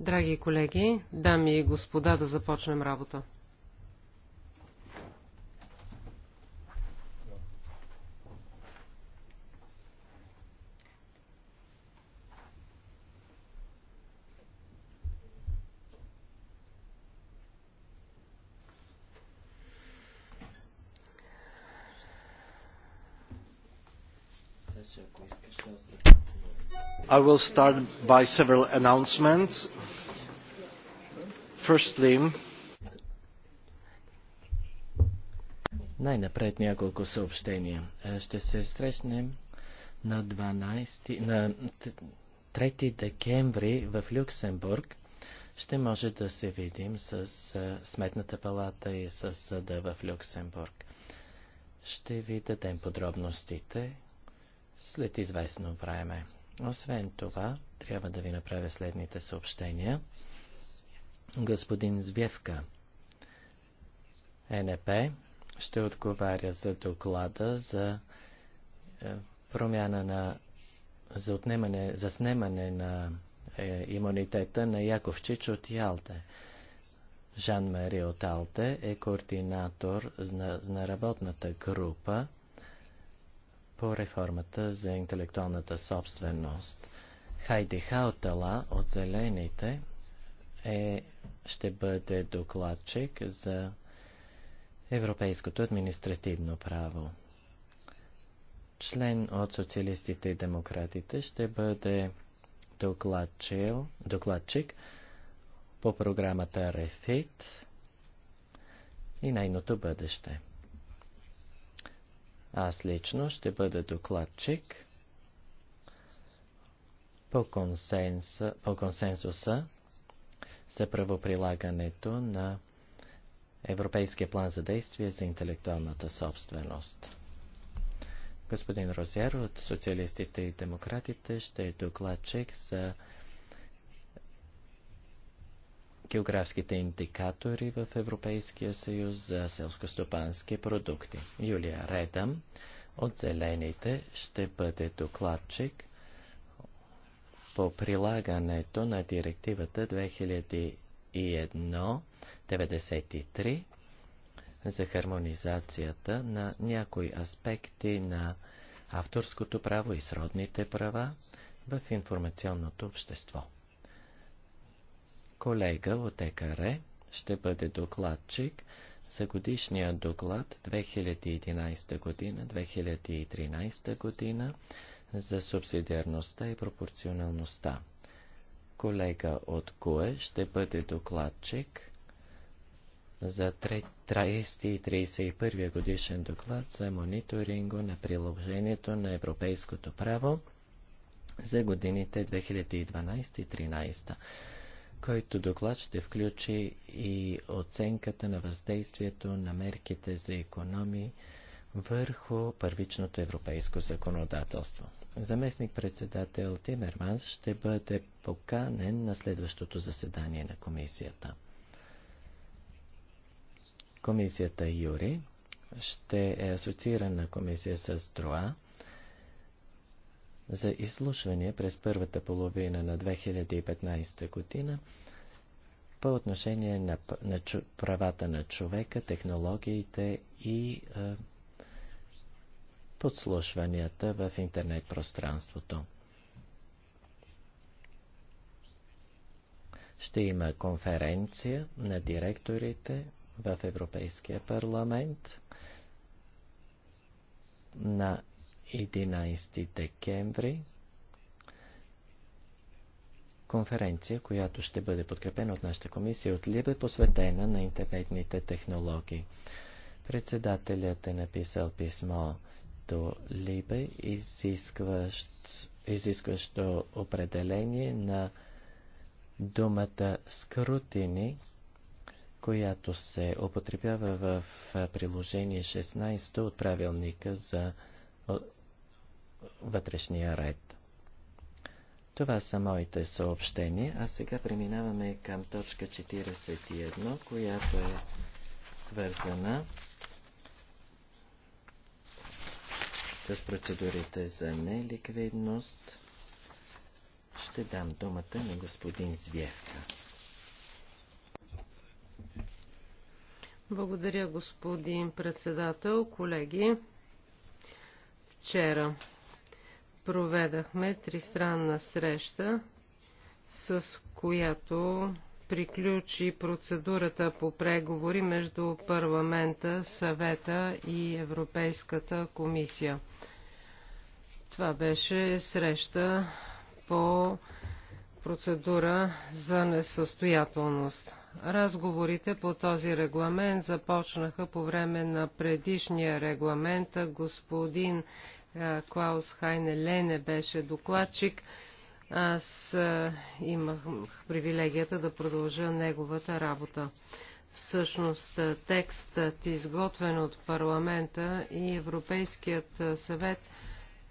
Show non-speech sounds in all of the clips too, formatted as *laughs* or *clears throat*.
Драги колеги, дами и господа, да започнем работа. I will start by several announcements. Firstly, най-напред няколко съобщения. Е, ще се срещнем на 12, на 3 декември в Люксембург. Ще може да се видим с е, Сметната палата и с съда в Люксембург. Ще ви дадем подробностите след известно време. Освен това, трябва да ви направя следните съобщения. Господин Звевка, НП, ще отговаря за доклада за е, промяна на за отнемане, за снемане на е, имунитета на Яковчич от Ялте. Жан-Мари от Алте е координатор на, на работната група по реформата за интелектуалната собственост. Хайди Хаутала от Зелените е, ще бъде докладчик за Европейското административно право. Член от социалистите и демократите ще бъде докладчил, докладчик по програмата Рефит и нейното бъдеще. Аз лично ще бъда докладчик по, консенс, по консенсуса за правоприлагането на Европейския план за действие за интелектуалната собственост. Господин Розер от Социалистите и Демократите ще е докладчик за географските индикатори в Европейския съюз за селскостопански продукти. Юлия Редам от Зелените ще бъде докладчик по прилагането на директивата 2001-93 за хармонизацията на някои аспекти на авторското право и сродните права в информационното общество колега от ЕКАРЕ ще бъде докладчик за годишния доклад 2011 година, 2013 година за субсидиарността и пропорционалността. Колега от КУЕ ще бъде докладчик за 30 и 31 годишен доклад за мониторинго на приложението на европейското право за годините 2012 и 2013 който доклад ще включи и оценката на въздействието на мерките за економии върху първичното европейско законодателство. Заместник-председател Тимерманс ще бъде поканен на следващото заседание на комисията. Комисията Юри ще е асоциирана комисия с ДРОА, за изслушване през първата половина на 2015 година по отношение на, на чу, правата на човека, технологиите и е, подслушванията в интернет пространството. Ще има конференция на директорите в Европейския парламент на 11 декември конференция, която ще бъде подкрепена от нашата комисия от Либе, посветена на интернетните технологии. Председателят е написал писмо до Либе, изискващ, изискващо определение на думата скрутини, която се употребява в приложение 16 от правилника за вътрешния ред. Това са моите съобщения, а сега преминаваме към точка 41, която е свързана с процедурите за неликвидност. Ще дам думата на господин Звевка. Благодаря, господин председател, колеги. Вчера проведахме тристранна среща, с която приключи процедурата по преговори между парламента, съвета и Европейската комисия. Това беше среща по процедура за несъстоятелност. Разговорите по този регламент започнаха по време на предишния регламент. Господин е, Клаус Хайне Лене беше докладчик. Аз е, имах привилегията да продължа неговата работа. Всъщност е, текстът, изготвен от парламента и Европейският съвет,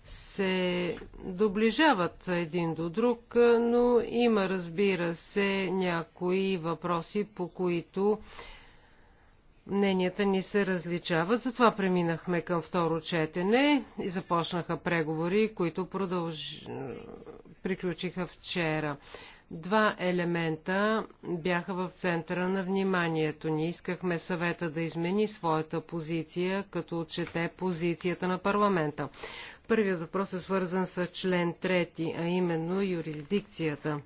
се доближават един до друг, но има, разбира се, някои въпроси, по които мненията ни се различават, затова преминахме към второ четене и започнаха преговори, които продълж... приключиха вчера. Два елемента бяха в центъра на вниманието ни. Искахме съвета да измени своята позиция, като отчете позицията на парламента. Първият въпрос е свързан с член 3, а именно юрисдикцията.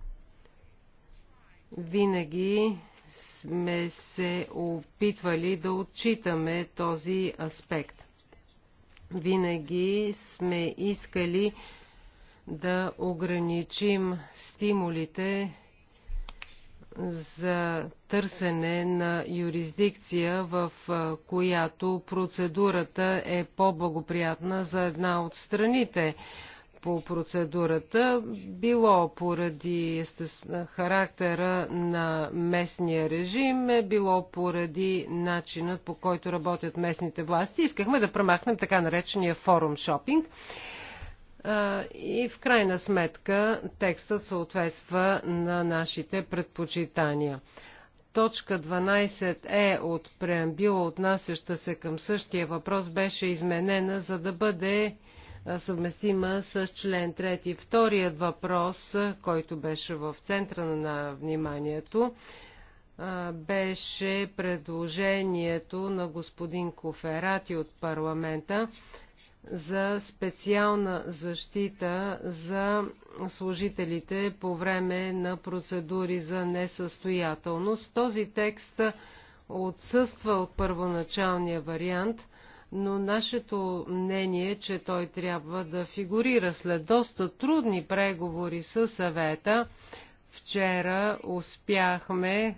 Винаги сме се опитвали да отчитаме този аспект. Винаги сме искали да ограничим стимулите за търсене на юрисдикция, в която процедурата е по-благоприятна за една от страните, по процедурата, било поради характера на местния режим, било поради начинът по който работят местните власти. Искахме да премахнем така наречения форум шопинг. И в крайна сметка текстът съответства на нашите предпочитания. Точка 12 е от преамбила, отнасяща се към същия въпрос, беше изменена, за да бъде съвместима с член 3. Вторият въпрос, който беше в центъра на вниманието, беше предложението на господин Коферати от парламента за специална защита за служителите по време на процедури за несъстоятелност. Този текст отсъства от първоначалния вариант но нашето мнение е, че той трябва да фигурира след доста трудни преговори с съвета. Вчера успяхме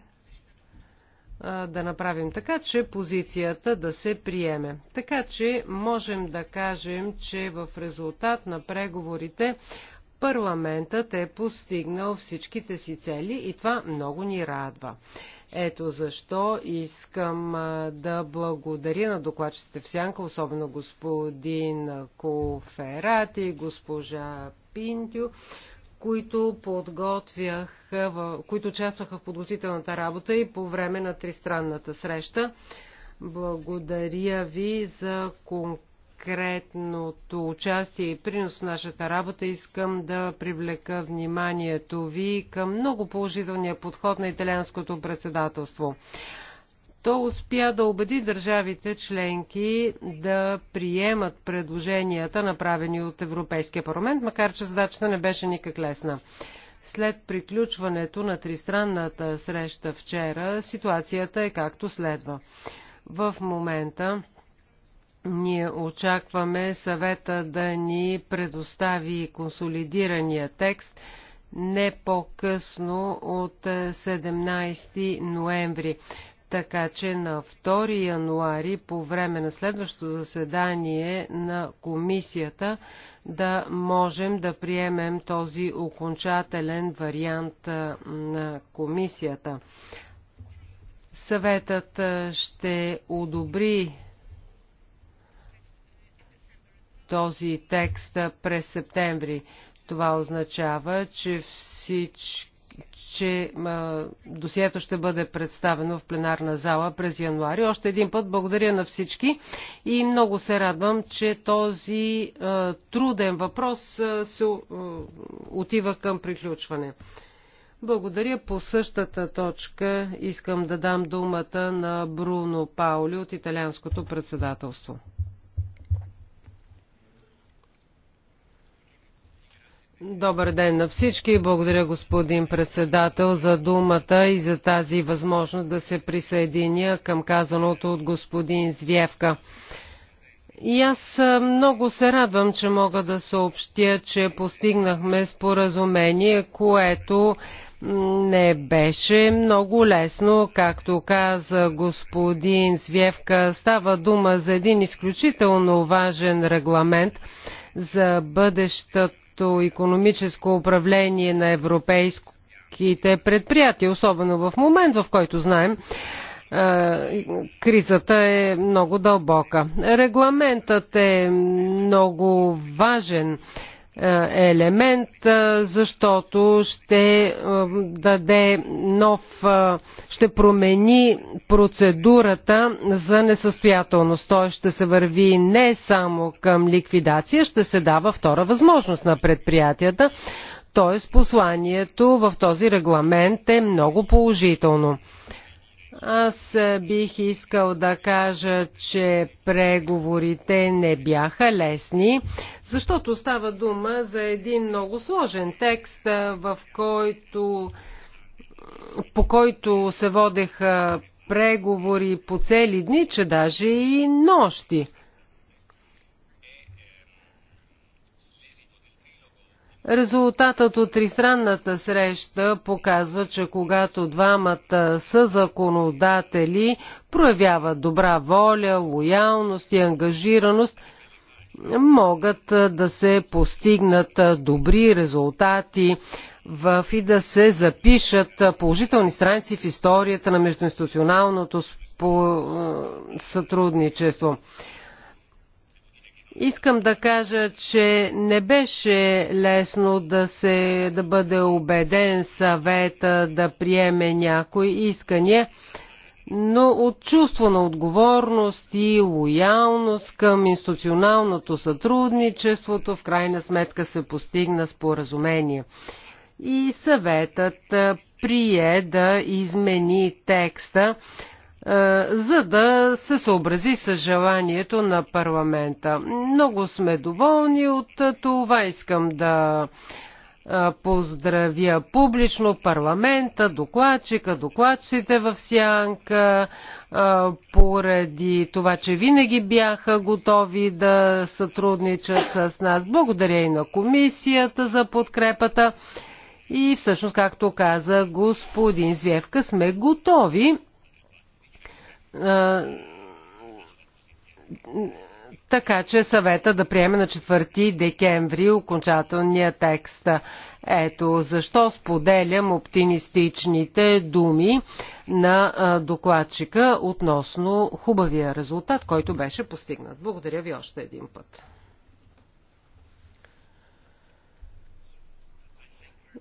да направим така, че позицията да се приеме. Така че можем да кажем, че в резултат на преговорите парламентът е постигнал всичките си цели и това много ни радва. Ето защо искам да благодаря на докладчите в Сянка, особено господин Коферати, госпожа Пинтю, които подготвях, които участваха в подготвителната работа и по време на тристранната среща. Благодаря ви за конкретно конкретното участие и принос в нашата работа, искам да привлека вниманието ви към много положителния подход на италианското председателство. То успя да убеди държавите членки да приемат предложенията, направени от Европейския парламент, макар че задачата не беше никак лесна. След приключването на тристранната среща вчера, ситуацията е както следва. В момента ние очакваме съвета да ни предостави консолидирания текст не по-късно от 17 е, ноември. Така че на 2 януари, по време на следващото заседание на комисията, да можем да приемем този окончателен вариант е, на комисията. Съветът е, ще одобри този текст през септември. Това означава, че всички че а, досието ще бъде представено в пленарна зала през януари. Още един път благодаря на всички и много се радвам, че този а, труден въпрос а, се а, отива към приключване. Благодаря. По същата точка искам да дам думата на Бруно Паули от Италианското председателство. Добър ден на всички. Благодаря господин председател за думата и за тази възможност да се присъединя към казаното от господин Звевка. И аз много се радвам, че мога да съобщя, че постигнахме споразумение, което не беше много лесно, както каза господин Звевка. Става дума за един изключително важен регламент за бъдещата общото економическо управление на европейските предприятия, особено в момент, в който знаем, кризата е много дълбока. Регламентът е много важен е, елемент, е, защото ще е, даде нов, ще промени процедурата за несъстоятелност. Той ще се върви не само към ликвидация, ще се дава втора възможност на предприятията. Т.е. посланието в този регламент е много положително. Аз бих искал да кажа, че преговорите не бяха лесни, защото става дума за един много сложен текст, в който, по който се водеха преговори по цели дни, че даже и нощи. Резултатът от тристранната среща показва, че когато двамата са законодатели, проявяват добра воля, лоялност и ангажираност, могат да се постигнат добри резултати в и да се запишат положителни страници в историята на междуинституционалното сътрудничество. Искам да кажа, че не беше лесно да, се, да бъде убеден съвета да приеме някои искания, но от чувство на отговорност и лоялност към институционалното сътрудничеството в крайна сметка се постигна споразумение. И съветът прие да измени текста е, за да се съобрази с желанието на парламента. Много сме доволни от това. Искам да е, поздравя публично парламента, докладчика, докладчите в Сянка, е, поради това, че винаги бяха готови да сътрудничат с нас. Благодаря и на комисията за подкрепата. И всъщност, както каза господин Звевка, сме готови е, така че съвета да приеме на 4 декември окончателния текст. Ето защо споделям оптимистичните думи на докладчика относно хубавия резултат, който беше постигнат. Благодаря ви още един път.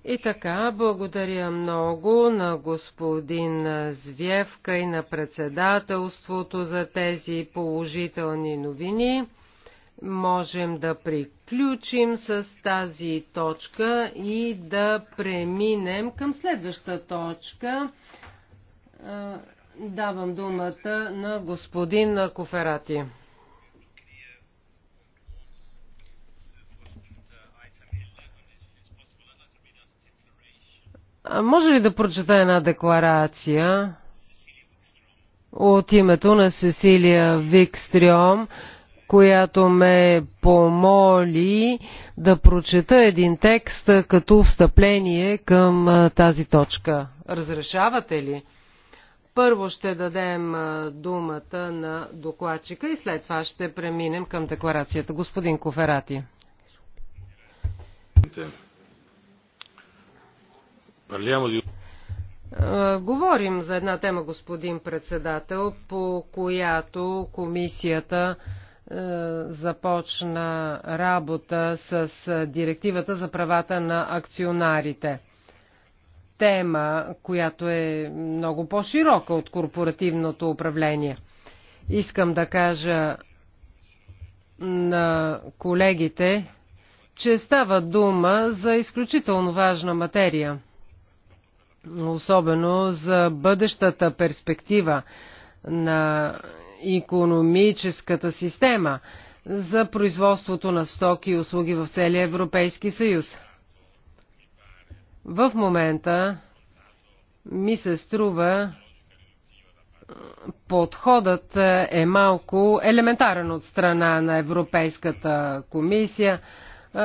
И така, благодаря много на господин Звевка и на председателството за тези положителни новини. Можем да приключим с тази точка и да преминем към следваща точка. Давам думата на господин Коферати. Може ли да прочета една декларация от името на Сесилия Викстриом, която ме помоли да прочета един текст като встъпление към тази точка? Разрешавате ли? Първо ще дадем думата на докладчика и след това ще преминем към декларацията. Господин Коферати. Е, говорим за една тема, господин председател, по която комисията е, започна работа с е, директивата за правата на акционарите. Тема, която е много по-широка от корпоративното управление. Искам да кажа на колегите, че става дума за изключително важна материя особено за бъдещата перспектива на економическата система за производството на стоки и услуги в целия Европейски съюз. В момента ми се струва подходът е малко елементарен от страна на Европейската комисия.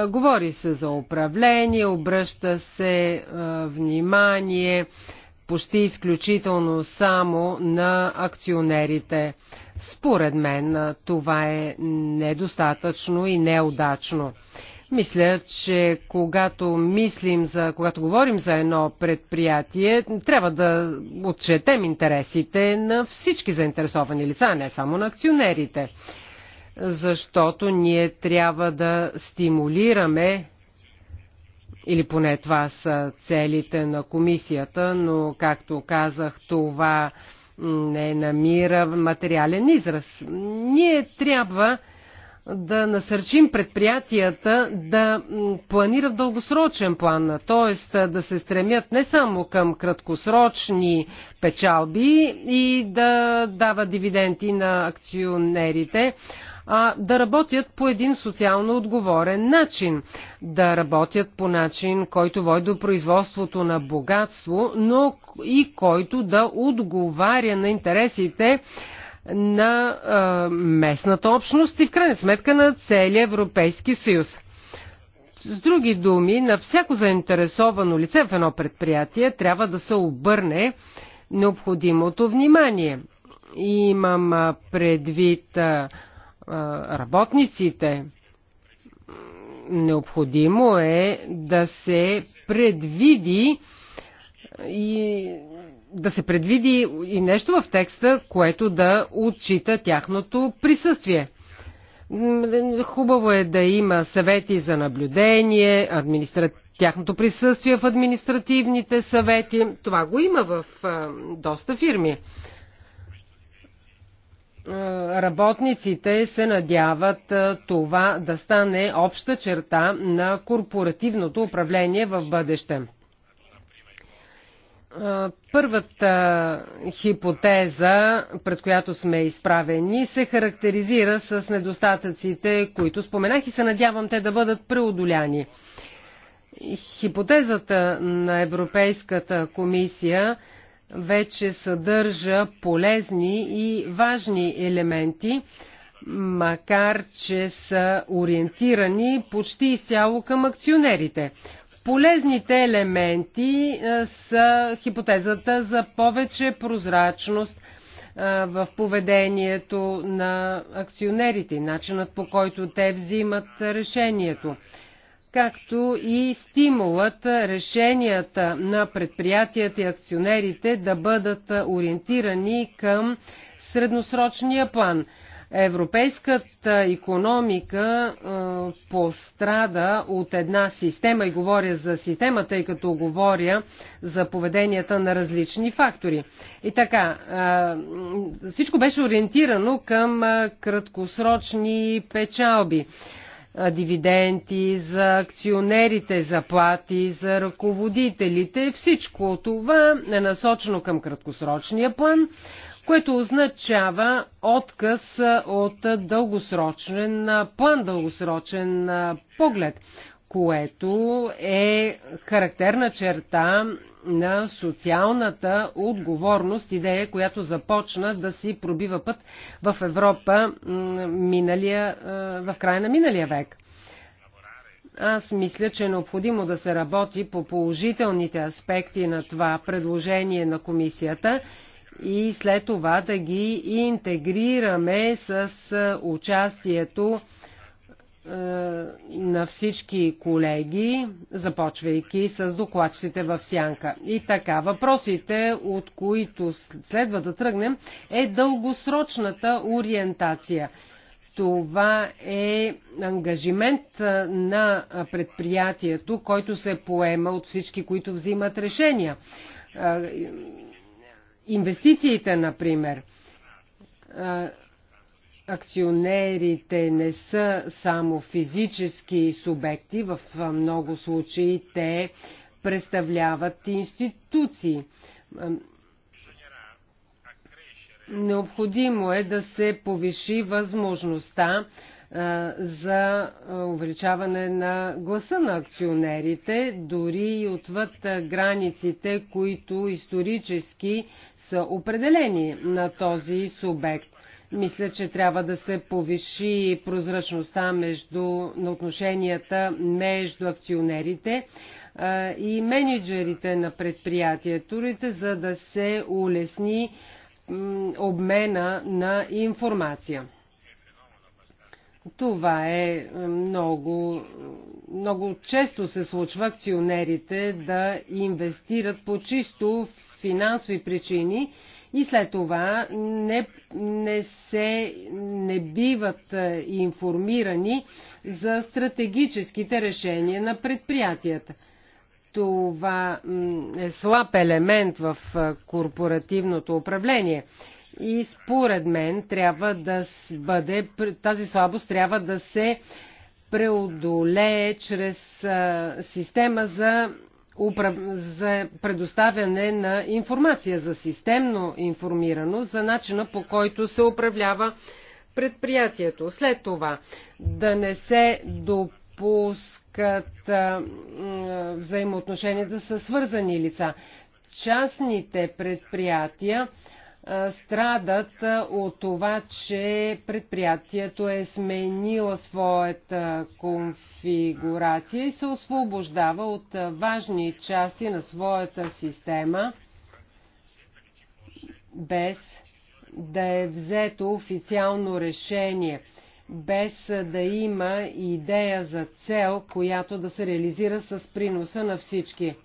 Говори се за управление, обръща се внимание почти изключително само на акционерите. Според мен това е недостатъчно и неудачно. Мисля, че когато мислим за, когато говорим за едно предприятие, трябва да отчетем интересите на всички заинтересовани лица, не само на акционерите защото ние трябва да стимулираме или поне това са целите на комисията, но както казах, това не намира материален израз. Ние трябва да насърчим предприятията да планират дългосрочен план, т.е. да се стремят не само към краткосрочни печалби и да дават дивиденти на акционерите, а, да работят по един социално отговорен начин. Да работят по начин, който води до производството на богатство, но и който да отговаря на интересите на а, местната общност и в крайна сметка на целия Европейски съюз. С други думи, на всяко заинтересовано лице в едно предприятие трябва да се обърне необходимото внимание. Имам предвид работниците. Необходимо е да се предвиди и да се предвиди и нещо в текста, което да отчита тяхното присъствие. Хубаво е да има съвети за наблюдение, администра... тяхното присъствие в административните съвети. Това го има в а, доста фирми. Е, работниците се надяват е, това да стане обща черта на корпоративното управление в бъдеще. Е, първата хипотеза, пред която сме изправени, се характеризира с недостатъците, които споменах и се надявам те да бъдат преодоляни. Хипотезата на Европейската комисия вече съдържа полезни и важни елементи, макар че са ориентирани почти изцяло към акционерите. Полезните елементи са хипотезата за повече прозрачност в поведението на акционерите, начинът по който те взимат решението както и стимулът решенията на предприятията и акционерите да бъдат ориентирани към средносрочния план. Европейската економика е, пострада от една система и говоря за системата, тъй като говоря за поведенията на различни фактори. И така, е, всичко беше ориентирано към краткосрочни печалби дивиденти за акционерите, заплати за ръководителите. Всичко това е насочено към краткосрочния план, което означава отказ от дългосрочен план, дългосрочен поглед, което е характерна черта на социалната отговорност, идея, която започна да си пробива път в Европа миналия, в края на миналия век. Аз мисля, че е необходимо да се работи по положителните аспекти на това предложение на комисията и след това да ги интегрираме с участието на всички колеги, започвайки с докладчите в сянка. И така, въпросите, от които следва да тръгнем, е дългосрочната ориентация. Това е ангажимент на предприятието, който се поема от всички, които взимат решения. Инвестициите, например акционерите не са само физически субекти, в много случаи те представляват институции. Необходимо е да се повиши възможността за увеличаване на гласа на акционерите, дори и отвъд границите, които исторически са определени на този субект. Мисля, че трябва да се повиши прозрачността между, на отношенията между акционерите а, и менеджерите на предприятието, за да се улесни м, обмена на информация. Това е много, много често се случва акционерите да инвестират по чисто финансови причини и след това не, не, се, не биват е, информирани за стратегическите решения на предприятията. Това е слаб елемент в е, корпоративното управление. И според мен трябва да бъде, тази слабост трябва да се преодолее чрез е, система за за предоставяне на информация, за системно информирано, за начина по който се управлява предприятието. След това да не се допускат а, взаимоотношенията с свързани лица. Частните предприятия страдат от това, че предприятието е сменило своята конфигурация и се освобождава от важни части на своята система, без да е взето официално решение, без да има идея за цел, която да се реализира с приноса на всички.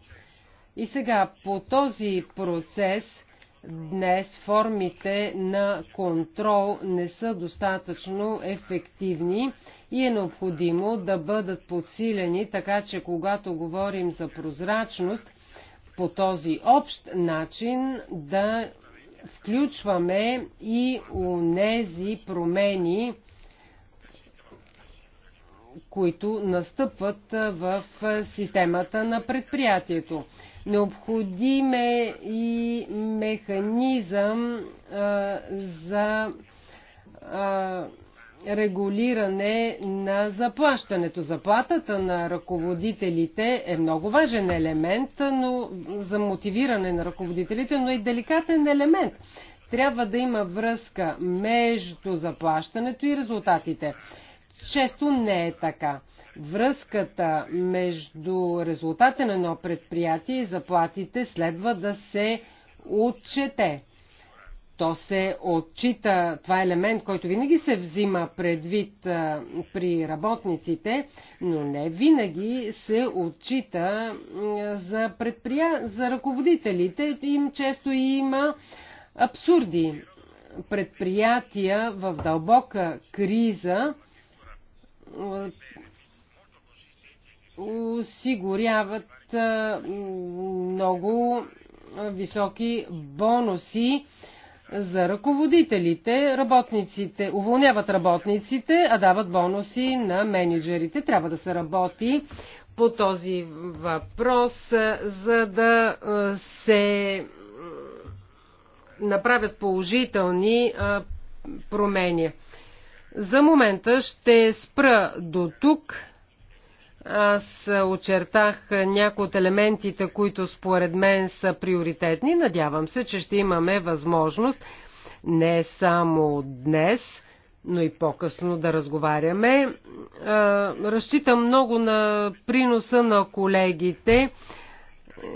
И сега по този процес – Днес формите на контрол не са достатъчно ефективни и е необходимо да бъдат подсилени, така че когато говорим за прозрачност, по този общ начин да включваме и унези промени, които настъпват в системата на предприятието. Необходим е и механизъм а, за а, регулиране на заплащането. Заплатата на ръководителите е много важен елемент но, за мотивиране на ръководителите, но и деликатен елемент. Трябва да има връзка между заплащането и резултатите. Често не е така. Връзката между резултата на едно предприятие и заплатите следва да се отчете. То се отчита, това е елемент, който винаги се взима предвид а, при работниците, но не винаги се отчита а, за, предприя... за ръководителите. Им често има абсурди. Предприятия в дълбока криза осигуряват много високи бонуси за ръководителите. Работниците уволняват работниците, а дават бонуси на менеджерите. Трябва да се работи по този въпрос, за да се направят положителни промени. За момента ще спра до тук. Аз очертах някои от елементите, които според мен са приоритетни. Надявам се, че ще имаме възможност не само днес, но и по-късно да разговаряме. Разчитам много на приноса на колегите е,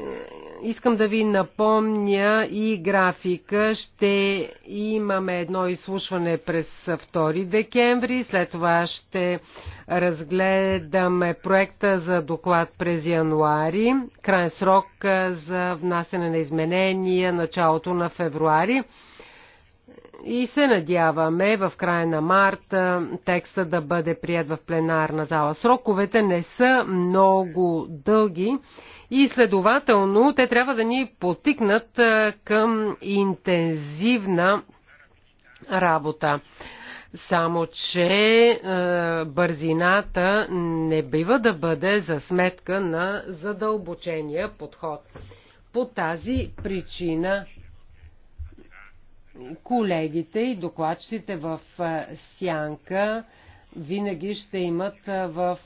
искам да ви напомня и графика. Ще имаме едно изслушване през 2 декември. След това ще разгледаме проекта за доклад през януари. Крайен срок е, за внасяне на изменения началото на февруари и се надяваме в края на март текста да бъде прият в пленарна зала. Сроковете не са много дълги и следователно те трябва да ни потикнат към интензивна работа. Само, че е, бързината не бива да бъде за сметка на задълбочения подход. По тази причина колегите и докладчите в сянка винаги ще имат в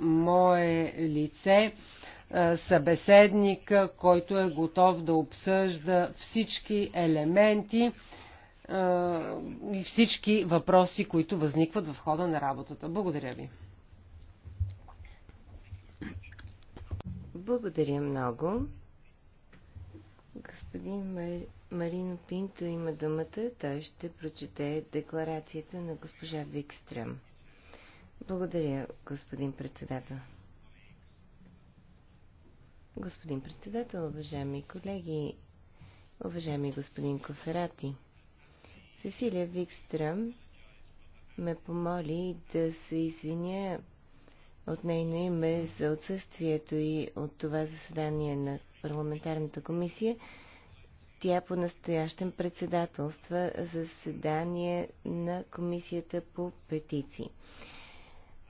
мое лице събеседник, който е готов да обсъжда всички елементи и всички въпроси, които възникват в хода на работата. Благодаря ви. Благодаря много. Господин Мер... Марино Пинто има думата. Той ще прочете декларацията на госпожа Викстрем. Благодаря, господин председател. Господин председател, уважаеми колеги, уважаеми господин Коферати, Сесилия Викстрем ме помоли да се извиня от нейно име за отсъствието и от това заседание на парламентарната комисия – тя по-настоящен председателства заседание на Комисията по петиции.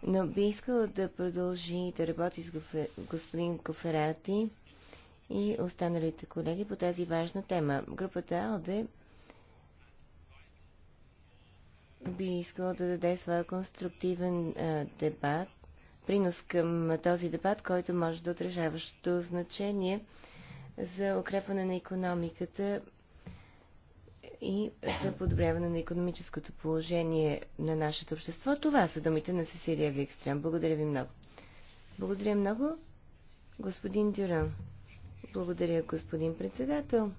Но би искала да продължи да работи с господин Коферати и останалите колеги по тази важна тема. Групата АЛДЕ би искала да даде своя конструктивен а, дебат, принос към този дебат, който може да отрешаващо значение за укрепване на економиката и за подобряване на економическото положение на нашето общество. Това са думите на Сесилия Викстрем. Благодаря ви много. Благодаря много, господин Дюран. Благодаря, господин председател.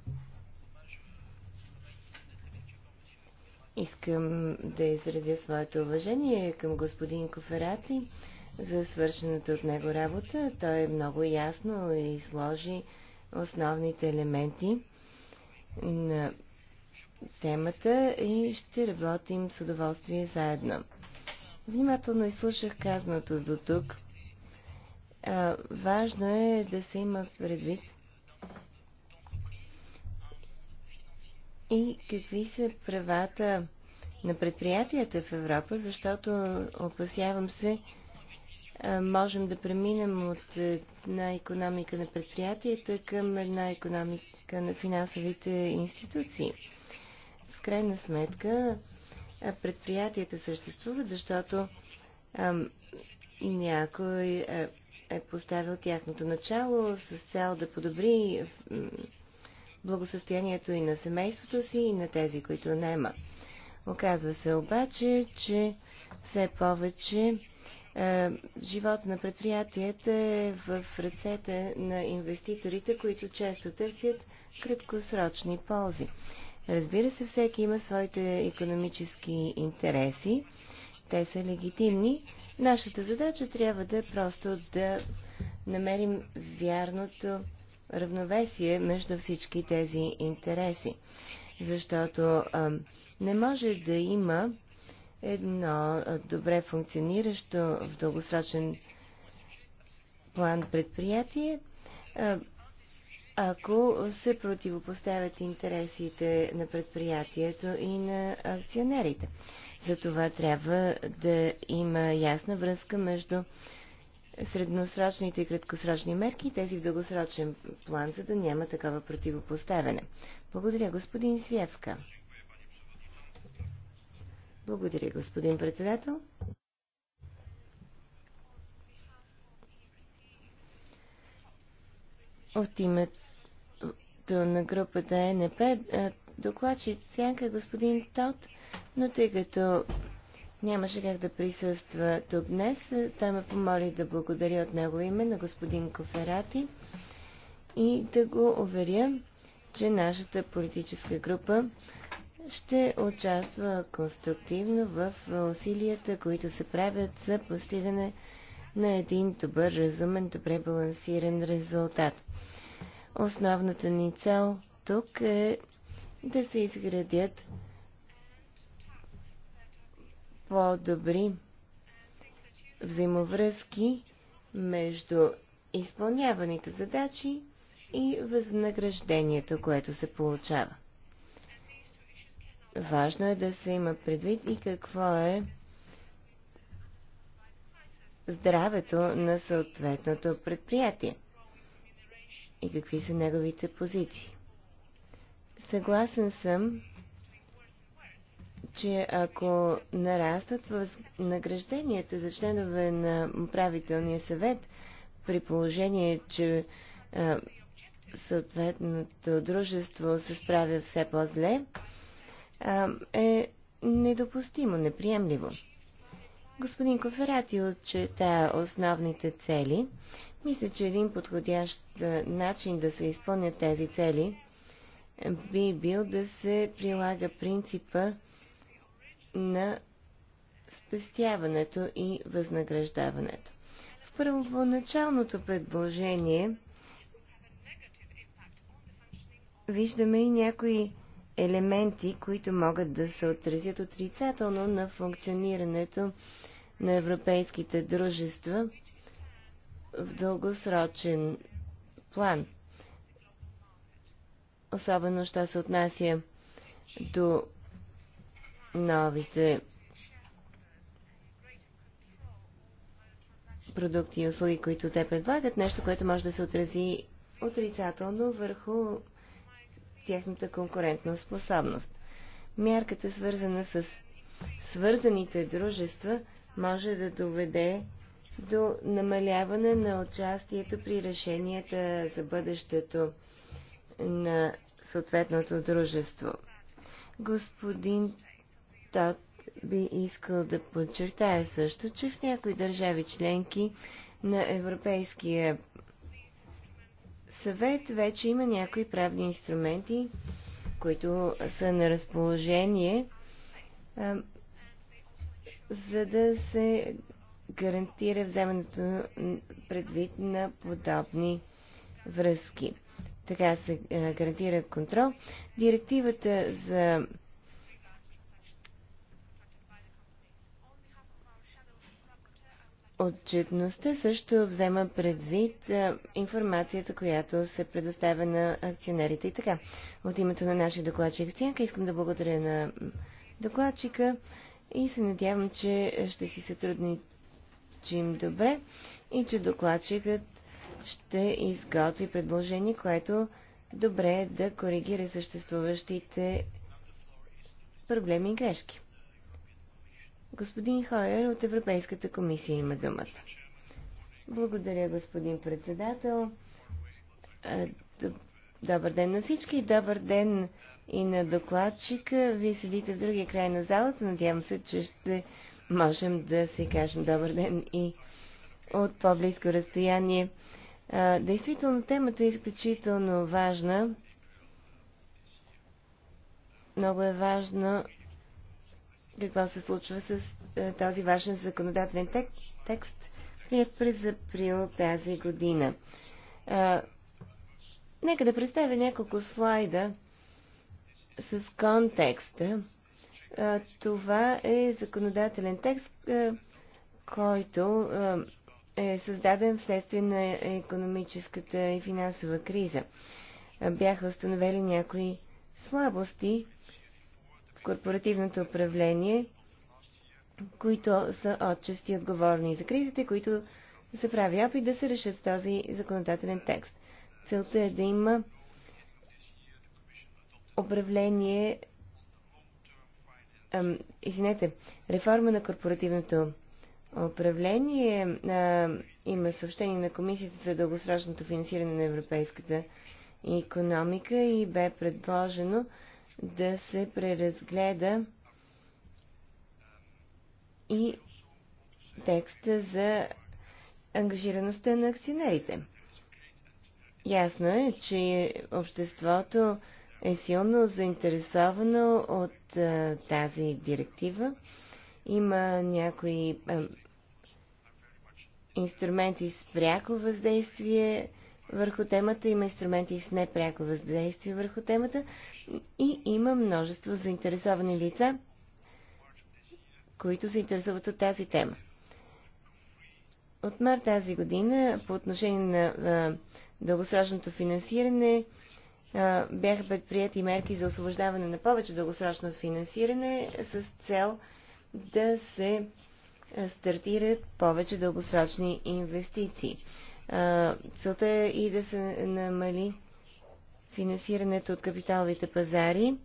Искам да изразя своето уважение към господин Коферати за свършената от него работа. Той много ясно изложи основните елементи на темата и ще работим с удоволствие заедно. Внимателно изслушах казаното до тук. А, важно е да се има предвид и какви са правата на предприятията в Европа, защото опасявам се, можем да преминем от една економика на предприятията към една економика на финансовите институции. В крайна сметка, предприятията съществуват, защото някой е, е поставил тяхното начало с цел да подобри благосъстоянието и на семейството си, и на тези, които нема. Оказва се обаче, че все повече е, живота на предприятията е в ръцете на инвеститорите, които често търсят краткосрочни ползи. Разбира се, всеки има своите економически интереси. Те са легитимни. Нашата задача трябва да е просто да намерим вярното равновесие между всички тези интереси. Защото а, не може да има едно добре функциониращо в дългосрочен план предприятие, ако се противопоставят интересите на предприятието и на акционерите. За това трябва да има ясна връзка между средносрочните и краткосрочни мерки и тези в дългосрочен план, за да няма такова противопоставяне. Благодаря, господин Свевка. Благодаря, господин председател. От името на групата е НП докладчик сянка е господин Тот, но тъй като нямаше как да присъства тук днес, той ме помоли да благодаря от него име на господин Коферати и да го уверя, че нашата политическа група ще участва конструктивно в усилията, които се правят за постигане на един добър, разумен, добре балансиран резултат. Основната ни цел тук е да се изградят по-добри взаимовръзки между изпълняваните задачи и възнаграждението, което се получава. Важно е да се има предвид и какво е здравето на съответното предприятие и какви са неговите позиции. Съгласен съм, че ако нарастват възнагражденията за членове на управителния съвет, при положение, че съответното дружество се справя все по-зле, е недопустимо, неприемливо. Господин Коферати отчета основните цели. Мисля, че един подходящ начин да се изпълнят тези цели би бил да се прилага принципа на спестяването и възнаграждаването. В първоначалното предложение виждаме и някои елементи, които могат да се отразят отрицателно на функционирането на европейските дружества в дългосрочен план. Особено, що се отнася до новите продукти и услуги, които те предлагат, нещо, което може да се отрази отрицателно върху тяхната конкурентна способност. Мярката, свързана с свързаните дружества, може да доведе до намаляване на участието при решенията за бъдещето на съответното дружество. Господин Тот би искал да подчертая също, че в някои държави членки на Европейския съвет вече има някои правни инструменти, които са на разположение, за да се гарантира вземането предвид на подобни връзки. Така се гарантира контрол. Директивата за Отчетността също взема предвид а, информацията, която се предоставя на акционерите и така. От името на нашия докладчик Стянка искам да благодаря на докладчика и се надявам, че ще си сътрудничим добре и че докладчикът ще изготви предложение, което добре е да коригира съществуващите проблеми и грешки. Господин Хойер от Европейската комисия има думата. Благодаря, господин председател. Добър ден на всички. Добър ден и на докладчика. Вие седите в другия край на залата. Надявам се, че ще можем да си кажем добър ден и от по-близко разстояние. Действително, темата е изключително важна. Много е важно какво се случва с е, този важен законодателен текст, прият през април тази година. Нека да представя няколко слайда с контекста. Това е законодателен текст, който е създаден вследствие на економическата и финансова криза. Бяха установени някои слабости корпоративното управление, които са отчасти отговорни за кризите, които се прави опит да се решат с този законодателен текст. Целта е да има управление, ам, извинете, реформа на корпоративното управление. А, има съобщение на Комисията за дългосрочното финансиране на европейската економика и бе предложено да се преразгледа и текста за ангажираността на акционерите. Ясно е, че обществото е силно заинтересовано от а, тази директива. Има някои а, инструменти с пряко въздействие, върху темата, има инструменти с непряко въздействие върху темата и има множество заинтересовани лица, които се интересуват от тази тема. От март тази година по отношение на дългосрочното финансиране бяха предприяти мерки за освобождаване на повече дългосрочно финансиране с цел да се стартират повече дългосрочни инвестиции. Целта е и да се намали финансирането от капиталовите пазари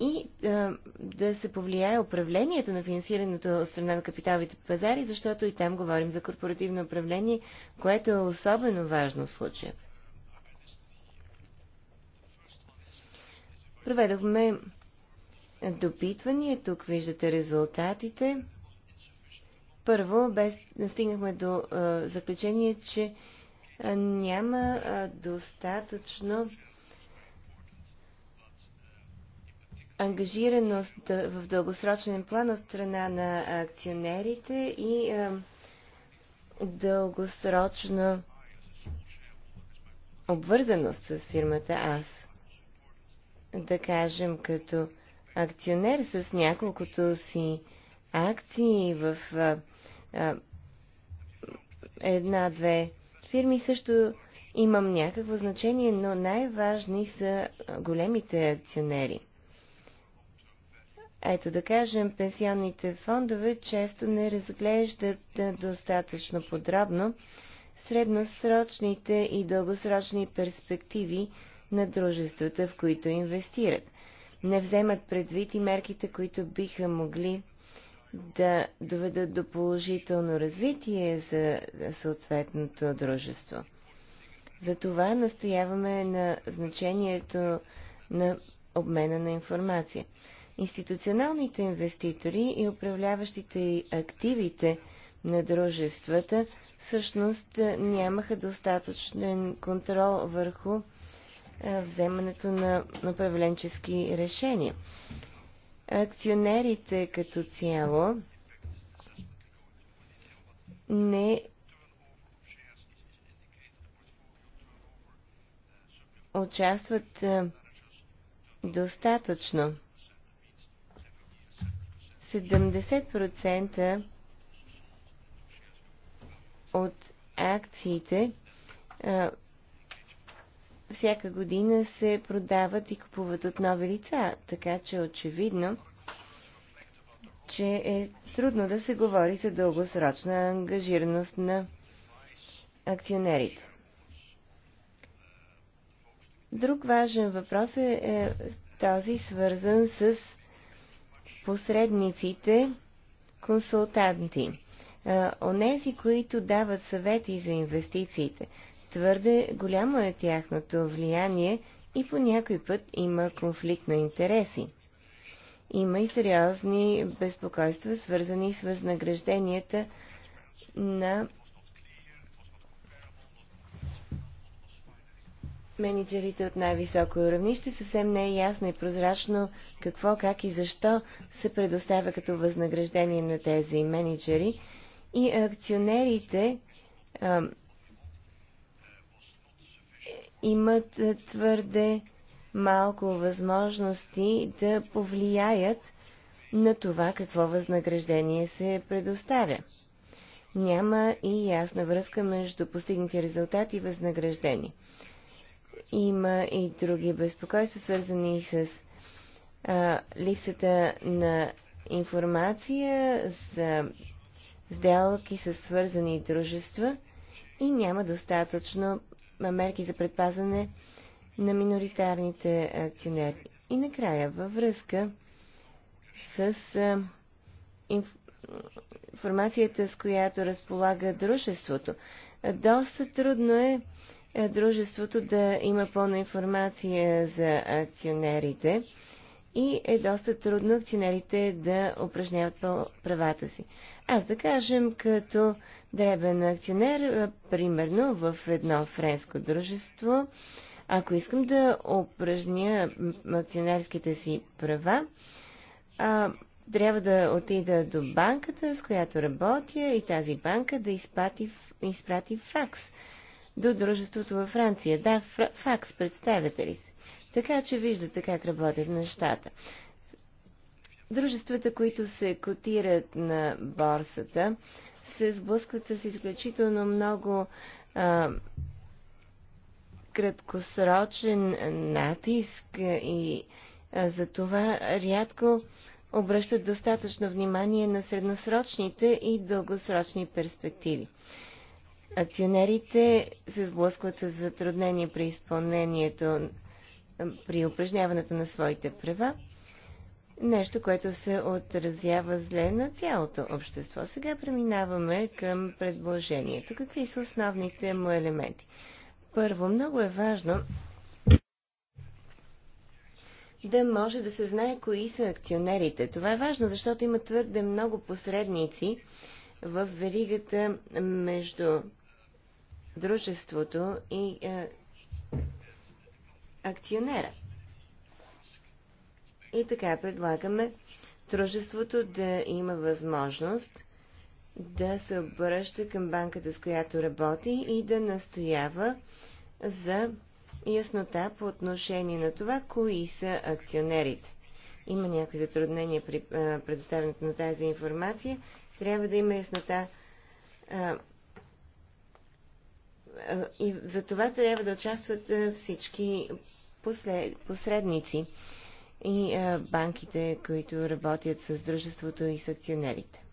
и а, да се повлияе управлението на финансирането от страна на капиталовите пазари, защото и там говорим за корпоративно управление, което е особено важно в случая. Проведохме допитвания, тук виждате резултатите. Първо, без, стигнахме до а, заключение, че няма достатъчно ангажираност в дългосрочен план от страна на акционерите и дългосрочна обвързаност с фирмата АС. Да кажем, като акционер с няколкото си акции в една-две фирми също имам някакво значение, но най-важни са големите акционери. Ето да кажем, пенсионните фондове често не разглеждат достатъчно подробно средносрочните и дългосрочни перспективи на дружествата, в които инвестират. Не вземат предвид и мерките, които биха могли да доведат до положително развитие за съответното дружество. Затова настояваме на значението на обмена на информация. Институционалните инвеститори и управляващите активите на дружествата всъщност нямаха достатъчен контрол върху вземането на управленчески решения акционерите като цяло не участват достатъчно. 70% от акциите а, всяка година се продават и купуват от нови лица, така че очевидно, че е трудно да се говори за дългосрочна ангажираност на акционерите. Друг важен въпрос е, е този свързан с посредниците, консултанти, е, онези, които дават съвети за инвестициите. Твърде голямо е тяхното влияние и по някой път има конфликт на интереси. Има и сериозни безпокойства, свързани с възнагражденията на менеджерите от най-високо равнище. Съвсем не е ясно и прозрачно какво, как и защо се предоставя като възнаграждение на тези менеджери. И акционерите имат е, твърде малко възможности да повлияят на това какво възнаграждение се предоставя. Няма и ясна връзка между постигнати резултати и възнаграждение. Има и други безпокойства, свързани с а, липсата на информация за сделки с свързани дружества и няма достатъчно мерки за предпазване на миноритарните акционери. И накрая, във връзка с информацията, с която разполага дружеството. Доста трудно е, е дружеството да има пълна информация за акционерите и е доста трудно акционерите да упражняват правата си. Аз да кажем, като дребен акционер, примерно в едно френско дружество, ако искам да упражня акционерските си права, а, трябва да отида до банката, с която работя и тази банка да изпрати, изпрати факс до дружеството във Франция. Да, факс, представете ли се? Така че виждате как работят нещата. Дружествата, които се котират на борсата, се сблъскват с изключително много а, краткосрочен натиск и а, за това рядко обръщат достатъчно внимание на средносрочните и дългосрочни перспективи. Акционерите се сблъскват с затруднения при изпълнението, при упражняването на своите права нещо, което се отразява зле на цялото общество. Сега преминаваме към предложението. Какви са основните му елементи? Първо, много е важно да може да се знае кои са акционерите. Това е важно, защото има твърде много посредници в веригата между дружеството и е, акционера. И така предлагаме дружеството да има възможност да се обръща към банката, с която работи и да настоява за яснота по отношение на това, кои са акционерите. Има някои затруднения при предоставянето на тази информация. Трябва да има яснота и за това трябва да участват всички посредници и банките, които работят с дружеството и с акционерите.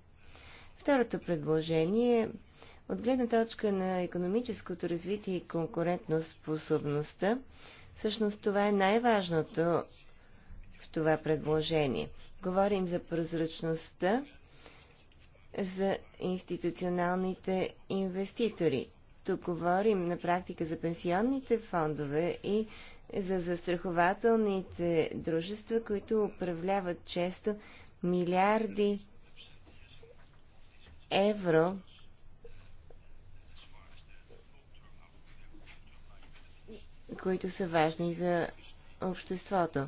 Второто предложение е от гледна точка на економическото развитие и конкурентоспособността, всъщност това е най-важното в това предложение. Говорим за прозрачността, за институционалните инвеститори. Тук говорим на практика за пенсионните фондове и за застрахователните дружества, които управляват често милиарди евро които са важни за обществото.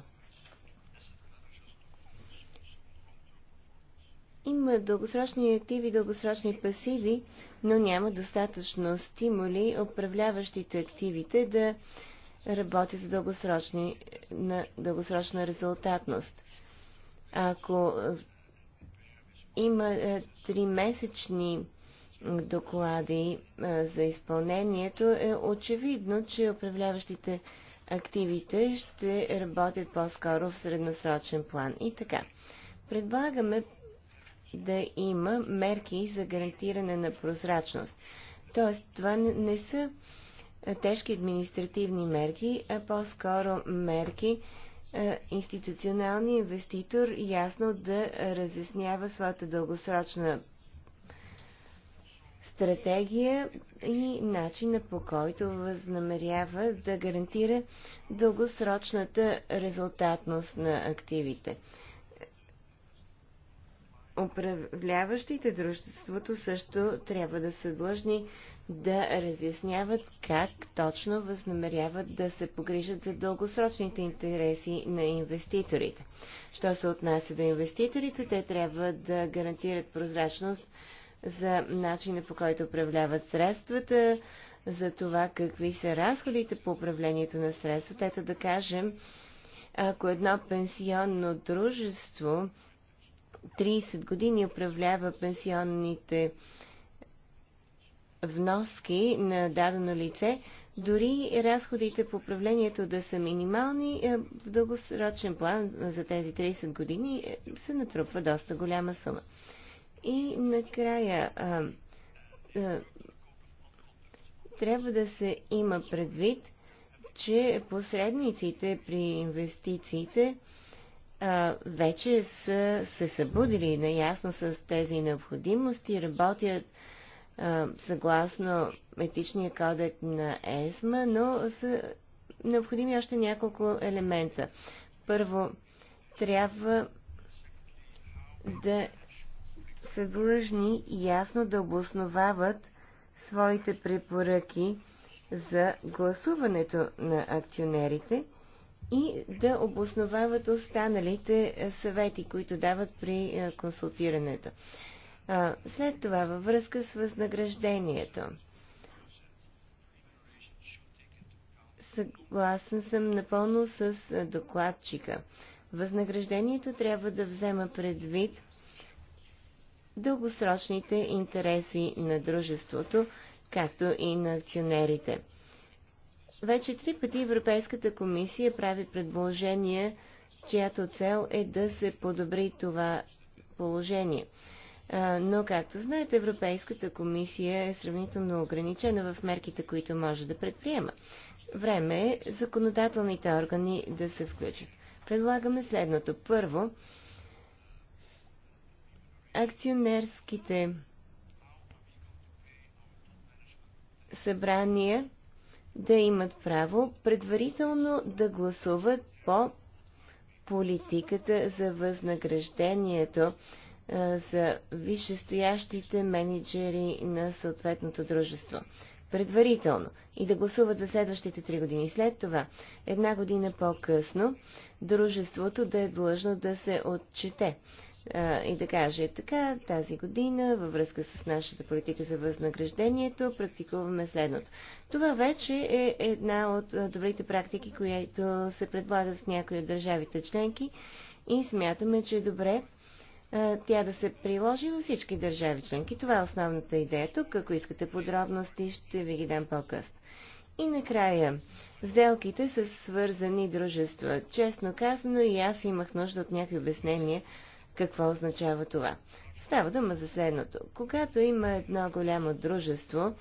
Има дългосрочни активи, дългосрочни пасиви, но няма достатъчно стимули управляващите активите да работи за дългосрочни, на дългосрочна резултатност. Ако е, има е, тримесечни доклади е, за изпълнението, е очевидно, че управляващите активите ще работят по-скоро в средносрочен план. И така, предлагаме да има мерки за гарантиране на прозрачност. Тоест, това не са тежки административни мерки, а по-скоро мерки институционалния инвеститор ясно да разяснява своята дългосрочна стратегия и начина по който възнамерява да гарантира дългосрочната резултатност на активите управляващите дружеството също трябва да са длъжни да разясняват как точно възнамеряват да се погрижат за дългосрочните интереси на инвеститорите. Що се отнася до инвеститорите, те трябва да гарантират прозрачност за начина по който управляват средствата, за това какви са разходите по управлението на средствата. Ето да кажем, ако едно пенсионно дружество 30 години управлява пенсионните вноски на дадено лице, дори разходите по управлението да са минимални, е, в дългосрочен план за тези 30 години е, се натрупва доста голяма сума. И накрая а, а, трябва да се има предвид, че посредниците при инвестициите а, вече са се събудили наясно с тези необходимости, работят а, съгласно етичния кодек на ЕСМА, но са необходими още няколко елемента. Първо, трябва да са длъжни ясно да обосновават своите препоръки за гласуването на акционерите и да обосновават останалите е, съвети, които дават при е, консултирането. След това във връзка с възнаграждението. Съгласен съм напълно с е, докладчика. Възнаграждението трябва да взема предвид дългосрочните интереси на дружеството, както и на акционерите. Вече три пъти Европейската комисия прави предложения, чиято цел е да се подобри това положение. Но, както знаете, Европейската комисия е сравнително ограничена в мерките, които може да предприема. Време е законодателните органи да се включат. Предлагаме следното. Първо, акционерските събрания да имат право предварително да гласуват по политиката за възнаграждението за висшестоящите менеджери на съответното дружество. Предварително. И да гласуват за следващите три години. След това, една година по-късно, дружеството да е длъжно да се отчете и да каже така, тази година във връзка с нашата политика за възнаграждението практикуваме следното. Това вече е една от добрите практики, които се предлагат в някои от държавите членки и смятаме, че е добре тя да се приложи във всички държави членки. Това е основната идея тук. Ако искате подробности, ще ви ги дам по-късно. И накрая, сделките са свързани дружества. Честно казано, и аз имах нужда от някакви обяснения какво означава това? Става дума за следното. Когато има едно голямо дружество,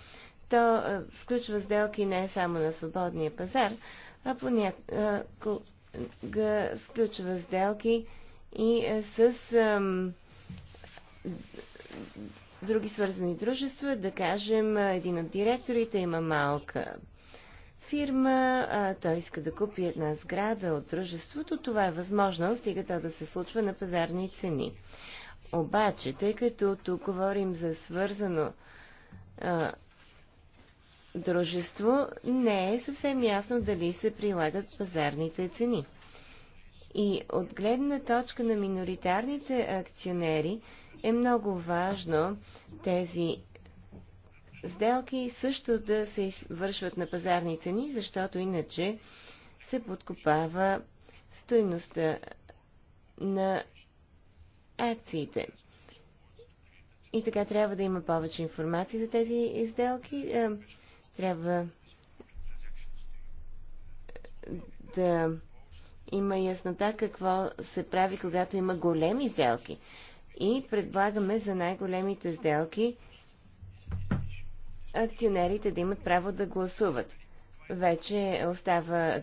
то а, е, сключва сделки не само на свободния пазар, а понякога е, сключва сделки и а, е, с а, други свързани дружества, да кажем, един от директорите има малка фирма, а, той иска да купи една сграда от дружеството, това е възможно, стига то да се случва на пазарни цени. Обаче, тъй като тук говорим за свързано а, дружество, не е съвсем ясно дали се прилагат пазарните цени. И от гледна точка на миноритарните акционери е много важно тези сделки също да се извършват на пазарни цени, защото иначе се подкопава стоеността на акциите. И така трябва да има повече информация за тези изделки. Е, трябва да има яснота какво се прави, когато има големи сделки. И предлагаме за най-големите сделки акционерите да имат право да гласуват. Вече остава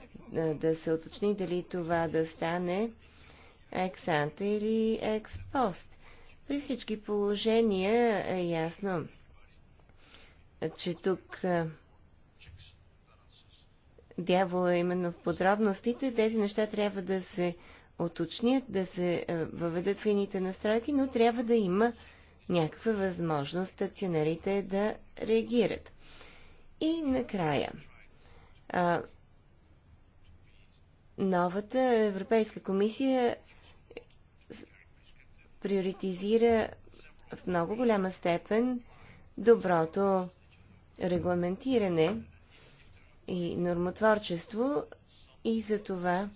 да се уточни дали това да стане ексанта или експост. При всички положения е ясно, че тук дявола е именно в подробностите. Тези неща трябва да се уточнят, да се въведат в ините настройки, но трябва да има някаква възможност акционерите да реагират. И накрая, а, новата Европейска комисия приоритизира в много голяма степен доброто регламентиране и нормотворчество и за това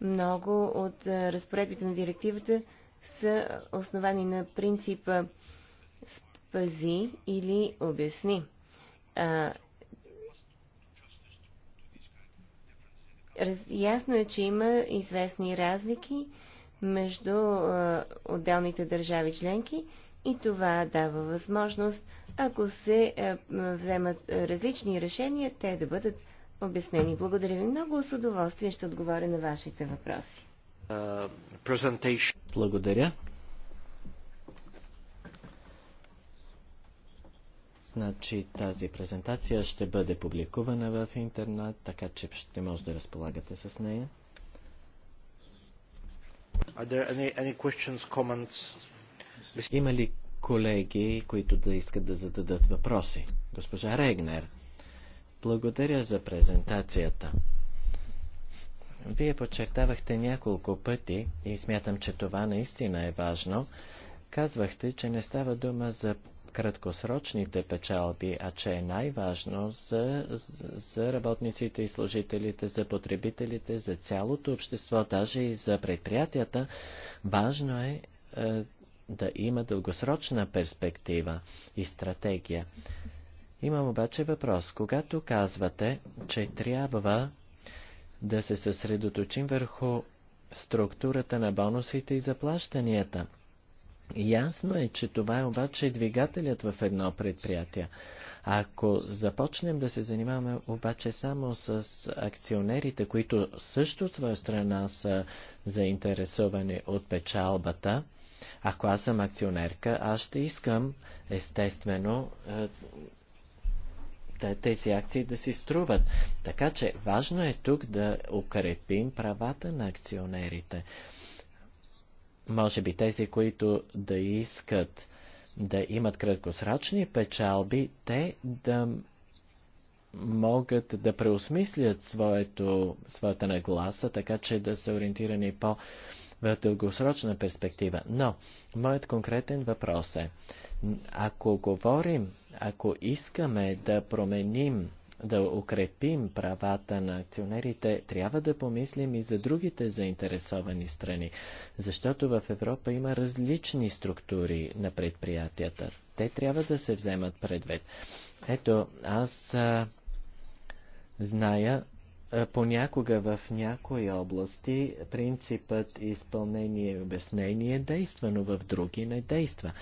много от разпоредбите на директивата са основани на принципа пази или обясни. А, раз, ясно е, че има известни разлики между а, отделните държави членки и това дава възможност, ако се а, вземат различни решения, те да бъдат обяснени. Благодаря ви много. С удоволствие ще отговоря на вашите въпроси. Благодаря. Значи тази презентация ще бъде публикувана в интернет, така че ще може да разполагате с нея. Any, any Има ли колеги, които да искат да зададат въпроси? Госпожа Регнер, благодаря за презентацията. Вие подчертавахте няколко пъти и смятам, че това наистина е важно. Казвахте, че не става дума за краткосрочните печалби, а че е най-важно за, за работниците и служителите, за потребителите, за цялото общество, даже и за предприятията, важно е, е да има дългосрочна перспектива и стратегия. Имам обаче въпрос. Когато казвате, че трябва да се съсредоточим върху структурата на бонусите и заплащанията – Ясно е, че това е обаче двигателят в едно предприятие. Ако започнем да се занимаваме обаче само с акционерите, които също от своя страна са заинтересовани от печалбата, ако аз съм акционерка, аз ще искам, естествено, е, тези акции да си струват. Така че важно е тук да укрепим правата на акционерите. Може би тези, които да искат да имат краткосрочни печалби, те да могат да преосмислят своето, своята нагласа, така че да са ориентирани по в дългосрочна перспектива. Но, моят конкретен въпрос е, ако говорим, ако искаме да променим да укрепим правата на акционерите, трябва да помислим и за другите заинтересовани страни, защото в Европа има различни структури на предприятията. Те трябва да се вземат предвид. Ето, аз а, зная, е, понякога в някои области принципът изпълнение и обяснение действа, но в други не действа.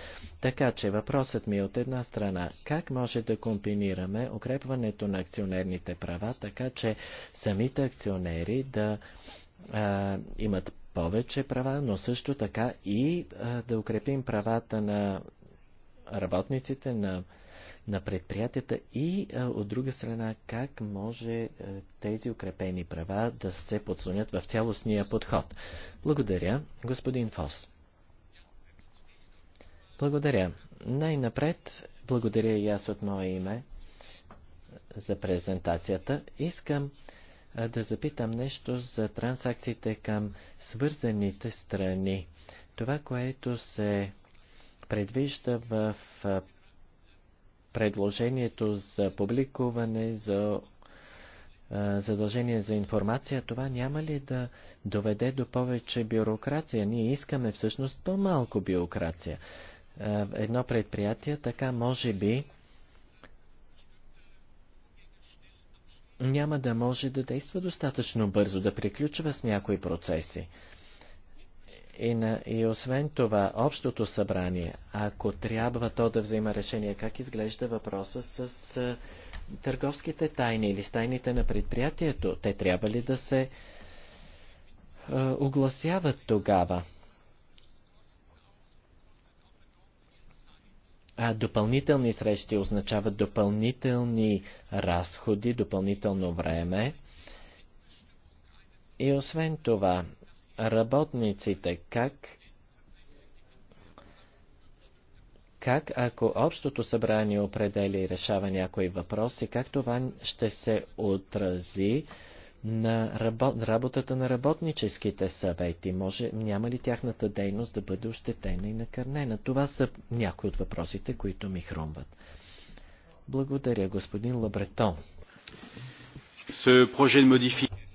Така че въпросът ми е от една страна, как може да комбинираме укрепването на акционерните права, така че самите акционери да а, имат повече права, но също така и а, да укрепим правата на работниците, на на предприятията и от друга страна как може тези укрепени права да се подслонят в цялостния подход. Благодаря, господин Фос. Благодаря. Най-напред, благодаря и аз от мое име за презентацията. Искам да запитам нещо за трансакциите към свързаните страни. Това, което се предвижда в предложението за публикуване, за задължение за информация, това няма ли да доведе до повече бюрокрация? Ние искаме всъщност по-малко бюрокрация. Едно предприятие така може би няма да може да действа достатъчно бързо, да приключва с някои процеси. И, на, и освен това, общото събрание, ако трябва то да взема решение, как изглежда въпроса с, с търговските тайни или с тайните на предприятието, те трябва ли да се е, огласяват тогава? А допълнителни срещи означават допълнителни разходи, допълнително време. И освен това, работниците, как как ако Общото събрание определя и решава някои въпроси, как това ще се отрази на работ... работата на работническите съвети? Може, няма ли тяхната дейност да бъде ощетена и накърнена? Това са някои от въпросите, които ми хрумват. Благодаря, господин Лабретон. Ce projet de modification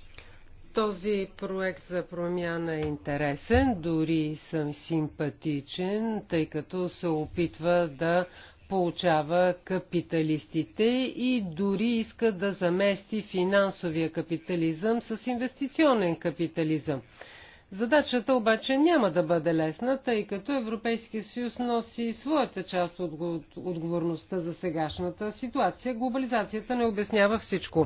този проект за промяна е интересен, дори съм симпатичен, тъй като се опитва да получава капиталистите и дори иска да замести финансовия капитализъм с инвестиционен капитализъм. Задачата обаче няма да бъде лесна, тъй като Европейския съюз носи своята част от отговорността за сегашната ситуация. Глобализацията не обяснява всичко.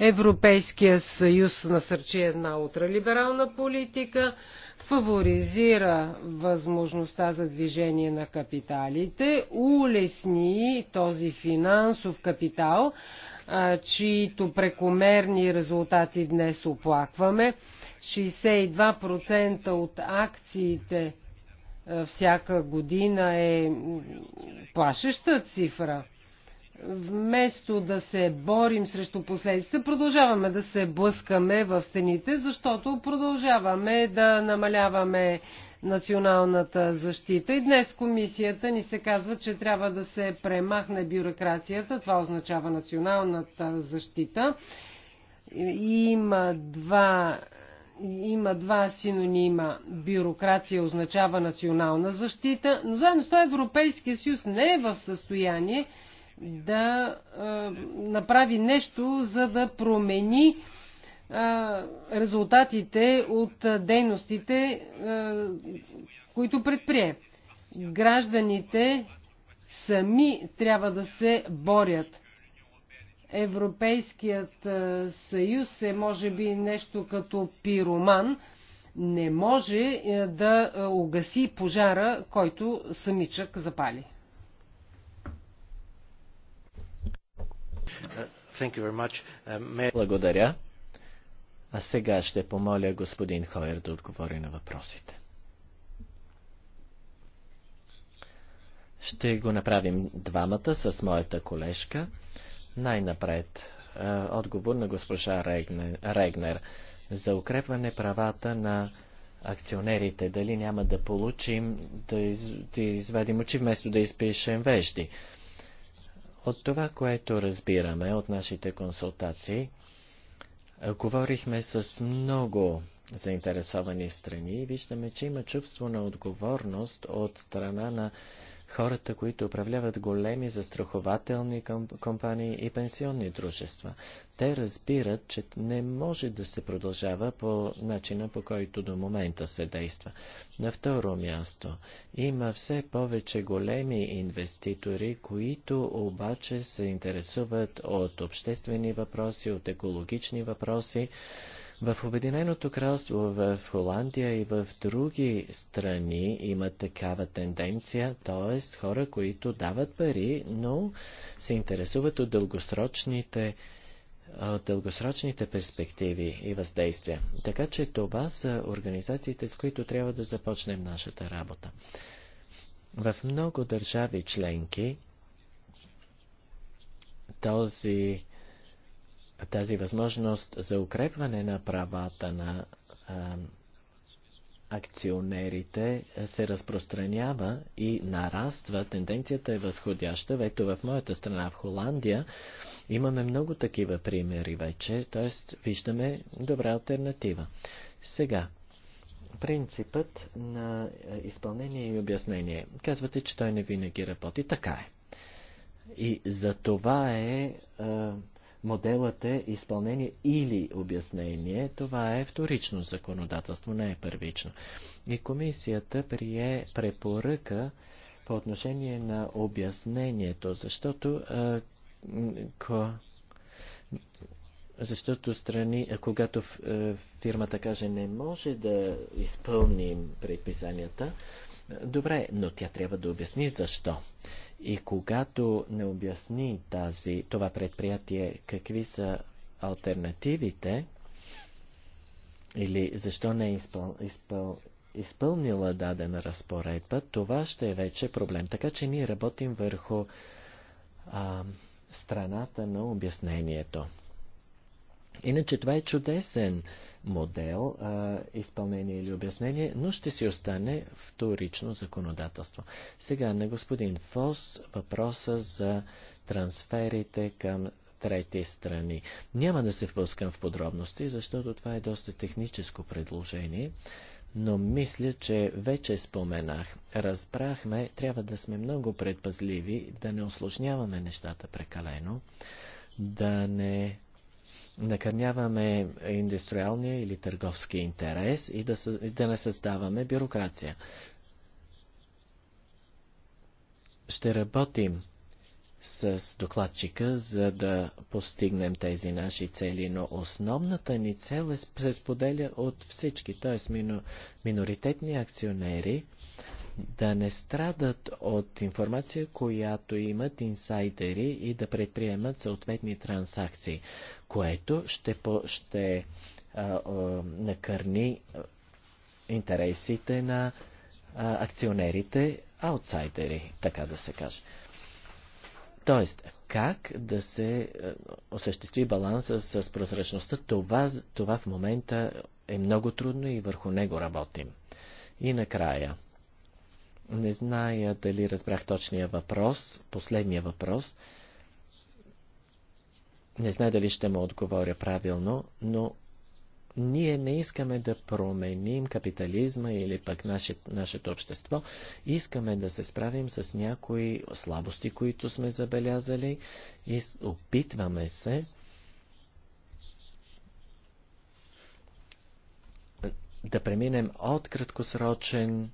Европейския съюз насърчи една утралиберална политика, фаворизира възможността за движение на капиталите, улесни този финансов капитал, чието прекомерни резултати днес оплакваме 62% от акциите е, всяка година е плашеща цифра. Вместо да се борим срещу последствията, продължаваме да се блъскаме в стените, защото продължаваме да намаляваме националната защита. И днес комисията ни се казва, че трябва да се премахне бюрокрацията. Това означава националната защита. Има два има два синонима. Бюрокрация означава национална защита, но заедно с това Европейския съюз не е в състояние да е, направи нещо, за да промени е, резултатите от дейностите, е, които предприе. Гражданите сами трябва да се борят. Европейският е, съюз е може би нещо като пироман, не може е, да е, угаси пожара, който самичък запали. Благодаря. А сега ще помоля господин Хойер да отговори на въпросите. Ще го направим двамата с моята колежка. Най-напред, отговор на госпожа Регнер за укрепване правата на акционерите. Дали няма да получим да, из, да извадим очи вместо да изпишем вежди. От това, което разбираме от нашите консултации, говорихме с много заинтересовани страни и виждаме, че има чувство на отговорност от страна на хората, които управляват големи застрахователни компании и пенсионни дружества. Те разбират, че не може да се продължава по начина, по който до момента се действа. На второ място, има все повече големи инвеститори, които обаче се интересуват от обществени въпроси, от екологични въпроси, в Обединеното кралство, в Холандия и в други страни има такава тенденция, т.е. хора, които дават пари, но се интересуват от дългосрочните от дългосрочните перспективи и въздействия. Така че това са организациите, с които трябва да започнем нашата работа. В много държави членки този тази възможност за укрепване на правата на а, акционерите се разпространява и нараства. Тенденцията е възходяща. Вето в моята страна, в Холандия, имаме много такива примери вече, т.е. виждаме добра альтернатива. Сега, принципът на изпълнение и обяснение. Казвате, че той не винаги работи. Така е. И за това е, е Моделът е изпълнение или обяснение. Това е вторично законодателство, не е първично. И комисията прие препоръка по отношение на обяснението, защото, а, ко, защото страни, когато фирмата каже не може да изпълним предписанията, добре, но тя трябва да обясни защо. И когато не обясни тази, това предприятие какви са альтернативите или защо не е изпъл, изпъл, изпълнила дадена разпоредба, това ще е вече проблем. Така че ние работим върху а, страната на обяснението. Иначе това е чудесен модел, а, изпълнение или обяснение, но ще си остане вторично законодателство. Сега на господин Фос въпроса за трансферите към трети страни. Няма да се впускам в подробности, защото това е доста техническо предложение, но мисля, че вече споменах. Разбрахме, трябва да сме много предпазливи, да не осложняваме нещата прекалено, да не накърняваме индустриалния или търговски интерес и да, и да не създаваме бюрокрация. Ще работим с докладчика, за да постигнем тези наши цели, но основната ни цел е, се споделя от всички, т.е. миноритетни акционери – да не страдат от информация, която имат инсайдери и да предприемат съответни транзакции, което ще, по, ще а, а, накърни интересите на а, акционерите, аутсайдери, така да се каже. Тоест, как да се осъществи баланса с прозрачността, това, това в момента е много трудно и върху него работим. И накрая – не зная дали разбрах точния въпрос, последния въпрос. Не знае дали ще му отговоря правилно, но ние не искаме да променим капитализма или пък наше, нашето общество. Искаме да се справим с някои слабости, които сме забелязали и опитваме се да преминем от краткосрочен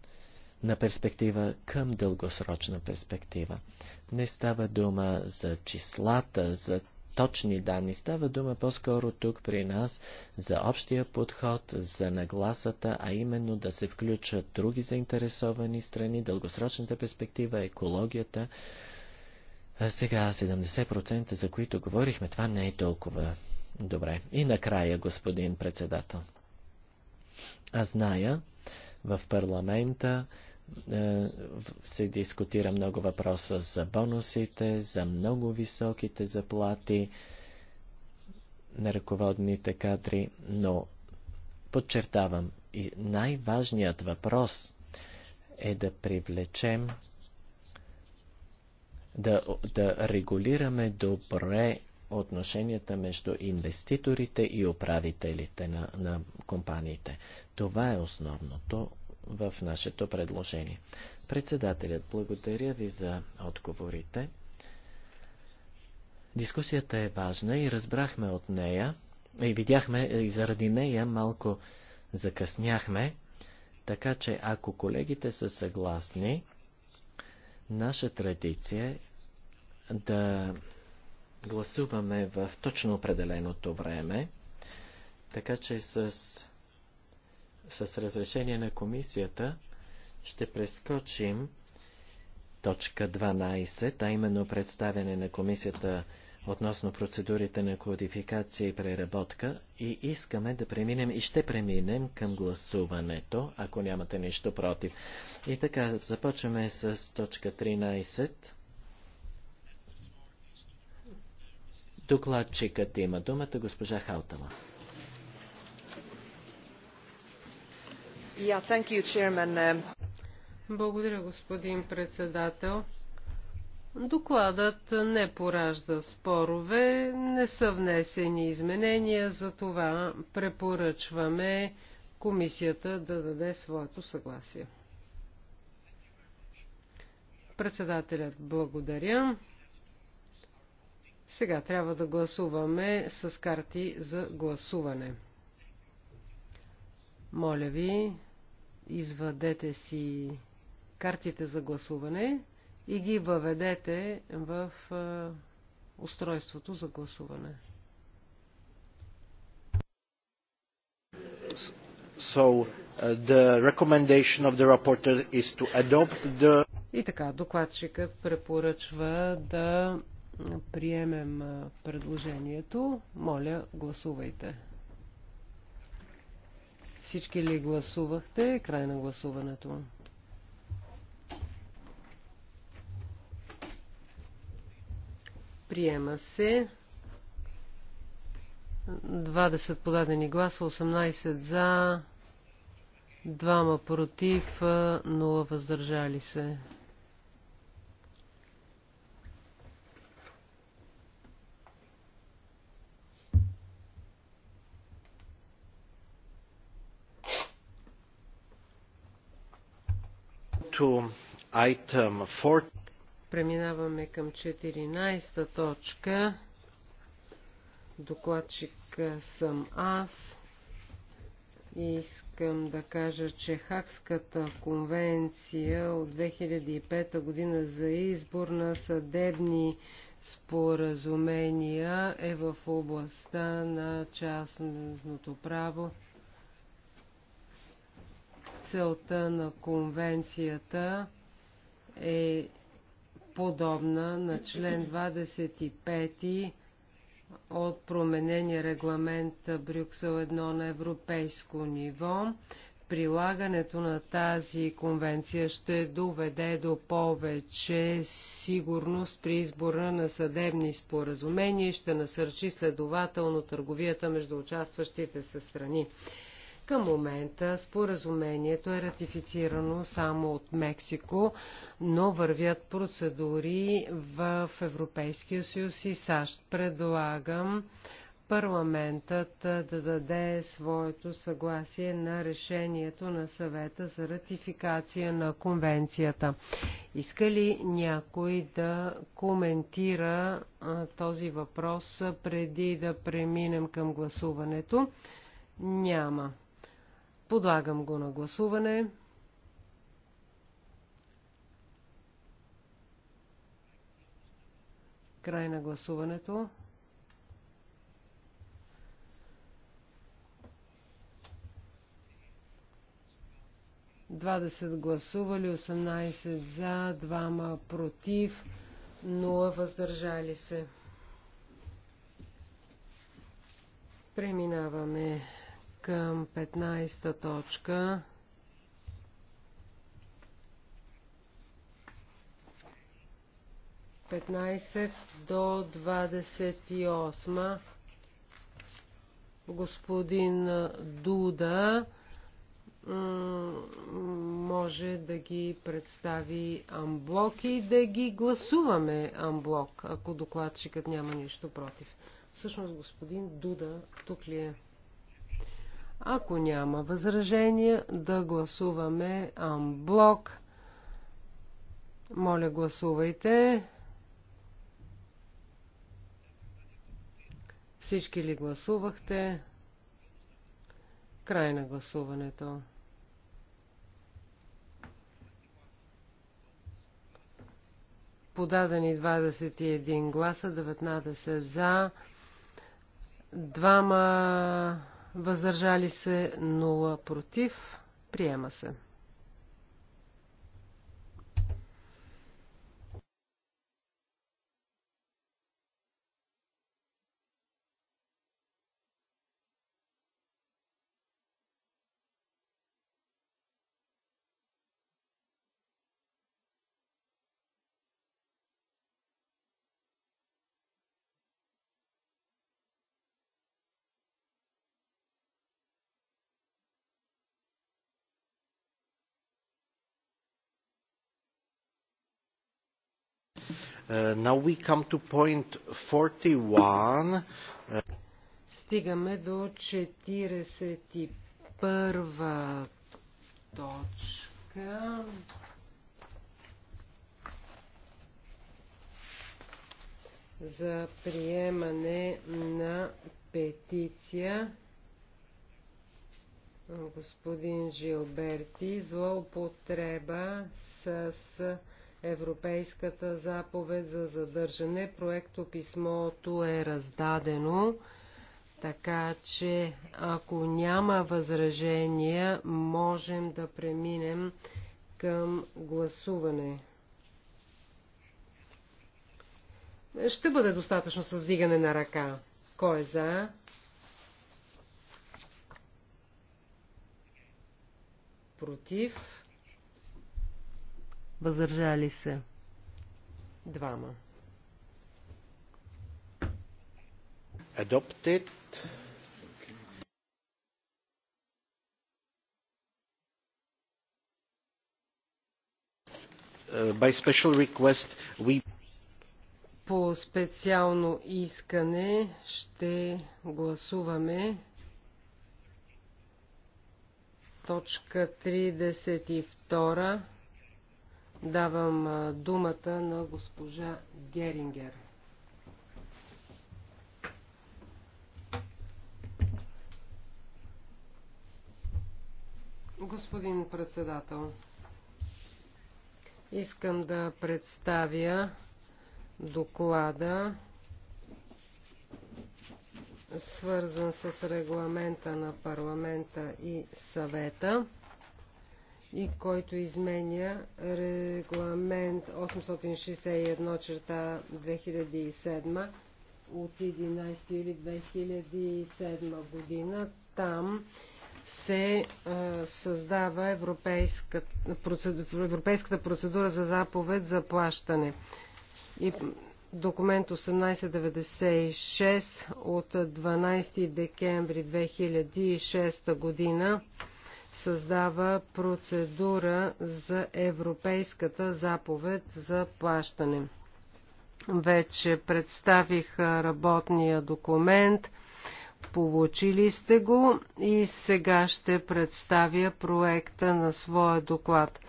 на перспектива към дългосрочна перспектива. Не става дума за числата, за точни данни. Става дума по-скоро тук при нас за общия подход, за нагласата, а именно да се включат други заинтересовани страни, дългосрочната перспектива, екологията. А сега 70%, за които говорихме, това не е толкова добре. И накрая, господин председател. Аз зная, в парламента е, се дискутира много въпроса за бонусите, за много високите заплати на ръководните кадри, но подчертавам, и най-важният въпрос е да привлечем, да, да регулираме добре отношенията между инвеститорите и управителите на, на компаниите. Това е основното в нашето предложение. Председателят, благодаря ви за отговорите. Дискусията е важна и разбрахме от нея, и видяхме, и заради нея малко закъсняхме, така че ако колегите са съгласни, наша традиция е да гласуваме в точно определеното време, така че с, с разрешение на комисията ще прескочим точка 12, а именно представяне на комисията относно процедурите на кодификация и преработка и искаме да преминем и ще преминем към гласуването, ако нямате нищо против. И така, започваме с точка 13. Докладчикът има думата госпожа Хаутала. Yeah, thank you, chairman. Благодаря, господин председател. Докладът не поражда спорове, не са внесени изменения, за това препоръчваме комисията да даде своето съгласие. Председателят благодаря. Сега трябва да гласуваме с карти за гласуване. Моля ви, извадете си картите за гласуване и ги въведете в устройството за гласуване. So, uh, the recommendation of the is to adopt the... И така, докладчикът препоръчва да приемем предложението, моля, гласувайте. Всички ли гласувахте? Край на гласуването. Приема се 20 подадени гласа, 18 за, 2 против, 0 въздържали се. Преминаваме към 14-та точка. Докладчик е, съм аз. И искам да кажа, че Хакската конвенция от 2005 година за избор на съдебни споразумения е в областта на частното право Целта на конвенцията е подобна на член 25 от променения регламент Брюксел 1 на европейско ниво. Прилагането на тази конвенция ще доведе до повече сигурност при избора на съдебни споразумения и ще насърчи следователно търговията между участващите се страни. Към момента споразумението е ратифицирано само от Мексико, но вървят процедури в Европейския съюз и САЩ. Предлагам парламентът да даде своето съгласие на решението на съвета за ратификация на конвенцията. Иска ли някой да коментира този въпрос преди да преминем към гласуването? Няма. Подлагам го на гласуване. Край на гласуването. Двадесет гласували, 18 за, двама против, нула въздържали се. Преминаваме към 15-та точка. Петнайсет до 28. Господин Дуда може да ги представи амблок и да ги гласуваме амблок, ако докладчикът няма нищо против. Всъщност господин Дуда тук ли е? Ако няма възражения, да гласуваме амблок. Моля, гласувайте. Всички ли гласувахте? Край на гласуването. Подадени 21 гласа, 19 за, двама въздържали се 0 против, приема се. Uh, now we come to point 41. Стигаме до 41 точка. за приемане на петиция господин Жилберти злоупотреба с Европейската заповед за задържане. Проекто писмото е раздадено, така че ако няма възражения, можем да преминем към гласуване. Ще бъде достатъчно с дигане на ръка. Кой е за? Против? Въздържали се. Двама. Adopted. Uh, by special request, we... По специално искане ще гласуваме точка 32 Давам думата на госпожа Герингер. Господин председател, искам да представя доклада, свързан с регламента на парламента и съвета и който изменя регламент 861 черта 2007 от 11 юли 2007 година. Там се а, създава европейска, процедура, европейската процедура за заповед за плащане. И документ 1896 от 12 декември 2006 година създава процедура за Европейската заповед за плащане. Вече представих работния документ. Получили сте го и сега ще представя проекта на своя доклад.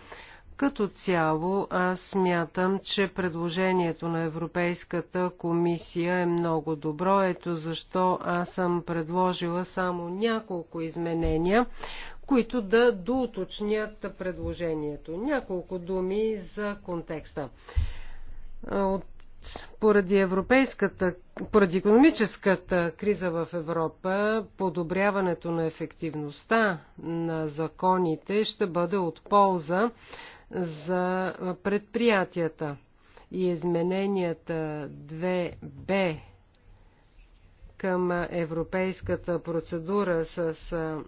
Като цяло аз смятам, че предложението на Европейската комисия е много добро. Ето защо аз съм предложила само няколко изменения, които да доуточнят предложението. Няколко думи за контекста. От поради европейската, поради економическата криза в Европа, подобряването на ефективността на законите ще бъде от полза за предприятията. И измененията 2Б към европейската процедура с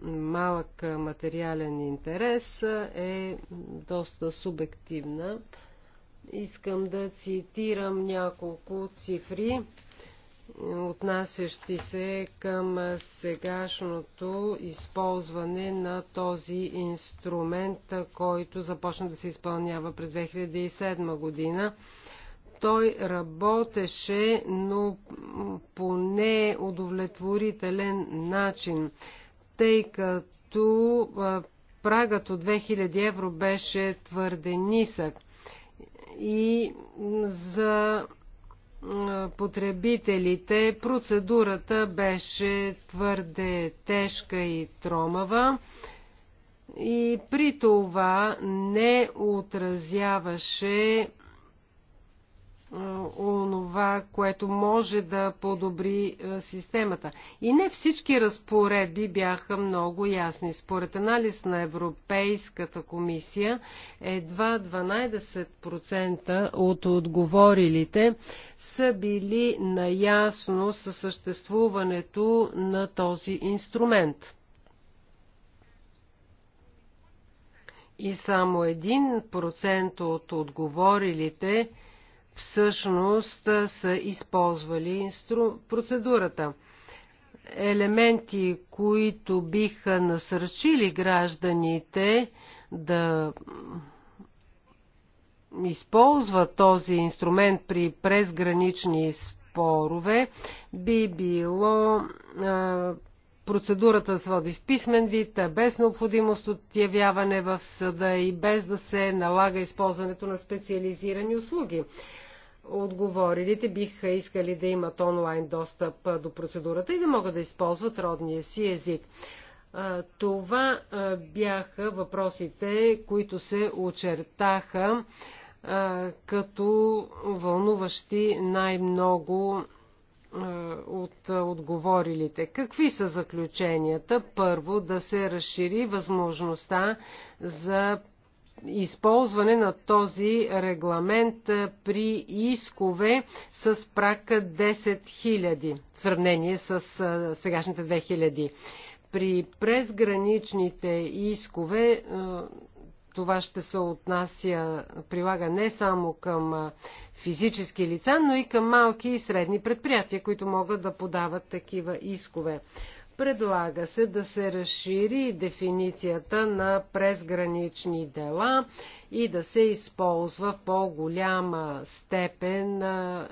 малък материален интерес е доста субективна. Искам да цитирам няколко цифри, отнасящи се към сегашното използване на този инструмент, който започна да се изпълнява през 2007 година. Той работеше, но по неудовлетворителен начин, тъй като прагът от 2000 евро беше твърде нисък и за потребителите процедурата беше твърде тежка и тромава и при това не отразяваше онова, което може да подобри системата. И не всички разпоредби бяха много ясни. Според анализ на Европейската комисия, едва 12% от отговорилите са били наясно със съществуването на този инструмент. И само 1% от отговорилите – всъщност са използвали инстру... процедурата. Елементи, които биха насърчили гражданите да използва този инструмент при презгранични спорове, би било процедурата да се води в писмен вид, без необходимост от явяване в съда и без да се налага използването на специализирани услуги отговорилите биха искали да имат онлайн достъп до процедурата и да могат да използват родния си език. Това бяха въпросите, които се очертаха като вълнуващи най-много от отговорилите. Какви са заключенията? Първо, да се разшири възможността за използване на този регламент при искове с прак 10 000 в сравнение с сегашните 2000. При презграничните искове това ще се отнася, прилага не само към физически лица, но и към малки и средни предприятия, които могат да подават такива искове. Предлага се да се разшири дефиницията на презгранични дела и да се използва в по-голяма степен е,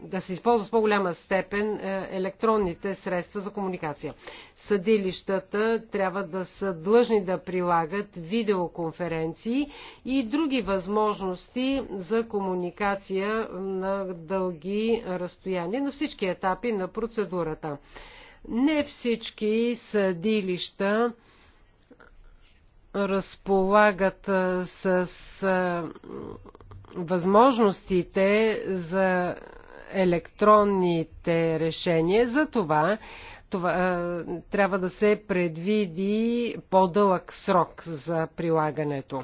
да се използва в по-голяма степен е, електронните средства за комуникация. Съдилищата трябва да са длъжни да прилагат видеоконференции и други възможности за комуникация на дълги разстояния на всички етапи на процедурата. Не всички съдилища разполагат с възможностите за електронните решения. За това, това трябва да се предвиди по-дълъг срок за прилагането.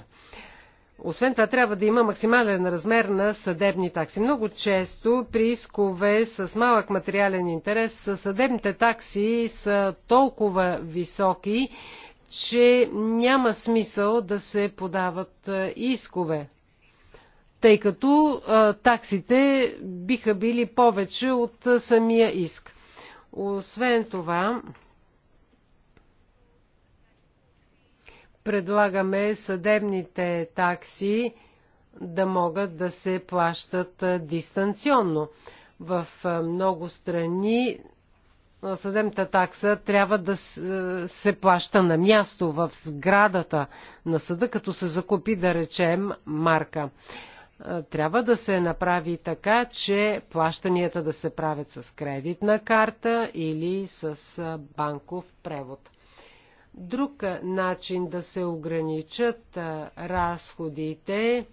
Освен това, трябва да има максимален размер на съдебни такси. Много често при искове с малък материален интерес съдебните такси са толкова високи, че няма смисъл да се подават искове, тъй като а, таксите биха били повече от самия иск. Освен това, Предлагаме съдебните такси да могат да се плащат дистанционно. В много страни съдебната такса трябва да се плаща на място в сградата на съда, като се закупи, да речем, марка. Трябва да се направи така, че плащанията да се правят с кредитна карта или с банков превод. Друг начин да се ограничат разходите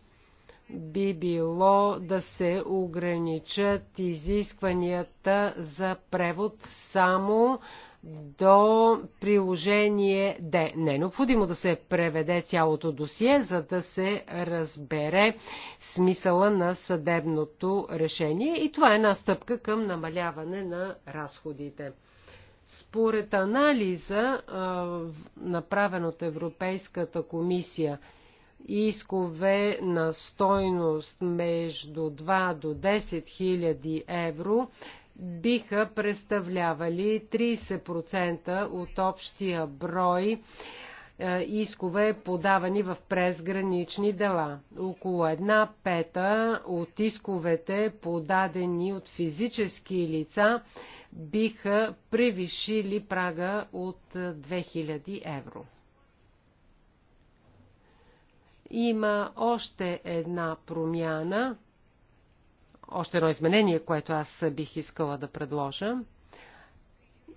би било да се ограничат изискванията за превод само до приложение Д. Не е необходимо да се преведе цялото досие, за да се разбере смисъла на съдебното решение и това е една стъпка към намаляване на разходите. Според анализа, направен от Европейската комисия, искове на стойност между 2 до 10 хиляди евро биха представлявали 30% от общия брой искове подавани в презгранични дела. Около една пета от исковете подадени от физически лица биха превишили прага от 2000 е, евро. Има още една промяна, още едно изменение, което аз бих искала да предложа.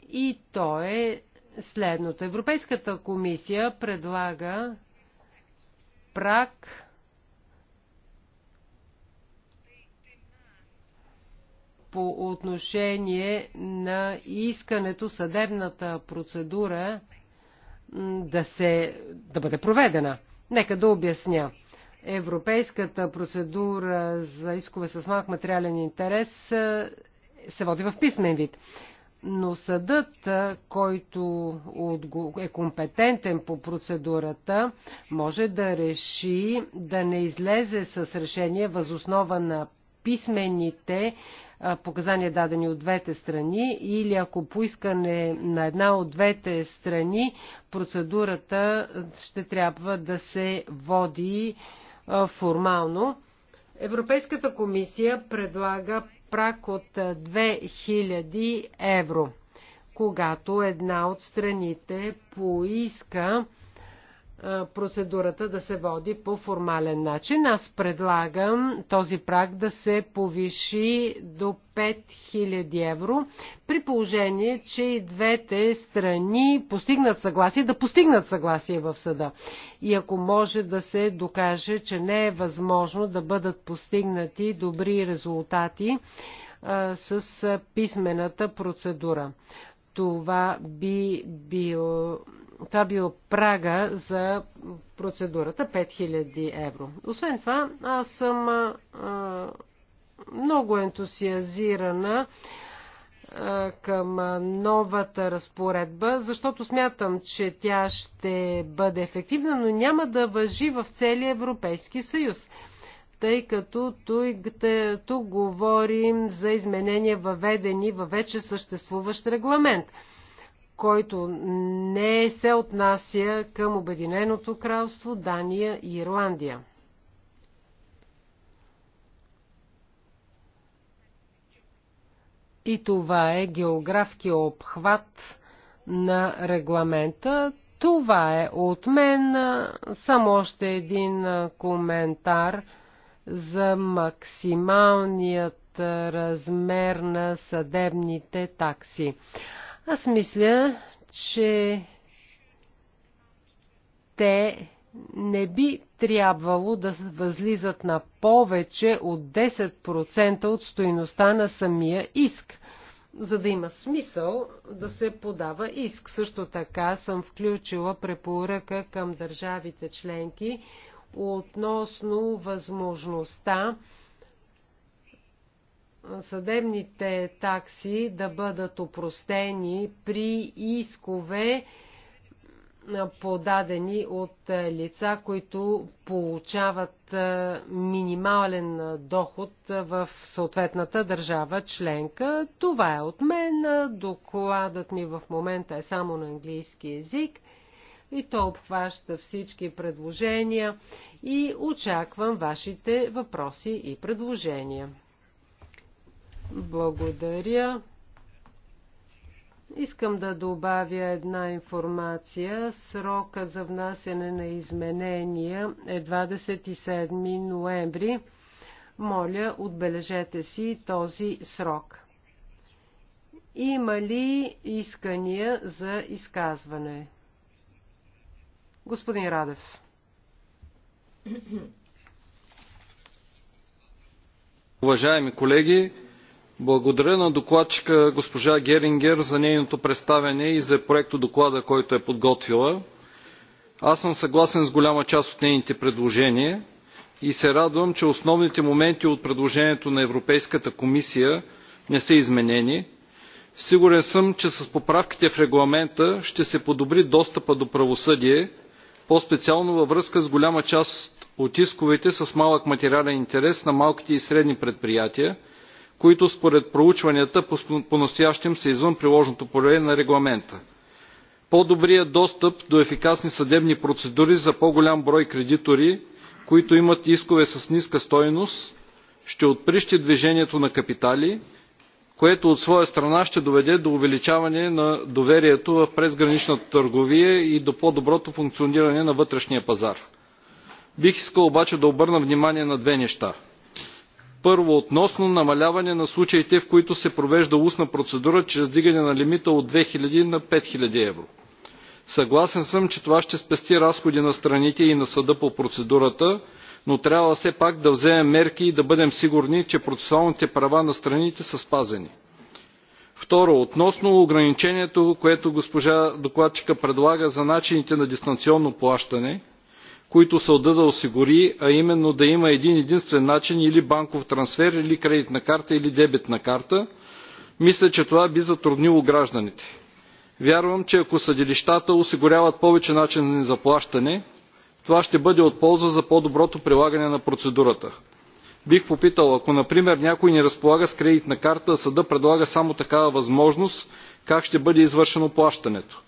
И то е следното. Европейската комисия предлага прак по отношение на искането съдебната процедура да, се, да бъде проведена. Нека да обясня. Европейската процедура за искове с малък материален интерес се води в писмен вид. Но съдът, който е компетентен по процедурата, може да реши да не излезе с решение възоснова на писмените показания дадени от двете страни или ако поискане на една от двете страни процедурата ще трябва да се води формално. Европейската комисия предлага прак от 2000 евро. Когато една от страните поиска процедурата да се води по формален начин. Аз предлагам този праг да се повиши до 5000 евро, при положение, че и двете страни постигнат съгласие, да постигнат съгласие в съда. И ако може да се докаже, че не е възможно да бъдат постигнати добри резултати а, с писмената процедура. Това би било това бил прага за процедурата 5000 евро. Освен това, аз съм а, много ентусиазирана а, към новата разпоредба, защото смятам, че тя ще бъде ефективна, но няма да въжи в целия Европейски съюз тъй като тук говорим за изменения въведени във вече съществуващ регламент – който не се отнася към Обединеното кралство, Дания и Ирландия. И това е географски обхват на регламента. Това е от мен. Само още един коментар за максималният размер на съдебните такси. Аз мисля, че те не би трябвало да възлизат на повече от 10% от стоиността на самия иск, за да има смисъл да се подава иск. Също така съм включила препоръка към държавите членки относно възможността съдебните такси да бъдат опростени при искове, подадени от лица, които получават минимален доход в съответната държава членка. Това е от мен. Докладът ми в момента е само на английски язик и то обхваща всички предложения и очаквам вашите въпроси и предложения. Благодаря. Искам да добавя една информация. Срокът за внасяне на изменения е 27 ноември. Моля, отбележете си този срок. Има ли искания за изказване? Господин Радев. Уважаеми колеги, благодаря на докладчика госпожа Герингер за нейното представяне и за проектодоклада, който е подготвила. Аз съм съгласен с голяма част от нейните предложения и се радвам, че основните моменти от предложението на Европейската комисия не са изменени. Сигурен съм, че с поправките в регламента ще се подобри достъпа до правосъдие, по-специално във връзка с голяма част от исковете с малък материален интерес на малките и средни предприятия – които според проучванията понастоящем са извън приложното поле на регламента. По добрият достъп до ефикасни съдебни процедури за по-голям брой кредитори, които имат искове с ниска стойност, ще отприщи движението на капитали, което от своя страна ще доведе до увеличаване на доверието в презграничната търговия и до по-доброто функциониране на вътрешния пазар. Бих искал обаче да обърна внимание на две неща – първо, относно намаляване на случаите, в които се провежда устна процедура чрез вдигане на лимита от 2000 на 5000 евро. Съгласен съм, че това ще спести разходи на страните и на съда по процедурата, но трябва все пак да вземем мерки и да бъдем сигурни, че процесуалните права на страните са спазени. Второ, относно ограничението, което госпожа докладчика предлага за начините на дистанционно плащане – които съдът да осигури, а именно да има един единствен начин или банков трансфер, или кредитна карта, или дебетна карта, мисля, че това би затруднило гражданите. Вярвам, че ако съдилищата осигуряват повече начин на заплащане, това ще бъде от полза за по-доброто прилагане на процедурата. Бих попитал, ако например някой не разполага с кредитна карта, а съда предлага само такава възможност, как ще бъде извършено плащането?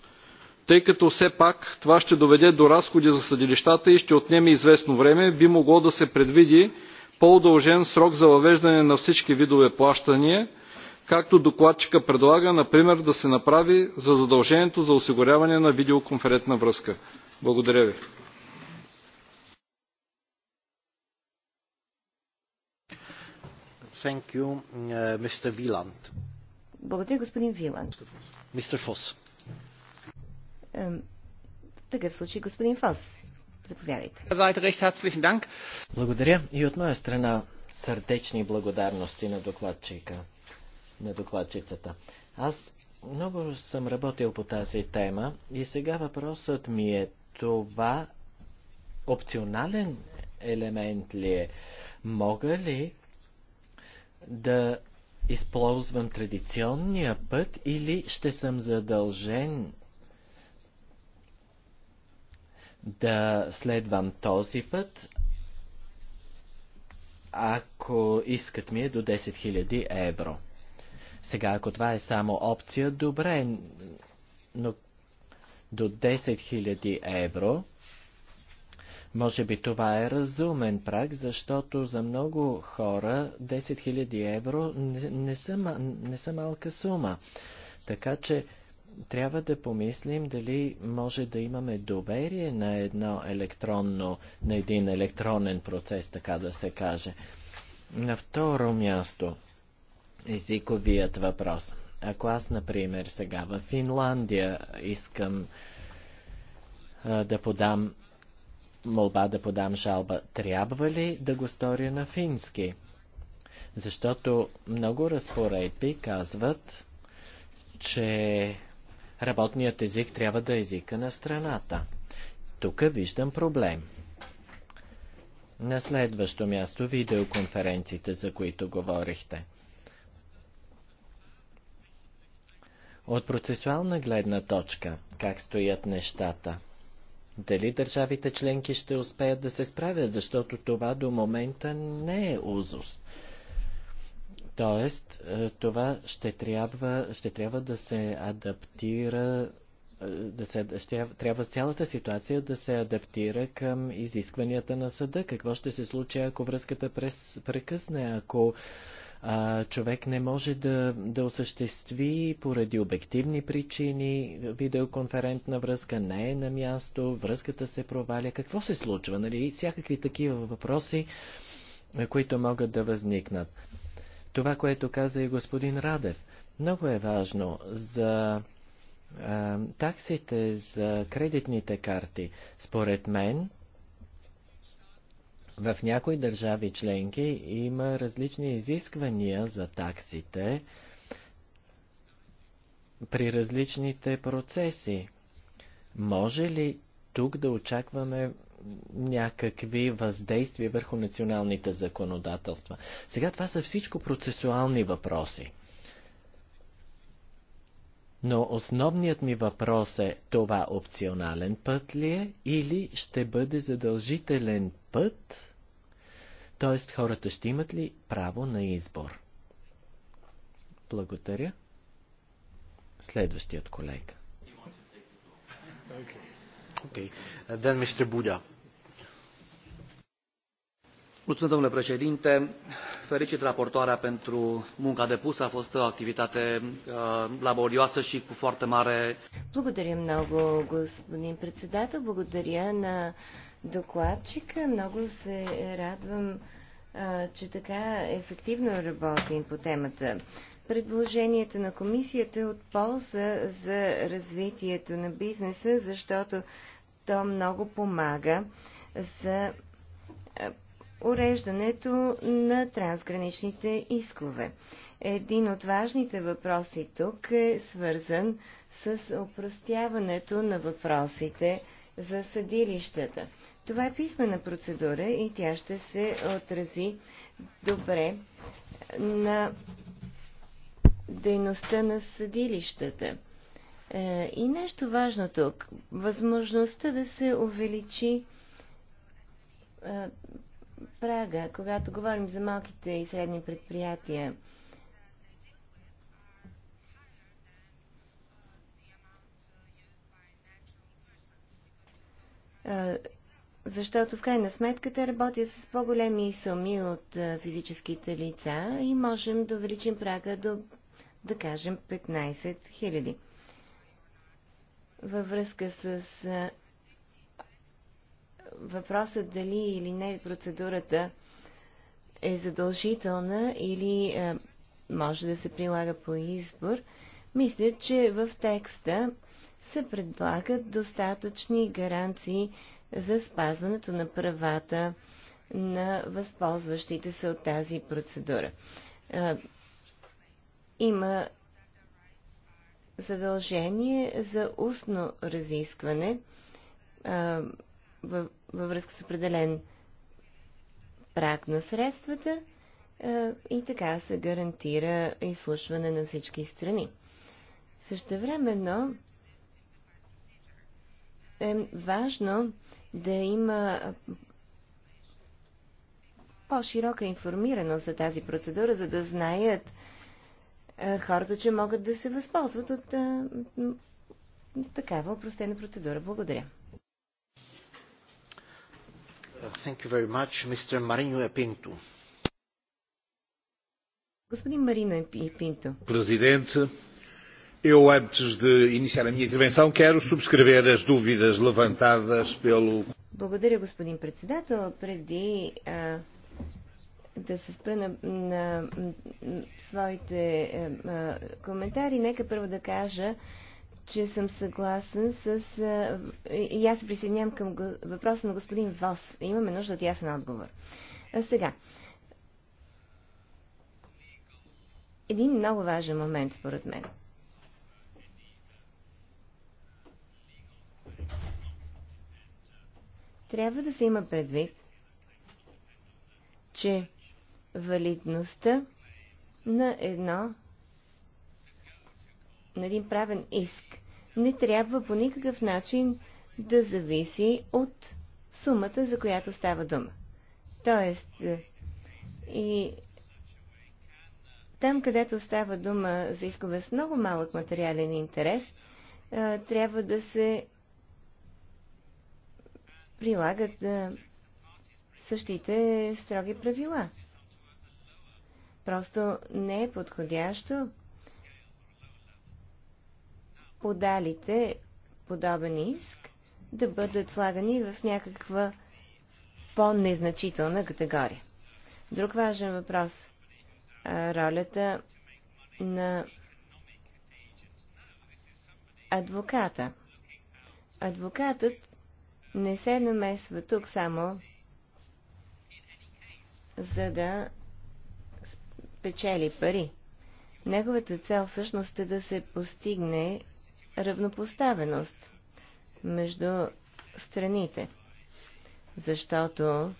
тъй като все пак това ще доведе до разходи за съдилищата и ще отнеме известно време, би могло да се предвиди по-удължен срок за въвеждане на всички видове плащания, както докладчика предлага, например, да се направи за задължението за осигуряване на видеоконферентна връзка. Благодаря ви. Thank you, uh, Mr. Wieland. Благодаря, господин Виланд. Mr. Foss. В такъв случай, господин Фос, заповядайте. Благодаря и от моя страна сърдечни благодарности на докладчика, на докладчицата. Аз много съм работил по тази тема и сега въпросът ми е това опционален елемент ли е? Мога ли да използвам традиционния път или ще съм задължен да следвам този път, ако искат ми е до 10 000 евро. Сега, ако това е само опция, добре, но до 10 000 евро, може би това е разумен прак, защото за много хора 10 000 евро не, не, са, не са малка сума. Така че трябва да помислим дали може да имаме доверие на едно електронно, на един електронен процес, така да се каже. На второ място, езиковият въпрос. Ако аз, например, сега в Финландия искам а, да подам молба да подам жалба, трябва ли да го сторя на фински? Защото много разпоредби казват, че работният език трябва да е езика на страната. Тук виждам проблем. На следващо място видеоконференциите, за които говорихте. От процесуална гледна точка, как стоят нещата? Дали държавите членки ще успеят да се справят, защото това до момента не е узост. Тоест, е, това ще трябва, ще трябва да се адаптира, е, да се, ще, трябва цялата ситуация да се адаптира към изискванията на съда. Какво ще се случи, ако връзката през, прекъсне, ако а, човек не може да, да осъществи поради обективни причини видеоконферентна връзка, не е на място, връзката се проваля. Какво се случва? Нали? Всякакви такива въпроси, е, които могат да възникнат. Това, което каза и господин Радев, много е важно за а, таксите за кредитните карти. Според мен, в някои държави членки има различни изисквания за таксите при различните процеси. Може ли тук да очакваме някакви въздействия върху националните законодателства. Сега това са всичко процесуални въпроси. Но основният ми въпрос е, това опционален път ли е или ще бъде задължителен път? Т.е. хората ще имат ли право на избор? Благодаря. Следващият колега. Okay. Then Mr. Buda. Mulțumesc, domnule președinte. Felicit raportoarea pentru munca depusă. A fost o activitate laborioasă și cu foarte mare... Благодаря много, господин председател. Благодаря на докладчика. Много се радвам, че така ефективно работим по темата. Предложението на комисията е от полза за развитието на бизнеса, защото то много помага за е, уреждането на трансграничните искове. Един от важните въпроси тук е свързан с опростяването на въпросите за съдилищата. Това е писмена процедура и тя ще се отрази добре на дейността на съдилищата. Е, и нещо важно тук възможността да се увеличи е, прага, когато говорим за малките и средни предприятия. Е, защото в крайна сметка те работят с по-големи суми от физическите лица и можем да увеличим прага до да кажем 15 000. Във връзка с въпросът дали или не процедурата е задължителна или а, може да се прилага по избор, мисля, че в текста се предлагат достатъчни гаранции за спазването на правата на възползващите се от тази процедура има задължение за устно разискване а, във, във връзка с определен прак на средствата а, и така се гарантира изслушване на всички страни. Същевременно е важно да има по-широка информираност за тази процедура, за да знаят хората, че могат да се възползват от а, такава упростена процедура. Благодаря. Thank you very much, Mr. Marino Epinto. Господин Марина Pinto. Presidente, eu antes de iniciar a minha intervenção quero subscrever as dúvidas levantadas pelo Благодаря, господин председател. Преди а, да се спа на, на, на своите е, а, коментари, нека първо да кажа, че съм съгласен с... А, и аз се присъединявам към го, въпроса на господин Вос. Имаме нужда от ясен отговор. А сега. Един много важен момент, според мен. Трябва да се има предвид, че валидността на едно на един правен иск не трябва по никакъв начин да зависи от сумата, за която става дума. Тоест, е, и там, където става дума за искове с много малък материален интерес, е, трябва да се прилагат е, същите строги правила просто не е подходящо подалите подобен иск да бъдат слагани в някаква по-незначителна категория. Друг важен въпрос – ролята на адвоката. Адвокатът не се намесва тук само за да печели пари. Неговата цел всъщност е да се постигне равнопоставеност между страните, защото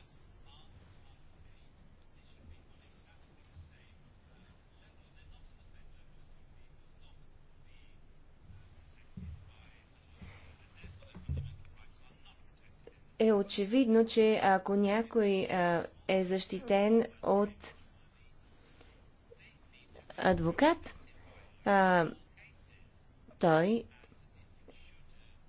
е очевидно, че ако някой а, е защитен от адвокат, а, той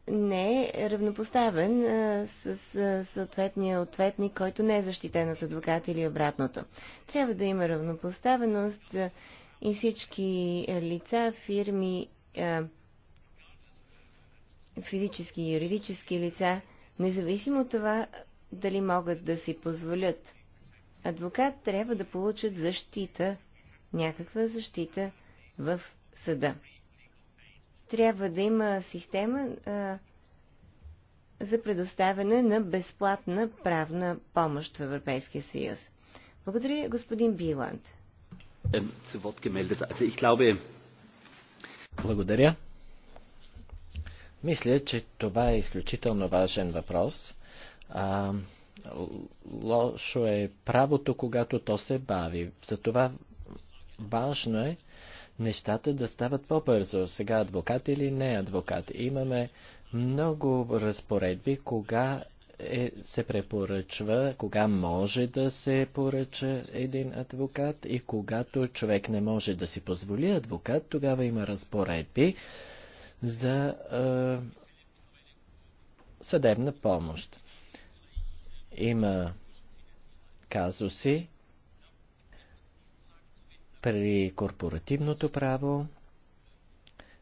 не е равнопоставен а, с а, съответния ответник, който не е защитен от адвокат или обратното. Трябва да има равнопоставеност а, и всички лица, фирми, а, физически и юридически лица, независимо от това дали могат да си позволят адвокат, трябва да получат защита някаква защита в съда. Трябва да има система а, за предоставяне на безплатна правна помощ в Европейския съюз. Благодаря, господин Биланд. Благодаря. Мисля, че това е изключително важен въпрос. А, лошо е правото, когато то се бави. Затова Важно е нещата да стават по-бързо. Сега адвокат или не адвокат. Имаме много разпоредби, кога е, се препоръчва, кога може да се поръча един адвокат и когато човек не може да си позволи адвокат, тогава има разпоредби за е, съдебна помощ. Има казуси, при корпоративното право,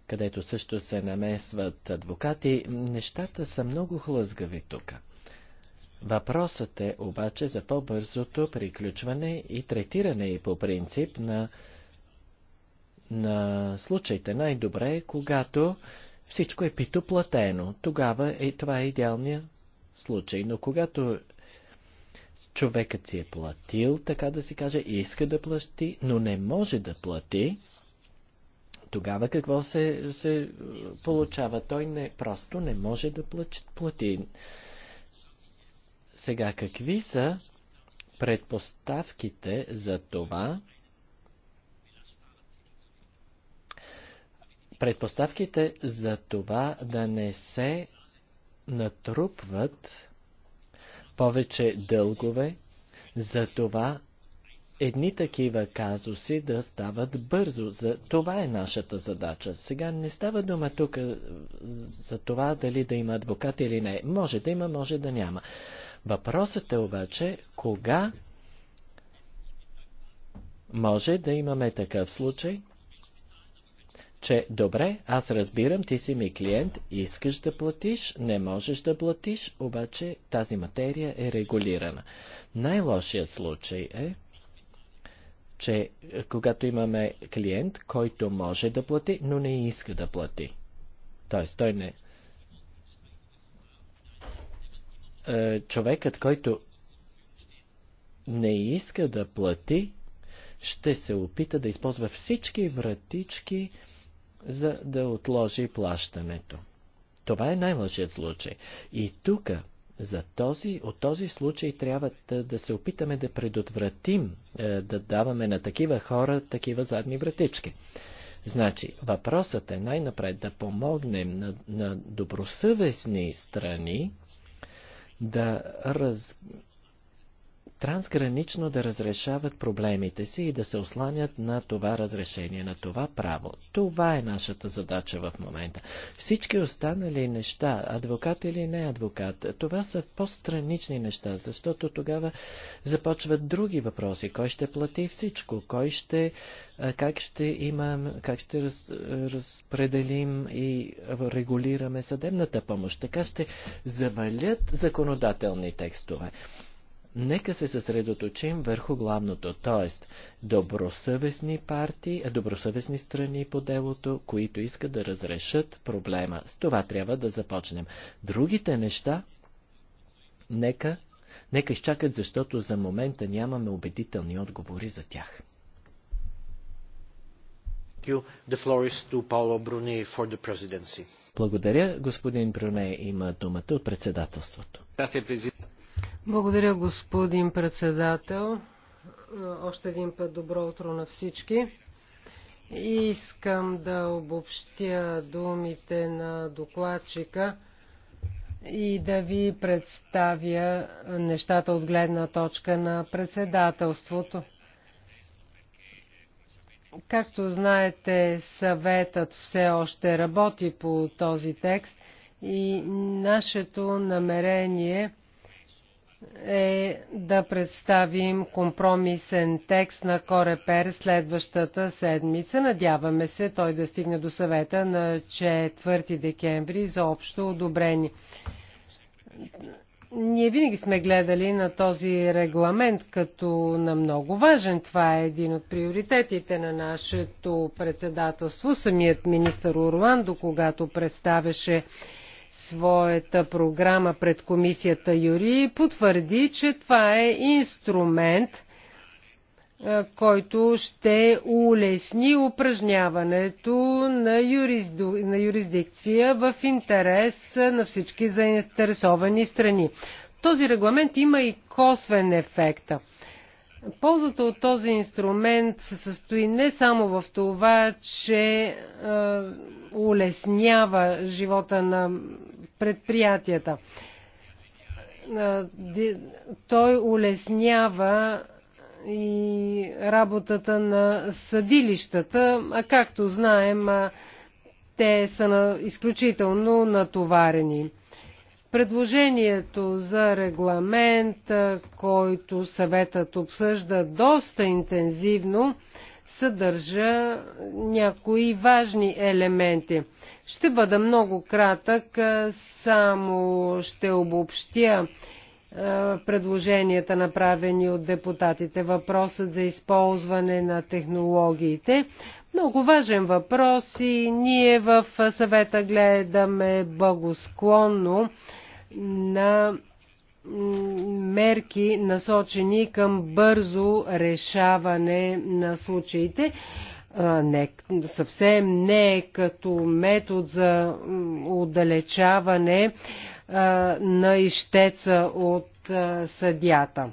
където също се намесват адвокати, нещата са много хлъзгави тук. Въпросът е обаче за по-бързото приключване и третиране и по принцип на, на случаите. Най-добре е, когато всичко е пито платено. Тогава е, това е идеалният случай. Но когато човекът си е платил, така да се каже, и иска да плати, но не може да плати, тогава какво се, се е, получава? Той не, просто не може да плати. Сега, какви са предпоставките за това? Предпоставките за това да не се натрупват повече дългове, за това едни такива казуси да стават бързо. За това е нашата задача. Сега не става дума тук е, за това дали да има адвокат или не. Може да има, може да няма. Въпросът е обаче, кога може да имаме такъв случай, че добре, аз разбирам, ти си ми клиент, искаш да платиш, не можеш да платиш, обаче тази материя е регулирана. Най-лошият случай е, че е, когато имаме клиент, който може да плати, но не иска да плати. Тоест, той не... Е, човекът, който не иска да плати, ще се опита да използва всички вратички, за да отложи плащането. Това е най-лъжият случай. И тук, за този, от този случай трябва да, да се опитаме да предотвратим, е, да даваме на такива хора такива задни вратички. Значи, въпросът е най-напред да помогнем на, на добросъвестни страни да, раз, трансгранично да разрешават проблемите си и да се осланят на това разрешение, на това право. Това е нашата задача в момента. Всички останали неща, адвокат или не адвокат, това са по-странични неща, защото тогава започват други въпроси. Кой ще плати всичко? Кой ще, как ще имам, как ще раз, разпределим и регулираме съдебната помощ? Така ще завалят законодателни текстове. Нека се съсредоточим върху главното, т.е. добросъвестни партии, е, добросъвестни страни по делото, които искат да разрешат проблема. С това трябва да започнем. Другите неща, нека, нека изчакат, защото за момента нямаме убедителни отговори за тях. Благодаря, господин Бруне има думата от председателството. Благодаря, господин председател. Е, още един път добро утро на всички. И искам да обобщя думите на докладчика и да ви представя нещата от гледна точка на председателството. Както знаете, съветът все още работи по този текст и нашето намерение е да представим компромисен текст на Корепер следващата седмица. Надяваме се той да стигне до съвета на 4 декември за общо одобрение. Ние винаги сме гледали на този регламент като на много важен. Това е един от приоритетите на нашето председателство. Самият министър Орландо, когато представяше своята програма пред комисията Юри и потвърди, че това е инструмент, е, който ще улесни упражняването на, юрисду... на юрисдикция в интерес на всички заинтересовани страни. Този регламент има и косвен ефект. Ползата от този инструмент се състои не само в това, че е, улеснява живота на предприятията. Той улеснява и работата на съдилищата, а както знаем, те са изключително натоварени. Предложението за регламент, който съветът обсъжда доста интензивно, съдържа някои важни елементи. Ще бъда много кратък, само ще обобщя предложенията, направени от депутатите. Въпросът за използване на технологиите. Много важен въпрос и ние в съвета гледаме благосклонно на мерки насочени към бързо решаване на случаите. Не, съвсем не е като метод за отдалечаване на ищеца от съдята.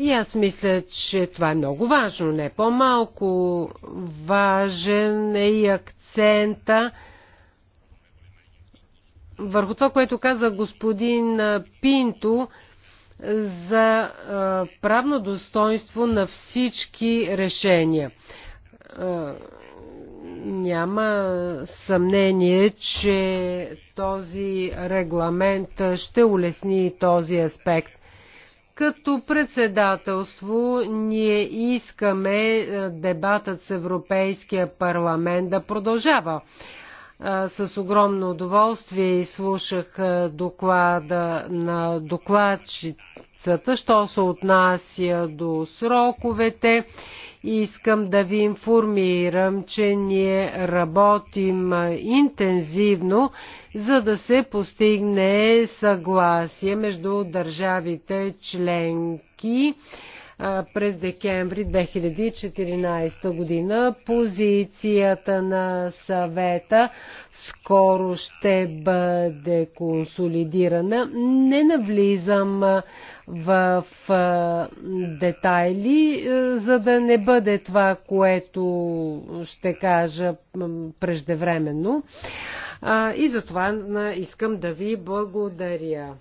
И аз мисля, че това е много важно, не по-малко важен е и акцента върху това, което каза господин Пинто за правно достоинство на всички решения. Няма съмнение, че този регламент ще улесни този аспект. Като председателство ние искаме е, дебатът с Европейския парламент да продължава. Е, с огромно удоволствие изслушах е, доклада на докладчицата, що се отнася до сроковете Искам да ви информирам, че ние работим интензивно, за да се постигне съгласие между държавите членки през декември 2014 година. Позицията на съвета скоро ще бъде консолидирана. Не навлизам в детайли, за да не бъде това, което ще кажа преждевременно. И за това искам да ви благодаря.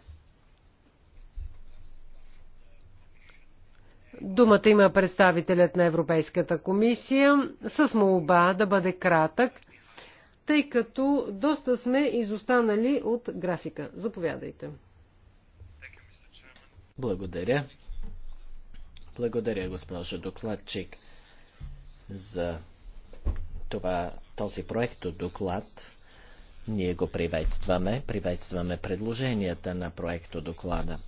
Думата има представителят на Европейската комисия с молба да бъде кратък, тъй като доста сме изостанали от графика. Заповядайте. Благодаря. Благодаря, госпожо докладчик, за това, този проект от доклад. Ние го приветстваме. Приветстваме предложенията на проекто доклада.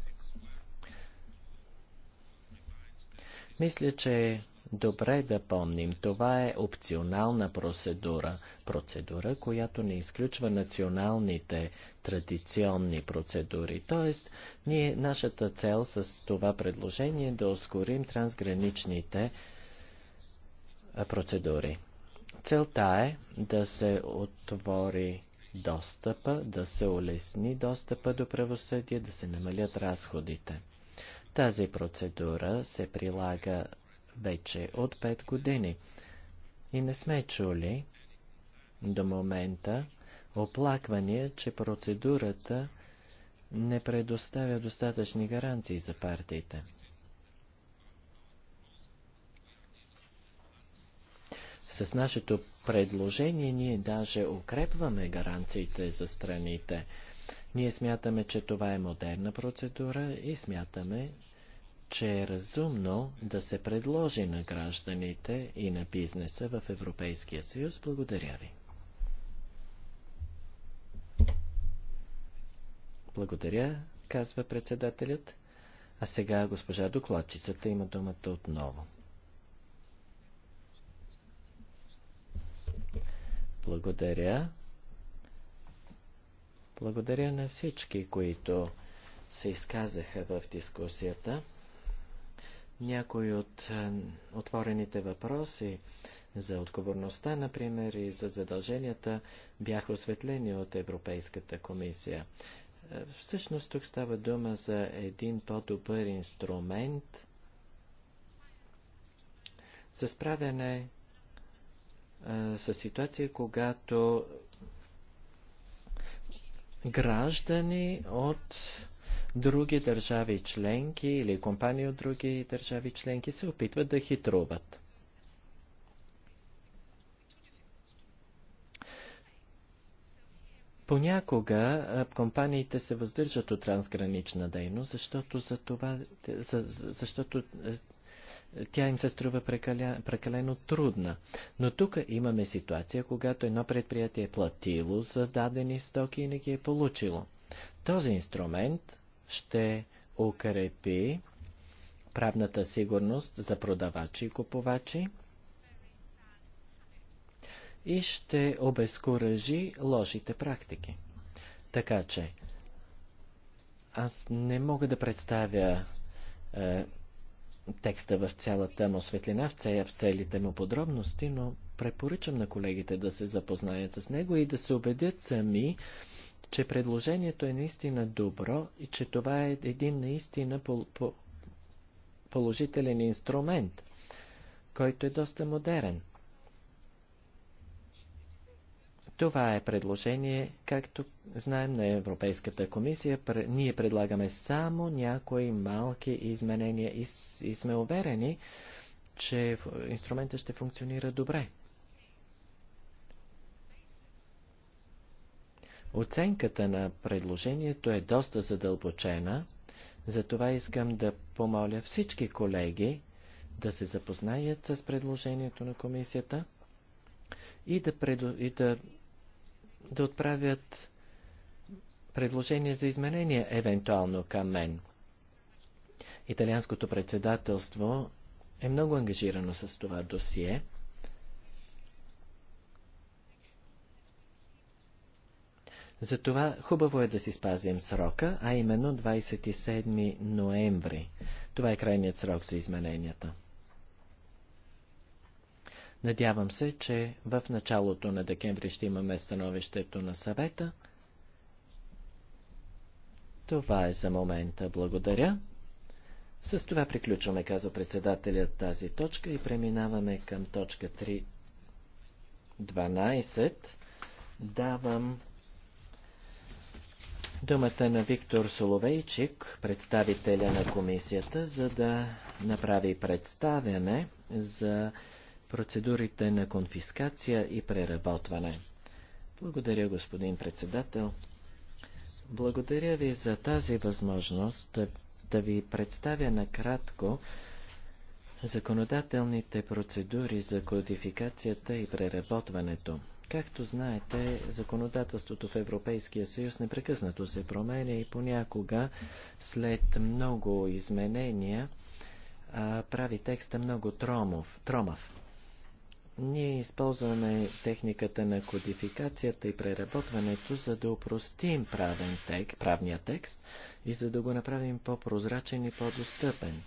Мисля, че е добре да помним, това е опционална процедура, процедура, която не изключва националните традиционни процедури. Тоест, ние, нашата цел с това предложение е да ускорим трансграничните процедури. Целта е да се отвори достъпа, да се улесни достъпа до правосъдие, да се намалят разходите. Тази процедура се прилага вече от 5 години и не сме чули до момента оплаквания, че процедурата не предоставя достатъчни гаранции за партиите. С нашето предложение ние даже укрепваме гаранциите за страните. Ние смятаме, че това е модерна процедура и смятаме, че е разумно да се предложи на гражданите и на бизнеса в Европейския съюз. Благодаря ви. Благодаря, казва председателят. А сега госпожа докладчицата има думата отново. Благодаря. Благодаря на всички, които се изказаха в дискусията. Някои от е, отворените въпроси за отговорността, например, и за задълженията бяха осветлени от Европейската комисия. Е, всъщност тук става дума за един по-добър инструмент за справяне е, с ситуация, когато граждани от други държави членки или компании от други държави членки се опитват да хитруват. Понякога компаниите се въздържат от трансгранична дейност, защото, за това, за, защото тя им се струва прекаля, прекалено трудна. Но тук имаме ситуация, когато едно предприятие е платило за дадени стоки и не ги е получило. Този инструмент ще укрепи правната сигурност за продавачи и купувачи и ще обезкуражи лошите практики. Така че, аз не мога да представя е, текста в цялата му светлина, в, целите му подробности, но препоръчам на колегите да се запознаят с него и да се убедят сами, че предложението е наистина добро и че това е един наистина пол, положителен инструмент, който е доста модерен. Това е предложение, както знаем, на Европейската комисия. Ние предлагаме само някои малки изменения и, и сме уверени, че инструмента ще функционира добре. Оценката на предложението е доста задълбочена, затова искам да помоля всички колеги да се запознаят с предложението на комисията и да, предо... и да да отправят предложение за изменения евентуално към мен. Италианското председателство е много ангажирано с това досие. Затова хубаво е да си спазим срока, а именно 27 ноември. Това е крайният срок за измененията. Надявам се, че в началото на декември ще имаме становището на съвета. Това е за момента. Благодаря. С това приключваме, казва председателят тази точка и преминаваме към точка 3. 12. Давам думата на Виктор Соловейчик, представителя на комисията, за да направи представяне за процедурите на конфискация и преработване. Благодаря, господин председател. Благодаря ви за тази възможност да, да ви представя накратко законодателните процедури за кодификацията и преработването. Както знаете, законодателството в Европейския съюз непрекъснато се променя и понякога след много изменения а, прави текста много тромов, тромав. Ние използваме техниката на кодификацията и преработването, за да упростим правен тек, правния текст и за да го направим по-прозрачен и по-достъпен.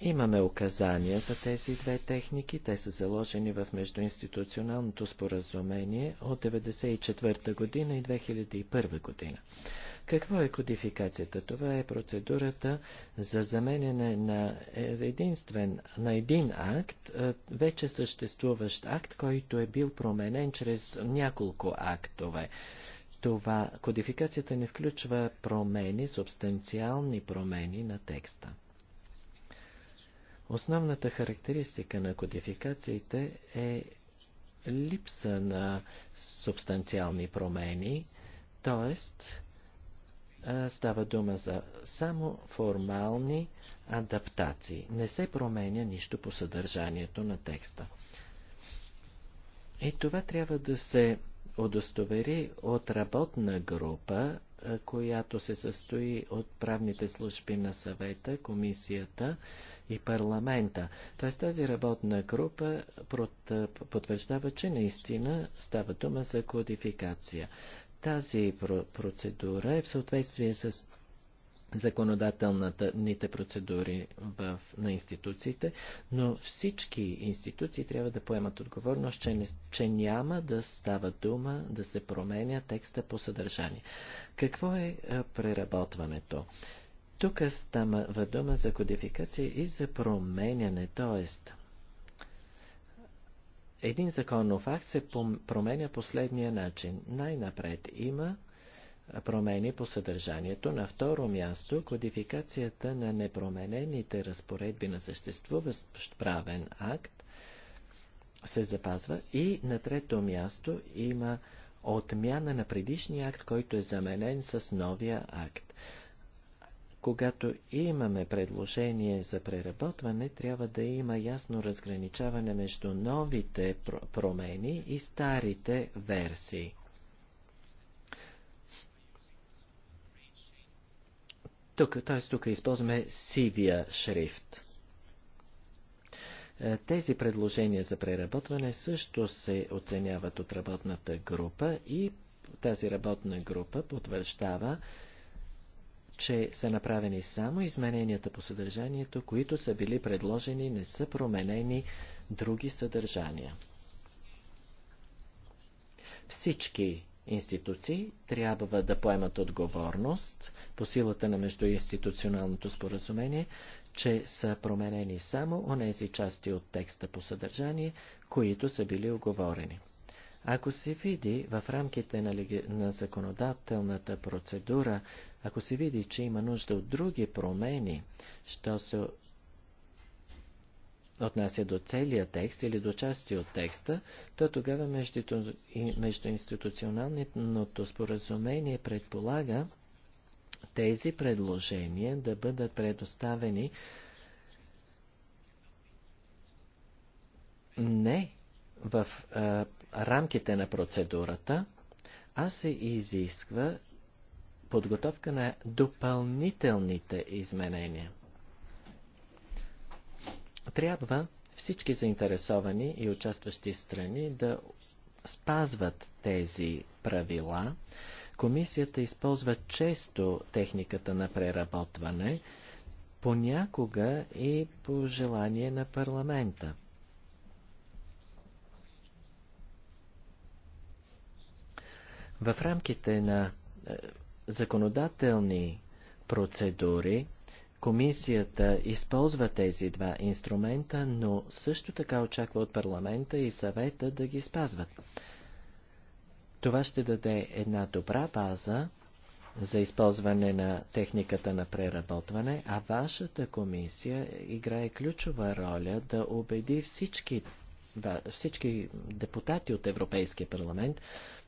Имаме указания за тези две техники. Те са заложени в междуинституционалното споразумение от 1994 година и 2001 година. Какво е кодификацията? Това е процедурата за заменяне на единствен, на един акт, вече съществуващ акт, който е бил променен чрез няколко актове. Това кодификацията не включва промени, субстанциални промени на текста. Основната характеристика на кодификациите е липса на субстанциални промени, т.е става дума за само формални адаптации. Не се променя нищо по съдържанието на текста. И това трябва да се удостовери от работна група, която се състои от правните служби на съвета, комисията и парламента. Т.е. тази работна група потвърждава, че наистина става дума за кодификация. Тази процедура е в съответствие с законодателните процедури в, на институциите, но всички институции трябва да поемат отговорност, че, не, че няма да става дума да се променя текста по съдържание. Какво е преработването? Тук става дума за кодификация и за променяне, т.е един законов акт се променя последния начин. Най-напред има промени по съдържанието. На второ място, кодификацията на непроменените разпоредби на съществуващ правен акт се запазва. И на трето място има отмяна на предишния акт, който е заменен с новия акт. Когато имаме предложение за преработване, трябва да има ясно разграничаване между новите промени и старите версии. Тук, т.е. тук използваме сивия шрифт. Е, тези предложения за преработване също се оценяват от работната група и тази работна група потвърждава, че са направени само измененията по съдържанието, които са били предложени, не са променени други съдържания. Всички институции трябва да поемат отговорност по силата на междуинституционалното споразумение, че са променени само онези части от текста по съдържание, които са били оговорени. Ако се види в рамките на, на законодателната процедура, ако се види, че има нужда от други промени, що се отнася до целия текст или до части от текста, то тогава междуинституционалното споразумение предполага тези предложения да бъдат предоставени не в а, рамките на процедурата, а се изисква подготовка на допълнителните изменения. Трябва всички заинтересовани и участващи страни да спазват тези правила. Комисията използва често техниката на преработване, понякога и по желание на парламента. В рамките на е, законодателни процедури, Комисията използва тези два инструмента, но също така очаква от парламента и съвета да ги спазват. Това ще даде една добра база за използване на техниката на преработване, а вашата комисия играе ключова роля да убеди всички, всички депутати от Европейския парламент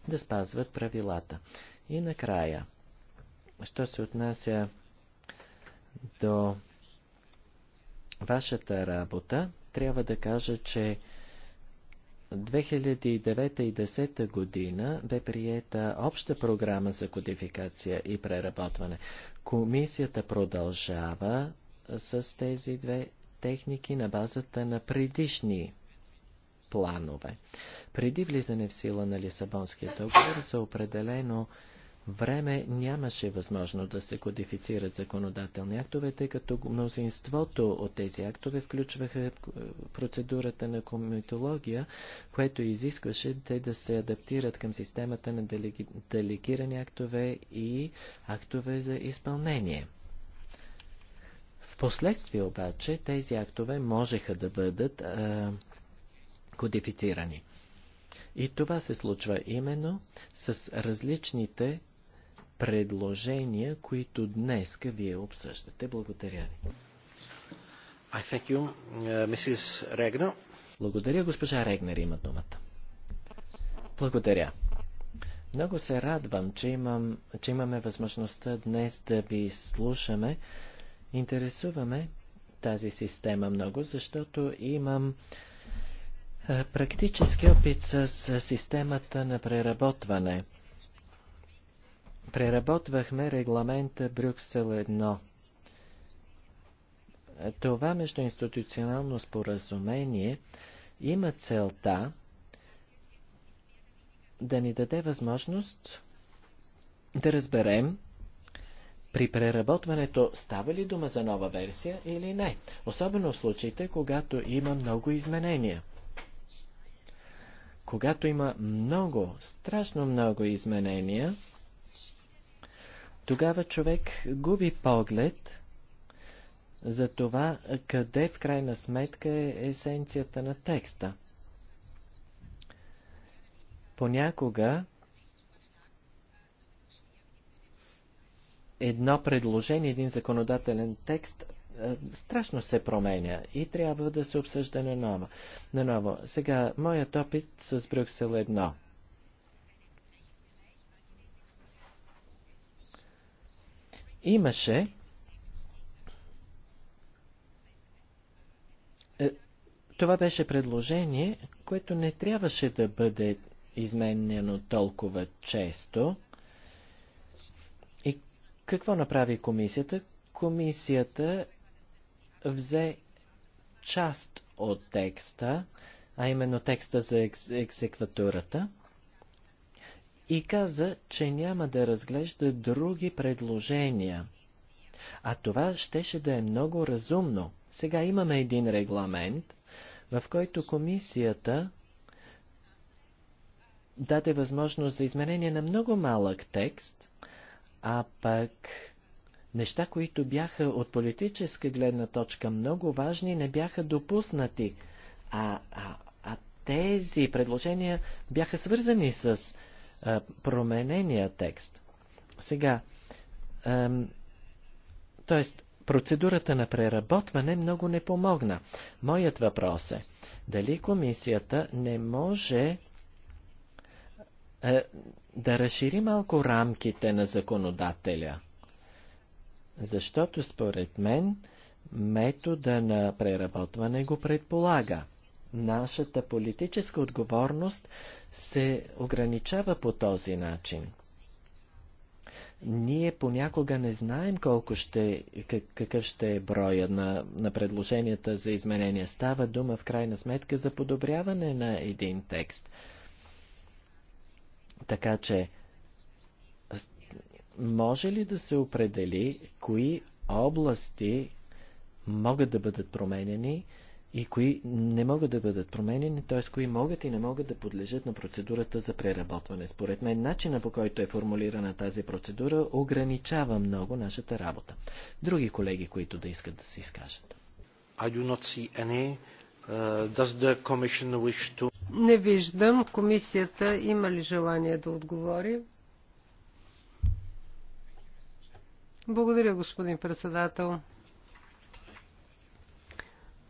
да спазват правилата. И накрая – Що се отнася до вашата работа, трябва да кажа, че 2009 и 2010 година бе приета обща програма за кодификация и преработване. Комисията продължава с тези две техники на базата на предишни планове. Преди влизане в сила на Лисабонския договор са определено време нямаше възможно да се кодифицират законодателни актове, тъй като мнозинството от тези актове включваха е, процедурата на комитология, което изискваше те да се адаптират към системата на делегирани актове и актове за изпълнение. Впоследствие обаче тези актове можеха да бъдат а, е, кодифицирани. И това се случва именно с различните предложения, които днес вие обсъждате. Благодаря ви. I thank you, uh, Mrs. Regner. Благодаря, госпожа Регнер има думата. Благодаря. Много се радвам, че, имам, че имаме възможността днес да ви слушаме. Интересуваме тази система много, защото имам практически опит с системата на преработване преработвахме регламента Брюксел 1. Това междуинституционално споразумение има целта да ни даде възможност да разберем при преработването става ли дума за нова версия или не, особено в случаите, когато има много изменения. Когато има много, страшно много изменения, тогава човек губи поглед за това, къде в крайна сметка е есенцията на текста. Понякога едно предложение, един законодателен текст е, страшно се променя и трябва да се обсъжда наново. ново. Сега, моят опит с Брюксел Едно. Имаше е, Това беше предложение, което не трябваше да бъде изменено толкова често. И какво направи комисията? Комисията взе част от текста, а именно текста за екс- екзекватурата, и каза, че няма да разглежда други предложения. А това щеше да е много разумно. Сега имаме един регламент, в който комисията даде възможност за изменение на много малък текст, а пък неща, които бяха от политическа гледна точка много важни, не бяха допуснати. А, а, а тези предложения бяха свързани с променения текст. Сега, т.е. процедурата на преработване много не помогна. Моят въпрос е, дали комисията не може да разшири малко рамките на законодателя? Защото според мен метода на преработване го предполага нашата политическа отговорност се ограничава по този начин. Ние понякога не знаем колко ще, какъв ще е броя на, на предложенията за изменения. Става дума в крайна сметка за подобряване на един текст. Така че, може ли да се определи кои области могат да бъдат променени, и кои не могат да бъдат променени, т.е. кои могат и не могат да подлежат на процедурата за преработване. Според мен, начина по който е формулирана тази процедура ограничава много нашата работа. Други колеги, които да искат да се изкажат. I do not see any. Uh, does the commission wish to... Не виждам. Комисията има ли желание да отговори? Благодаря, господин председател.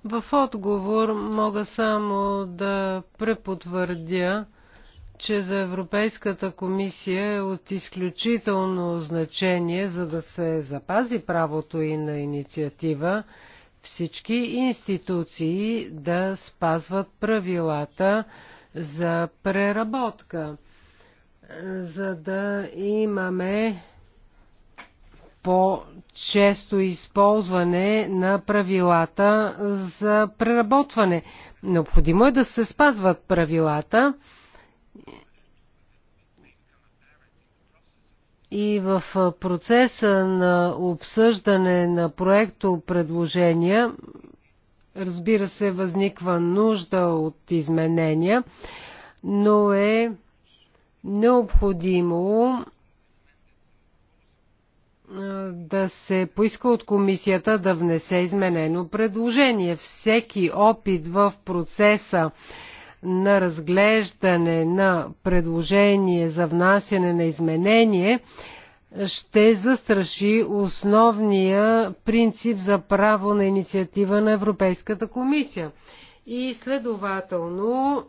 В отговор мога само да препотвърдя, че за Европейската комисия е от изключително значение, за да се запази правото и на инициатива, всички институции да спазват правилата за преработка, за да имаме по-често използване на правилата за преработване. Необходимо е да се спазват правилата и в процеса на обсъждане на проекто предложения разбира се възниква нужда от изменения, но е необходимо да се поиска от комисията да внесе изменено предложение. Всеки опит в процеса на разглеждане на предложение за внасяне на изменение ще застраши основния принцип за право на инициатива на Европейската комисия. И следователно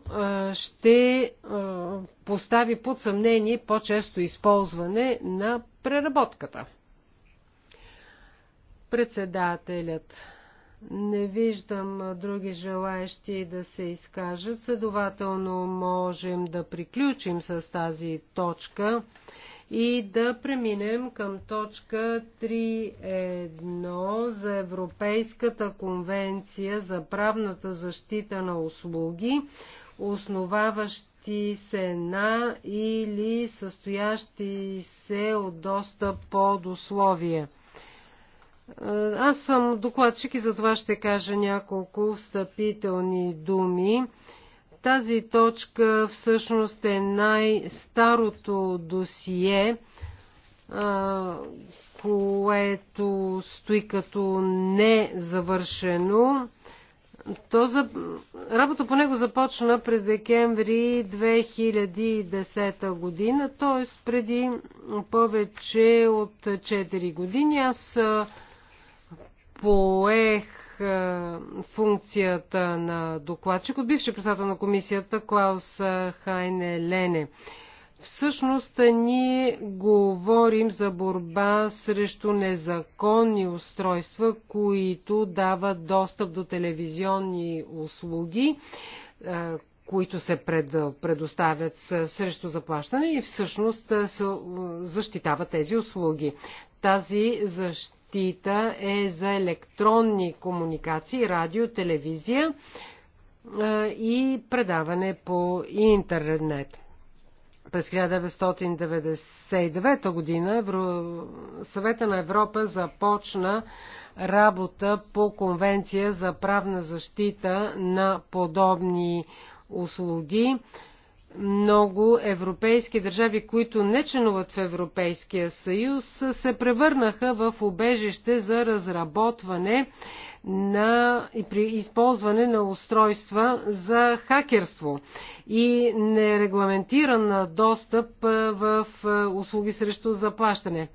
ще постави под съмнение по-често използване на преработката. Председателят. Не виждам други желаящи да се изкажат. Следователно можем да приключим с тази точка и да преминем към точка 3.1 за Европейската конвенция за правната защита на услуги, основаващи се на или състоящи се от доста под условия. Е, аз съм докладчик и за това ще кажа няколко встъпителни думи. Тази точка всъщност е най-старото досие, е, което стои като незавършено. То за... Работа по него започна през декември 2010 година, т.е. преди повече от 4 години. Аз поех е, функцията на докладчик от бивши председател на комисията Клаус е, Хайне Лене. Всъщност е, ние говорим за борба срещу незаконни устройства, които дават достъп до телевизионни услуги, които се предоставят срещу заплащане и всъщност защитават тези услуги. Тази защита защита е за електронни комуникации, радио, телевизия и предаване по интернет. През 1999 година Съвета на Европа започна работа по конвенция за правна защита на подобни услуги много европейски държави, които не членуват в Европейския съюз, се превърнаха в обежище за разработване на и при използване на устройства за хакерство и нерегламентиран достъп в услуги срещу заплащане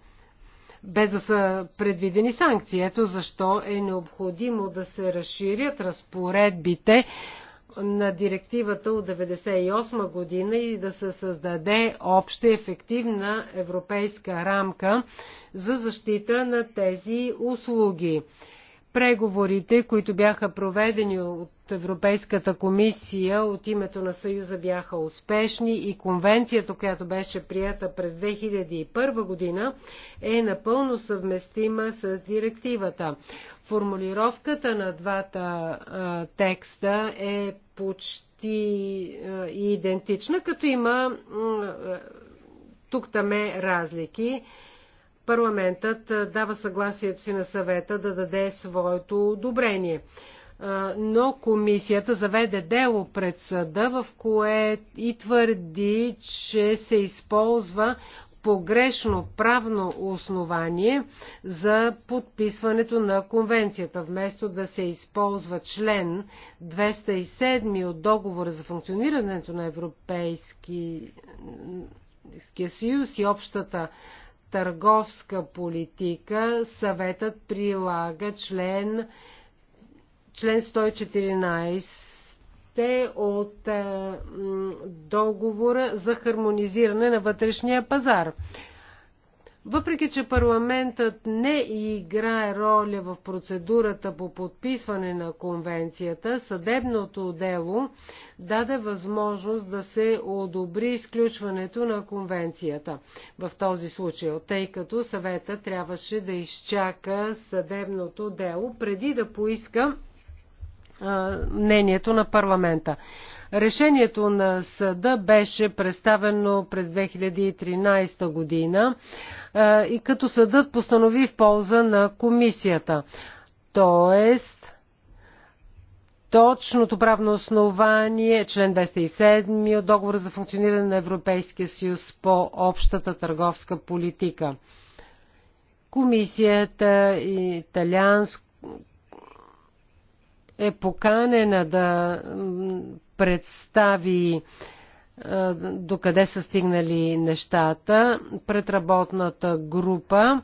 без да са предвидени санкции. Ето защо е необходимо да се разширят разпоредбите на директивата от 1998 година и да се създаде обща ефективна европейска рамка за защита на тези услуги. Преговорите, които бяха проведени от Европейската комисия от името на Съюза бяха успешни и конвенцията, която беше прията през 2001 година, е напълно съвместима с директивата. Формулировката на двата а, текста е почти а, идентична, като има тук-таме разлики. А, парламентът дава съгласието си на съвета да даде своето одобрение. Но комисията заведе дело пред съда, в кое и твърди, че се използва погрешно правно основание за подписването на конвенцията, вместо да се използва член 207 от договора за функционирането на Европейския съюз и общата търговска политика съветът прилага член, член 114 от е, договора за хармонизиране на вътрешния пазар. Въпреки, че парламентът не играе роля в процедурата по подписване на конвенцията, съдебното дело даде възможност да се одобри изключването на конвенцията. В този случай, тъй като съвета трябваше да изчака съдебното дело преди да поиска мнението на парламента. Решението на съда беше представено през 2013 година и като съдът постанови в полза на комисията. Тоест, точното правно основание е член 207 от договора за функциониране на Европейския съюз по общата търговска политика. Комисията и италианско е поканена да представи до къде са стигнали нещата пред работната група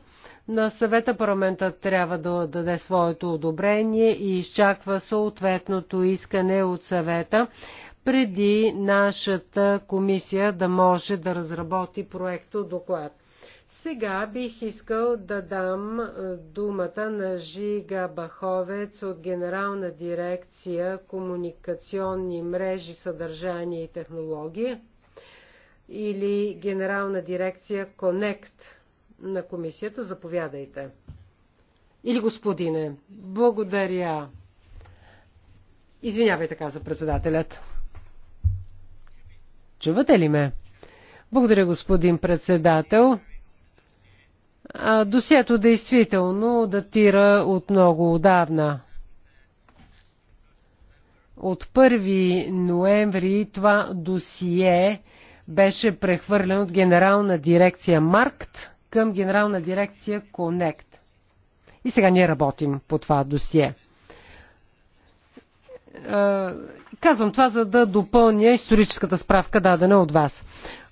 на съвета парламента трябва да даде своето одобрение и изчаква съответното искане от съвета преди нашата комисия да може да разработи проекто доклад. Сега бих искал да дам е, думата на Жига Баховец от Генерална дирекция Комуникационни мрежи, съдържание и технологии или Генерална дирекция Connect на комисията. Заповядайте. Или господине, благодаря. Извинявайте, каза председателят. Чувате ли ме? Благодаря, господин председател. Досието действително датира от много отдавна. От 1 ноември това досие беше прехвърлено от генерална дирекция Маркт към генерална дирекция Конект. И сега ние работим по това досие. Казвам това, за да допълня историческата справка, дадена от вас.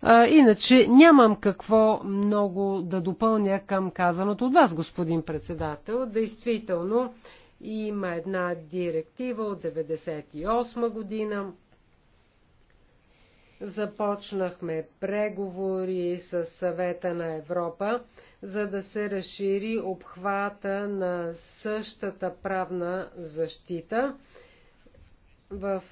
А, иначе нямам какво много да допълня към казаното от вас, господин председател. Действително има една директива от 1998 година. Започнахме преговори с съвета на Европа, за да се разшири обхвата на същата правна защита в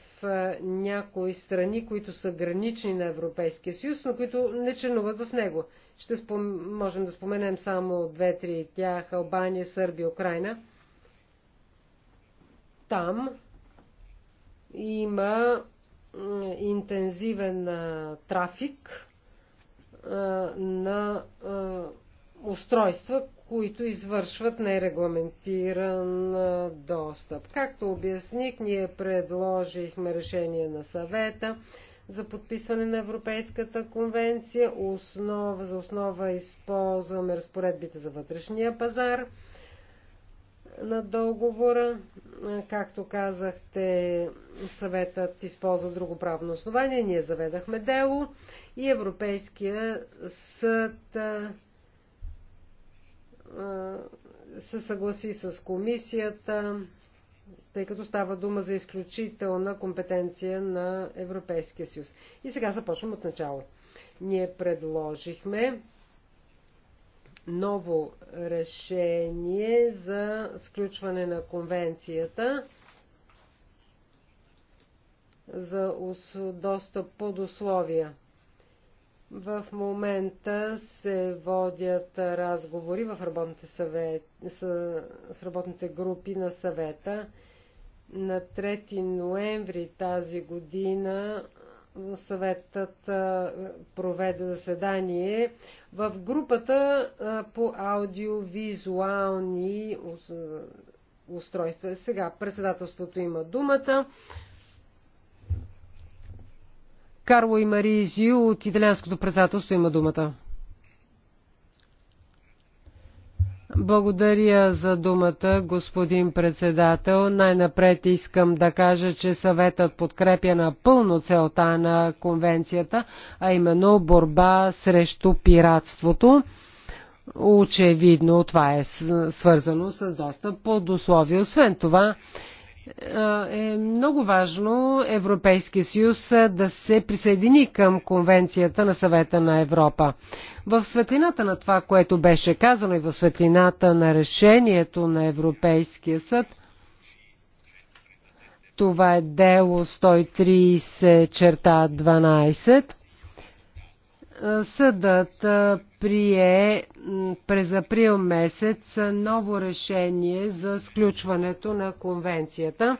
някои страни, които са гранични на Европейския съюз, но които не членуват в него. Ще спом... можем да споменем само две-три тях Албания, Сърбия, Украина. Там има интензивен трафик на устройства, които извършват нерегламентиран достъп. Както обясних, ние предложихме решение на съвета за подписване на Европейската конвенция. Основа, за основа използваме разпоредбите за вътрешния пазар на договора. Както казахте, съветът използва друго правно основание. Ние заведахме дело и Европейския съд се съгласи с комисията, тъй като става дума за изключителна компетенция на Европейския съюз. И сега започвам от начало. Ние предложихме ново решение за сключване на конвенцията за достъп под условия. В момента се водят разговори в работните, съвет, с, с работните групи на съвета. На 3 ноември тази година съветът проведе заседание в групата по аудиовизуални устройства. Сега председателството има думата. Карло и Мари Зю от Италианското председателство има думата. Благодаря за думата, господин председател. Най-напред искам да кажа, че съветът подкрепя напълно целта на конвенцията, а именно борба срещу пиратството. Очевидно това е свързано с доста подусловия. Освен това, е, е много важно Европейския съюз е, да се присъедини към Конвенцията на съвета на Европа. В светлината на това, което беше казано и в светлината на решението на Европейския съд, това е дело 130 черта 12, е, съдът прие през април месец ново решение за сключването на конвенцията.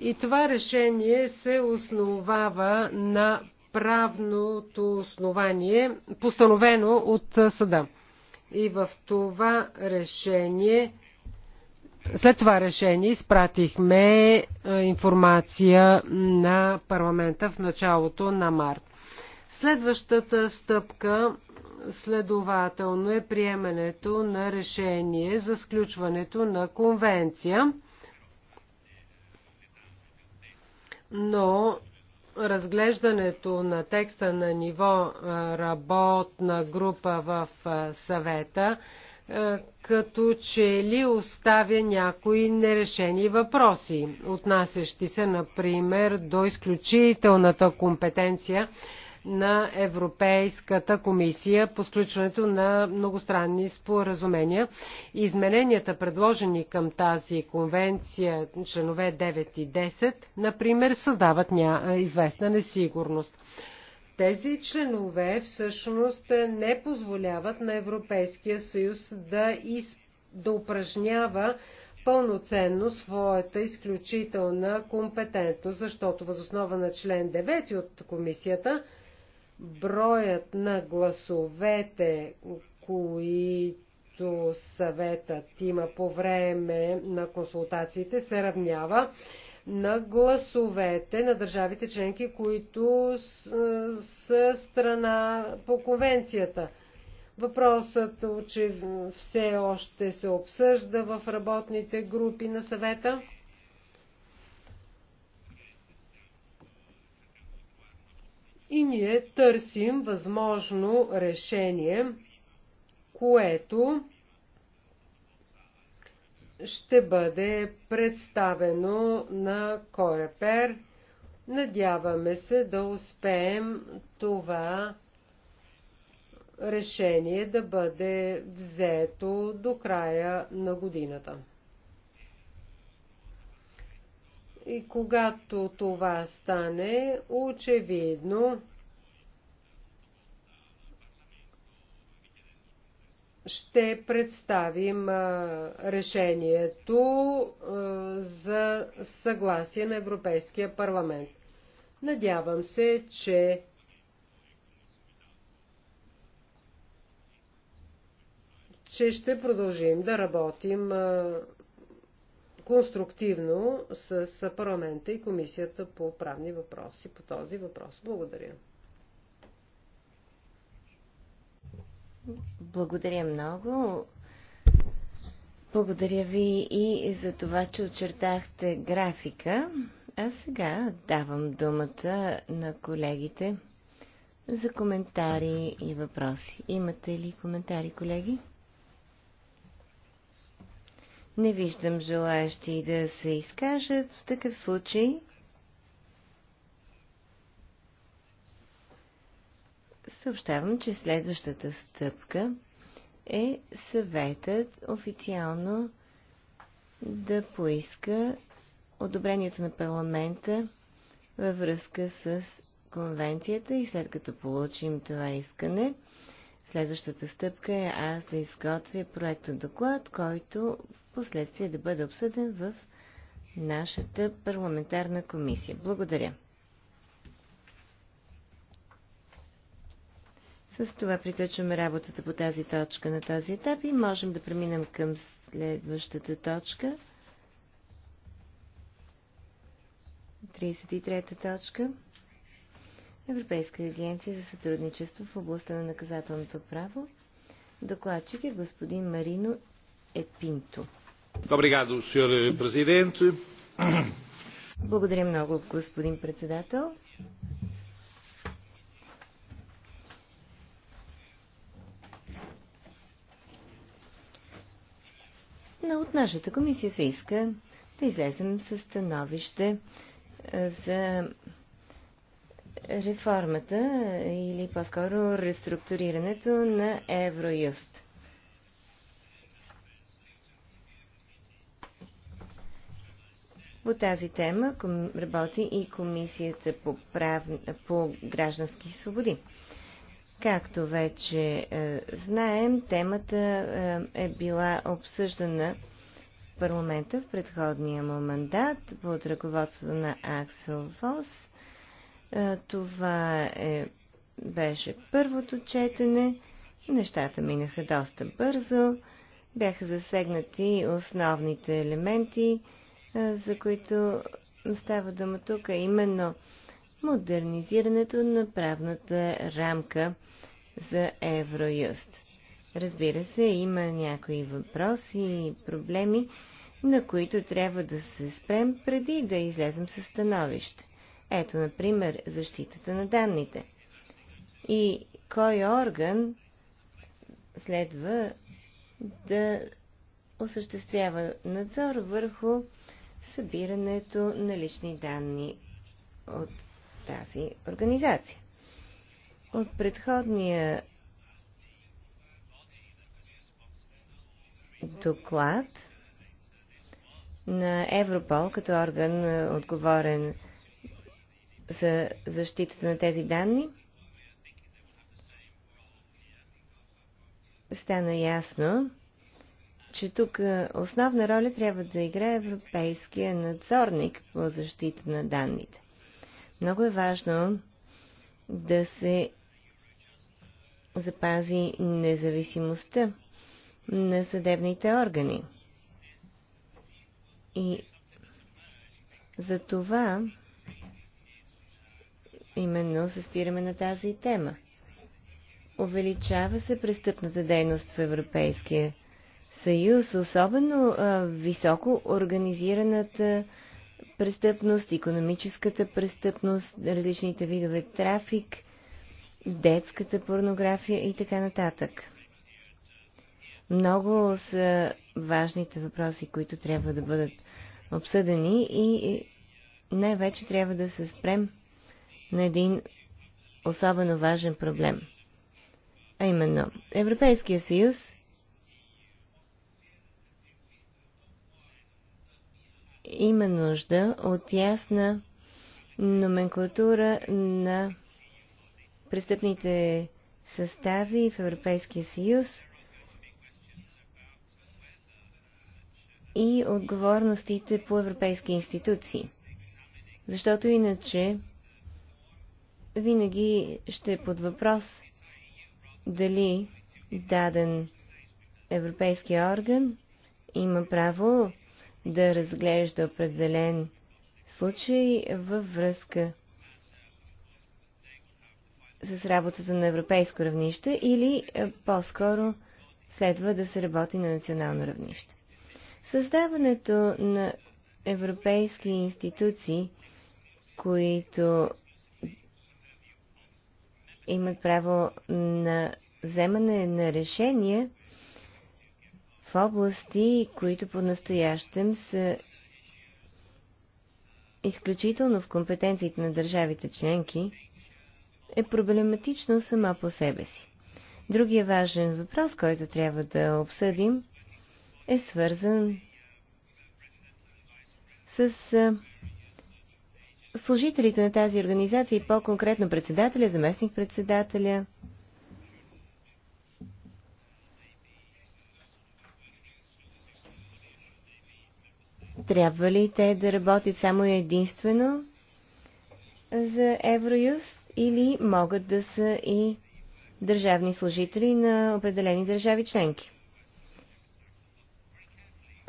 И това решение се основава на правното основание, постановено от съда. И в това решение, след това решение, изпратихме е, информация на парламента в началото на март. Следващата стъпка следователно е приемането на решение за сключването на конвенция, но разглеждането на текста на ниво работна група в съвета като че ли оставя някои нерешени въпроси, отнасящи се, например, до изключителната компетенция на Европейската комисия по сключването на многостранни споразумения. Измененията, предложени към тази конвенция, членове 9 и 10, например, създават ня... известна несигурност. Тези членове всъщност не позволяват на Европейския съюз да, из... да упражнява пълноценно своята изключителна компетентност, защото възоснова на член 9 от комисията броят на гласовете, които съветът има по време на консултациите, се равнява на гласовете на държавите членки, които са страна по конвенцията. Въпросът, че все още се обсъжда в работните групи на съвета. И ние търсим възможно решение, което ще бъде представено на Корепер. Надяваме се да успеем това решение да бъде взето до края на годината. И когато това стане, очевидно ще представим решението за съгласие на Европейския парламент. Надявам се, че че ще продължим да работим конструктивно с парламента и комисията по правни въпроси по този въпрос. Благодаря. Благодаря много. Благодаря ви и за това, че очертахте графика. А сега давам думата на колегите за коментари и въпроси. Имате ли коментари, колеги? Не виждам желаящи да се изкажат. В такъв случай съобщавам, че следващата стъпка е съветът официално да поиска одобрението на парламента във връзка с конвенцията и след като получим това искане, Следващата стъпка е аз да изготвя проекта доклад, който в последствие да бъде обсъден в нашата парламентарна комисия. Благодаря. С това приключваме работата по тази точка на този етап и можем да преминем към следващата точка. 33-та точка. Европейска агенция за сътрудничество в областта на наказателното право. Докладчик е господин Марино Епинто. Благодаря много, господин председател. Но от нашата комисия се иска да излезем с становище за реформата или по-скоро реструктурирането на Евроюст. По тази тема работи и Комисията по, прав... по граждански свободи. Както вече е, знаем, темата е, е била обсъждана в парламента в предходния му мандат под ръководството на Аксел Фос е, това е, беше първото четене. Нещата минаха доста бързо. Бяха засегнати основните елементи, е, за които става дума тук, а именно модернизирането на правната рамка за Евроюст. Разбира се, има някои въпроси и проблеми, на които трябва да се спрем преди да излезем със становище. Ето, например, защитата на данните. И кой орган следва да осъществява надзор върху събирането на лични данни от тази организация. От предходния доклад на Европол като орган отговорен за защитата на тези данни, стана ясно, че тук основна роля трябва да играе европейския надзорник по защита на данните. Много е важно да се запази независимостта на съдебните органи. И за това именно се спираме на тази тема. Увеличава се престъпната дейност в Европейския съюз, особено а, високо организираната престъпност, економическата престъпност, различните видове трафик, детската порнография и така нататък. Много са важните въпроси, които трябва да бъдат обсъдени и най-вече трябва да се спрем на един особено важен проблем. А именно, Европейския съюз има нужда от ясна номенклатура на престъпните състави в Европейския съюз и отговорностите по европейски институции. Защото иначе винаги ще е под въпрос дали даден европейски орган има право да разглежда определен случай във връзка с работата на европейско равнище или е, по-скоро следва да се работи на национално равнище. Създаването на европейски институции, които имат право на вземане на решения в области, които по-настоящем са изключително в компетенциите на държавите членки, е проблематично сама по себе си. Другия важен въпрос, който трябва да обсъдим, е свързан с служителите на тази организация и по-конкретно председателя, заместник-председателя, трябва ли те да работят само единствено за Евроюст или могат да са и държавни служители на определени държави членки?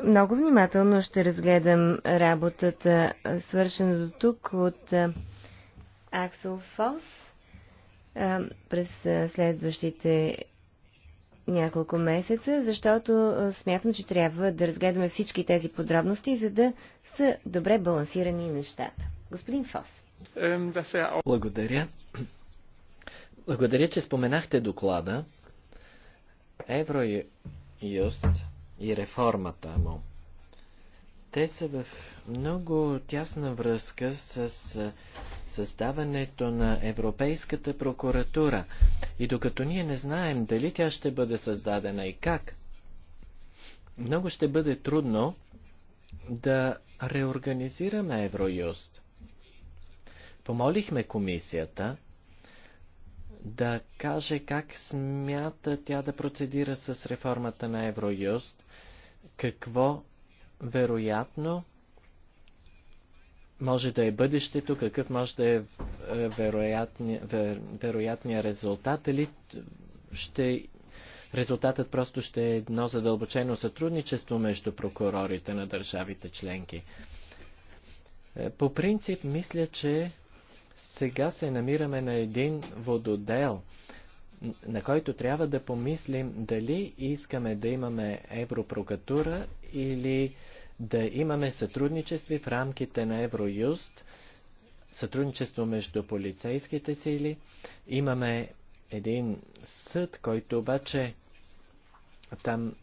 Много внимателно ще разгледам работата, свършена до тук от Аксел Фос през следващите няколко месеца, защото смятам, че трябва да разгледаме всички тези подробности, за да са добре балансирани нещата. Господин Фос. Благодаря. Благодаря, че споменахте доклада. Just и реформата му. Те са в много тясна връзка с създаването на Европейската прокуратура. И докато ние не знаем дали тя ще бъде създадена и как, много ще бъде трудно да реорганизираме Евроюст. Помолихме комисията да каже как смята тя да процедира с реформата на Евроюст, какво вероятно може да е бъдещето, какъв може да е, е вероятния, вероятния резултат, или ще, резултатът просто ще е едно задълбочено сътрудничество между прокурорите на държавите членки. Е, по принцип, мисля, че сега се намираме на един вододел, на който трябва да помислим дали искаме да имаме Европрокатура или да имаме сътрудничество в рамките на Евроюст, сътрудничество между полицейските сили. Имаме един съд, който обаче там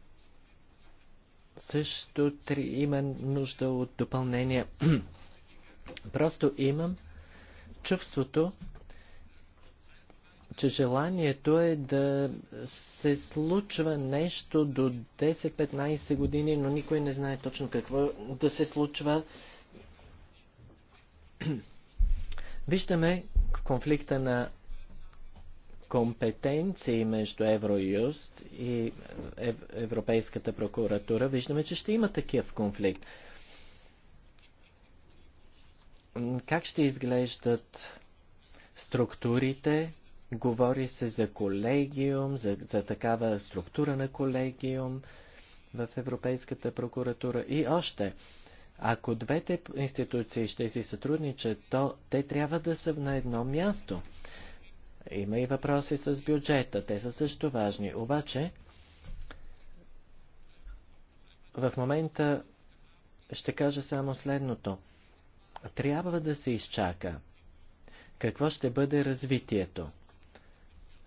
също три, има нужда от допълнение. *clears throat* Просто имам чувството, че желанието е да се случва нещо до 10-15 години, но никой не знае точно какво да се случва. *clears throat* Виждаме конфликта на компетенции между Евроюст и Европейската прокуратура. Виждаме, че ще има такъв конфликт как ще изглеждат структурите? Говори се за колегиум, за, за такава структура на колегиум в Европейската прокуратура и още. Ако двете институции ще си сътрудничат, то те трябва да са на едно място. Има и въпроси с бюджета, те са също важни. Обаче, в момента ще кажа само следното – трябва да се изчака. Какво ще бъде развитието?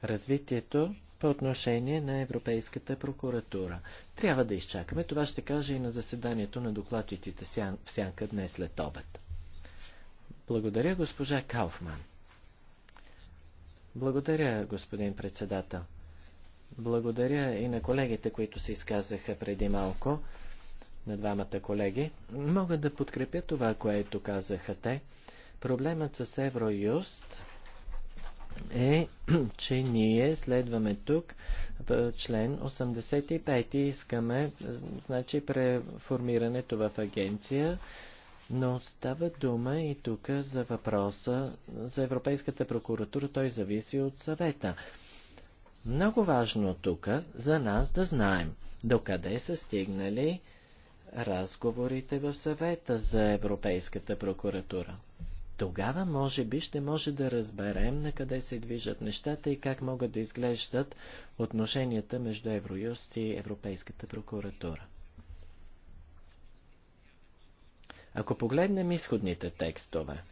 Развитието по отношение на Европейската прокуратура. Трябва да изчакаме. Това ще кажа и на заседанието на докладчиците в сянка днес след обед. Благодаря, госпожа Кауфман. Благодаря, господин председател. Благодаря и на колегите, които се изказаха преди малко на двамата колеги. Мога да подкрепя това, което казаха те. Проблемът с Евроюст е, *clears throat* че ние следваме тук член 85 и искаме значи, преформирането в агенция, но става дума и тук за въпроса за Европейската прокуратура. Той зависи от съвета. Много важно тук за нас да знаем докъде са стигнали разговорите в съвета за Европейската прокуратура. Тогава може би ще може да разберем на къде се движат нещата и как могат да изглеждат отношенията между Евроюст и Европейската прокуратура. Ако погледнем изходните текстове,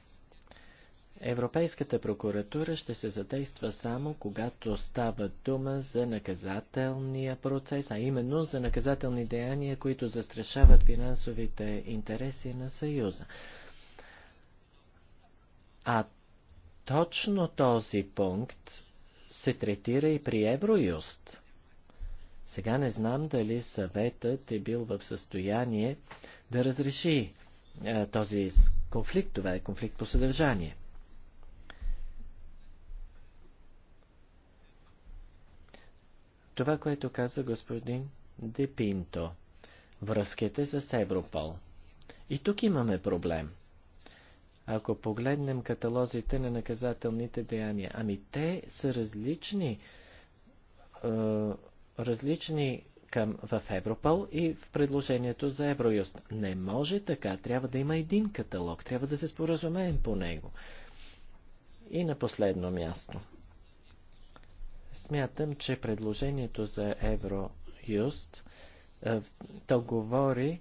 Европейската прокуратура ще се задейства само когато става дума за наказателния процес, а именно за наказателни деяния, които застрашават финансовите интереси на Съюза. А точно този пункт се третира и при Евроюст. Сега не знам дали съветът е бил в състояние да разреши е, този конфликт. Това е конфликт по съдържание. Това, което каза господин Депинто, връзките с Европол. И тук имаме проблем. Ако погледнем каталозите на наказателните деяния, ами те са различни, е, различни към, в Европол и в предложението за Евроюст. Не може така, трябва да има един каталог, трябва да се споразумеем по него. И на последно място – Смятам, че предложението за Евроюст е, то говори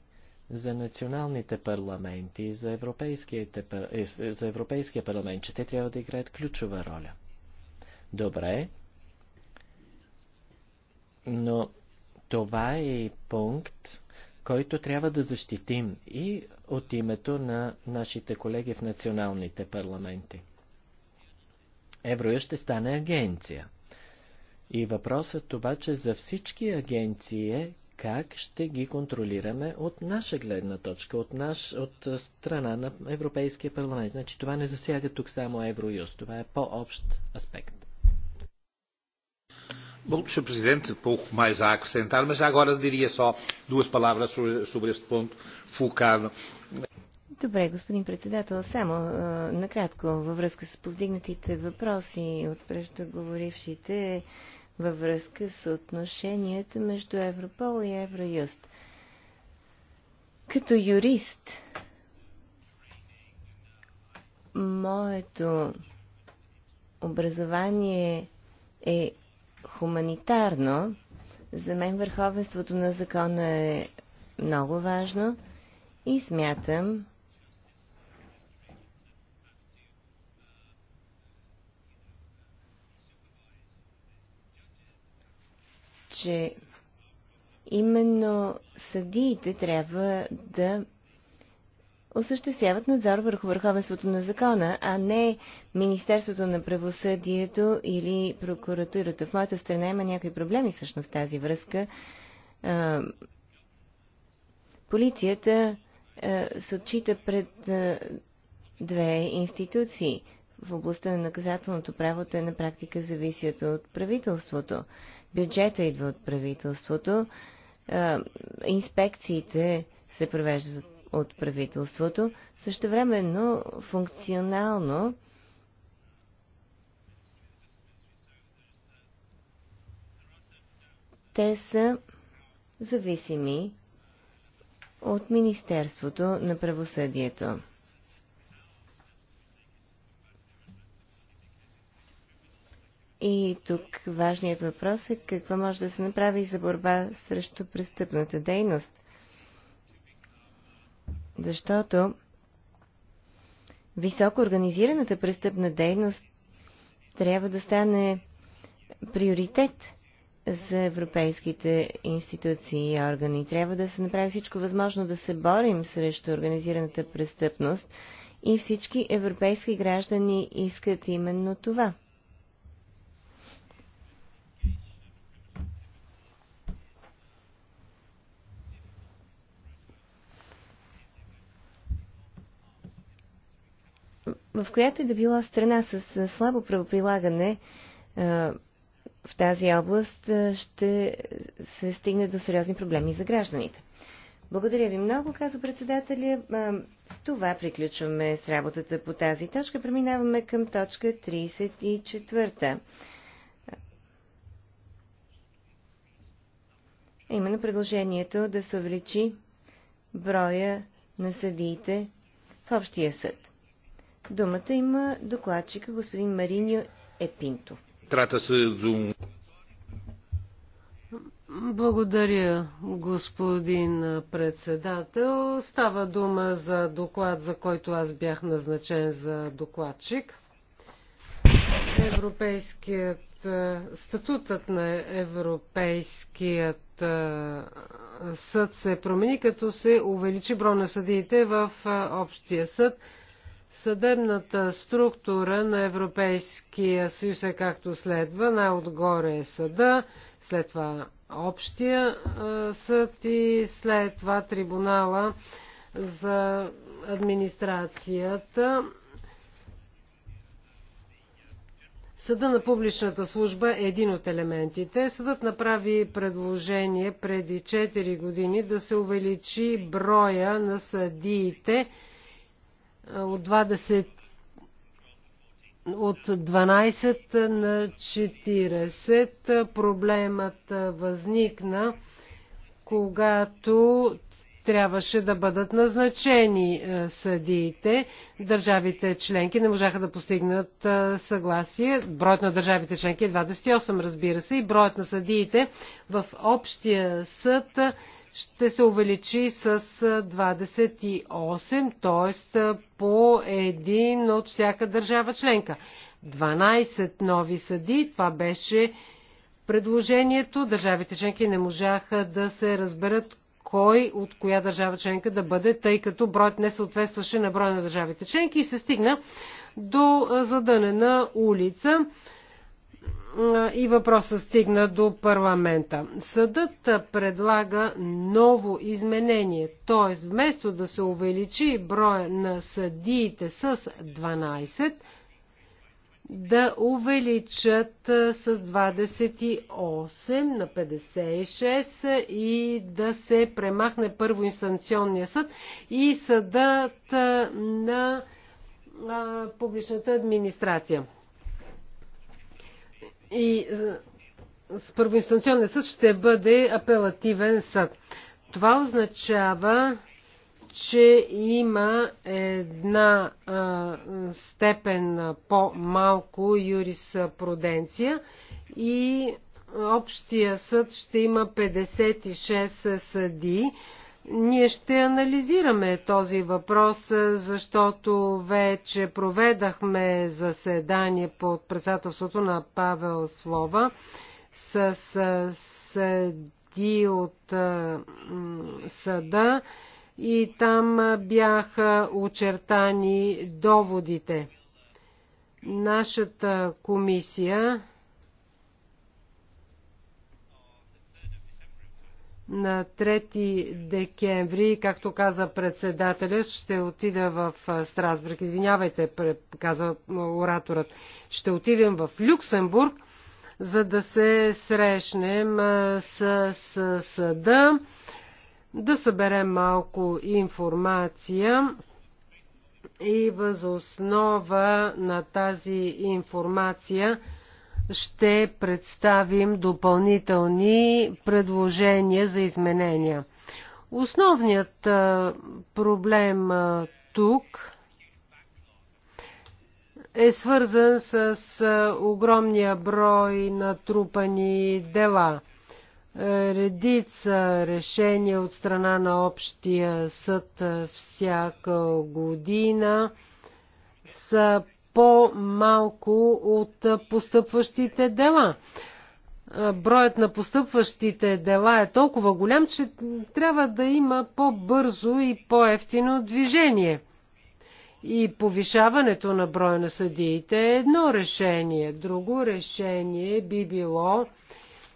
за националните парламенти и за, е, за Европейския парламент, че те трябва да играят ключова роля. Добре, но това е и пункт, който трябва да защитим и от името на нашите колеги в националните парламенти. Евроя ще стане агенция – и въпросът обаче за всички агенции е как ще ги контролираме от наша гледна точка, от, наш, от страна на Европейския парламент. Значи това не засяга тук само Евроюз, това е по-общ аспект. Bom, Sr. Presidente, pouco mais a acrescentar, mas agora diria só duas palavras sobre, sobre este ponto focado. Добре, господин председател, само е, накратко във връзка с повдигнатите въпроси от преждоговорившите. Е, във връзка с отношенията между Европол и Евроюст. Като юрист, моето образование е хуманитарно. За мен върховенството на закона е много важно и смятам, че именно съдиите трябва да осъществяват надзор върху върховенството на закона, а не Министерството на правосъдието или прокуратурата. В моята страна има някои проблеми всъщност в тази връзка. Полицията се отчита пред две институции. В областта на наказателното право те на практика зависят от правителството. Бюджета идва от правителството. Инспекциите се провеждат от правителството. Същевременно, функционално, те са зависими от Министерството на правосъдието. И тук важният въпрос е какво може да се направи за борба срещу престъпната дейност. Защото високо организираната престъпна дейност трябва да стане приоритет за европейските институции и органи. Трябва да се направи всичко възможно да се борим срещу организираната престъпност и всички европейски граждани искат именно това. в която и е да била страна с слабо правоприлагане в тази област ще се стигне до сериозни проблеми за гражданите. Благодаря ви много, каза председателя. С това приключваме с работата по тази точка. Преминаваме към точка 34. Именно предложението да се увеличи броя на съдиите в общия съд. Думата има докладчика господин Мариньо Епинто. Трата се зум. Благодаря, господин председател. Става дума за доклад, за който аз бях назначен за докладчик. Европейският е, статутът на Европейският е, съд се промени, като се увеличи броя на съдиите в е, Общия съд Съдебната структура на Европейския съюз е както следва. Най-отгоре е съда, след това общия съд и след това трибунала за администрацията. Съда на публичната служба е един от елементите. Съдът направи предложение преди 4 години да се увеличи броя на съдиите, от 20 от 12 на 40 проблемът възникна, когато трябваше да бъдат назначени съдиите. Държавите членки не можаха да постигнат съгласие. Броят на държавите членки е 28, разбира се, и броят на съдиите в общия съд ще се увеличи с 28, т.е. по един от всяка държава членка. 12 нови съди, това беше предложението. Държавите членки не можаха да се разберат кой от коя държава членка да бъде, тъй като броят не съответстваше на броя на държавите членки и се стигна до задънена улица и въпросът стигна до парламента. Съдът предлага ново изменение, т.е. вместо да се увеличи броя на съдиите с 12, да увеличат с 28 на 56 и да се премахне първоинстанционния съд и съдът на публичната администрация и е, с първоинстанционния съд ще бъде апелативен съд. Това означава, че има една а, е, степен по-малко юриспруденция и общия съд ще има 56 съди, ние ще анализираме този въпрос, е, защото вече проведахме заседание под председателството на Павел Слова с е, съди от е, съда и там бяха очертани доводите. Нашата комисия На 3 декември, както каза председателя, ще отида в Страсбург. Извинявайте, каза ораторът. Ще отидем в Люксембург, за да се срещнем с, съда, да съберем малко информация и възоснова на тази информация ще представим допълнителни предложения за изменения. Основният проблем тук е свързан с огромния брой натрупани дела. Е, редица решения от страна на Общия съд всяка година са по-малко от постъпващите дела. Броят на постъпващите дела е толкова голям, че трябва да има по-бързо и по-ефтино движение. И повишаването на броя на съдиите е едно решение. Друго решение би било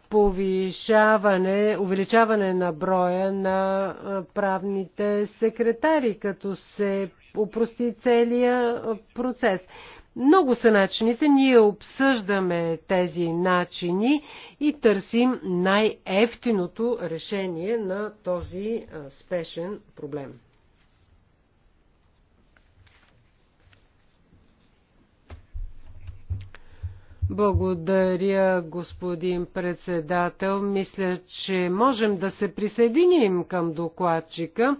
повишаване, увеличаване на броя на правните секретари, като се упрости целия процес. Много са начините, ние обсъждаме тези начини и търсим най-ефтиното решение на този спешен проблем. Благодаря, господин председател. Мисля, че можем да се присъединим към докладчика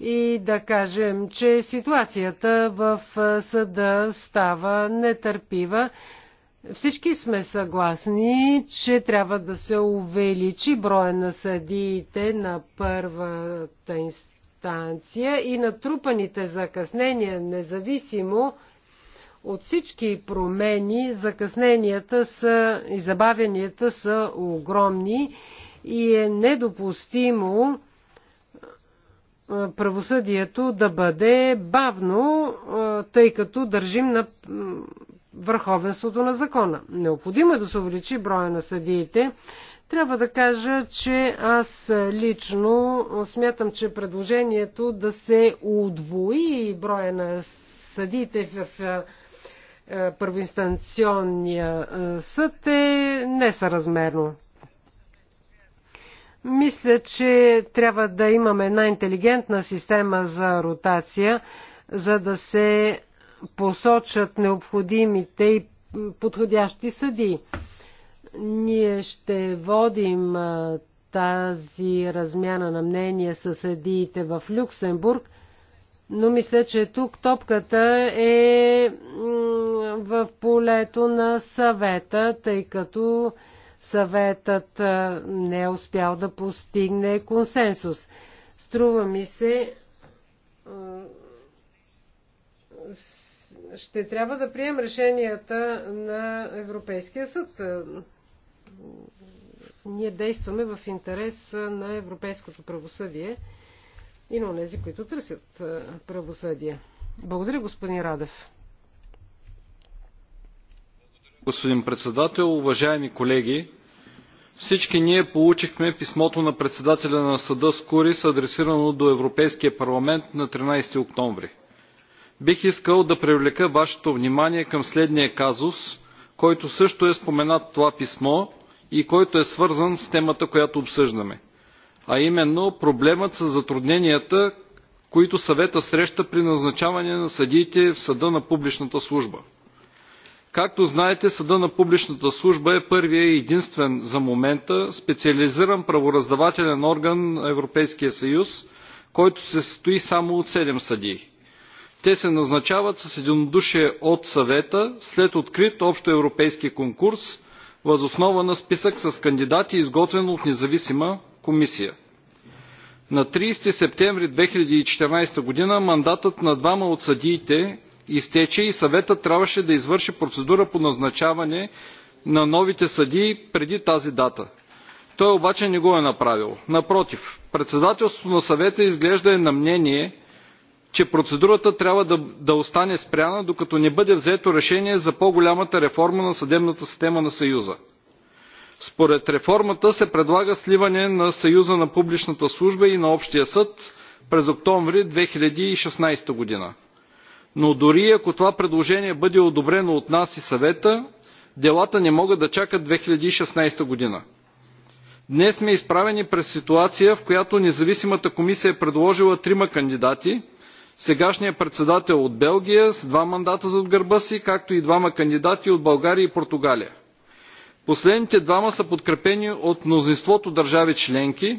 и да кажем, че ситуацията в съда става нетърпива. Всички сме съгласни, че трябва да се увеличи броя на съдиите на първата инстанция и натрупаните закъснения, независимо от всички промени, закъсненията са и забавенията са огромни и е недопустимо правосъдието да бъде бавно, тъй като държим на върховенството на закона. Необходимо е да се увеличи броя на съдиите. Трябва да кажа, че аз лично смятам, че предложението да се удвои броя на съдиите в първоинстанционния съд е несъразмерно. Мисля, че трябва да имаме една интелигентна система за ротация, за да се посочат необходимите и подходящи съдии. Ние ще водим тази размяна на мнение с съдиите в Люксембург, но мисля, че тук топката е в полето на съвета, тъй като съветът не е успял да постигне консенсус. Струва ми се, ще трябва да прием решенията на Европейския съд. Ние действаме в интерес на европейското правосъдие и на тези, които търсят правосъдие. Благодаря, господин Радев господин председател уважаеми колеги всички ние получихме писмото на председателя на съда скурис адресирано до европейския парламент на 13 октомври. бих искал да привлека вашето внимание към следния казус който също е споменат в това писмо и който е свързан с темата която обсъждаме а именно проблемът със затрудненията които съветът среща при назначаване на съдиите в съда на публичната служба както знаете съдът на публичната служба е първият и единствен за момента специализиран правораздавателен орган на европейския съюз който се състои само от седем съдии. Те се назначават с единодушие от съвета след открит общоевропейски конкурс въз основа на списък с кандидати, изготвен от независима комисия. На 30 септември 2014 г. мандатът на двама от съдиите изтече и съветът трябваше да извърши процедура по назначаване на новите съдии преди тази дата. Той обаче не го е направил. Напротив, председателството на съвета изглежда е на мнение, че процедурата трябва да, да остане спряна, докато не бъде взето решение за по-голямата реформа на съдебната система на Съюза. Според реформата се предлага сливане на Съюза на публичната служба и на Общия съд през октомври 2016 година но дори ако това предложение бъде одобрено от нас и съвета, делата не могат да чакат 2016 година. Днес сме изправени през ситуация, в която независимата комисия е предложила трима кандидати, сегашният председател от Белгия с два мандата зад гърба си, както и двама кандидати от България и Португалия. Последните двама са подкрепени от мнозинството държави членки,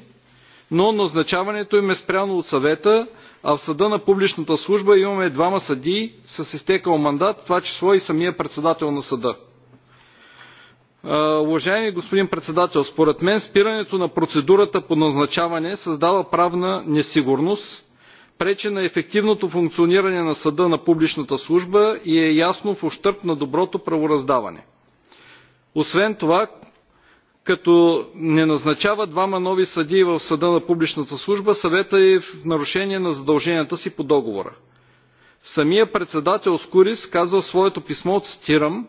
но назначаването им е спряно от съвета, а в съда на публичната служба имаме двама съдии с изтекал мандат, това число и самия председател на съда. Уважаеми господин председател, според мен спирането на процедурата по назначаване създава правна несигурност, пречи на ефективното функциониране на съда на публичната служба и е ясно в ощърп на доброто правораздаване. Освен това, като не назначава двама нови съдии в съда на публичната служба, съвета е в нарушение на задълженията си по договора. Самия председател Скурис казва в своето писмо, цитирам,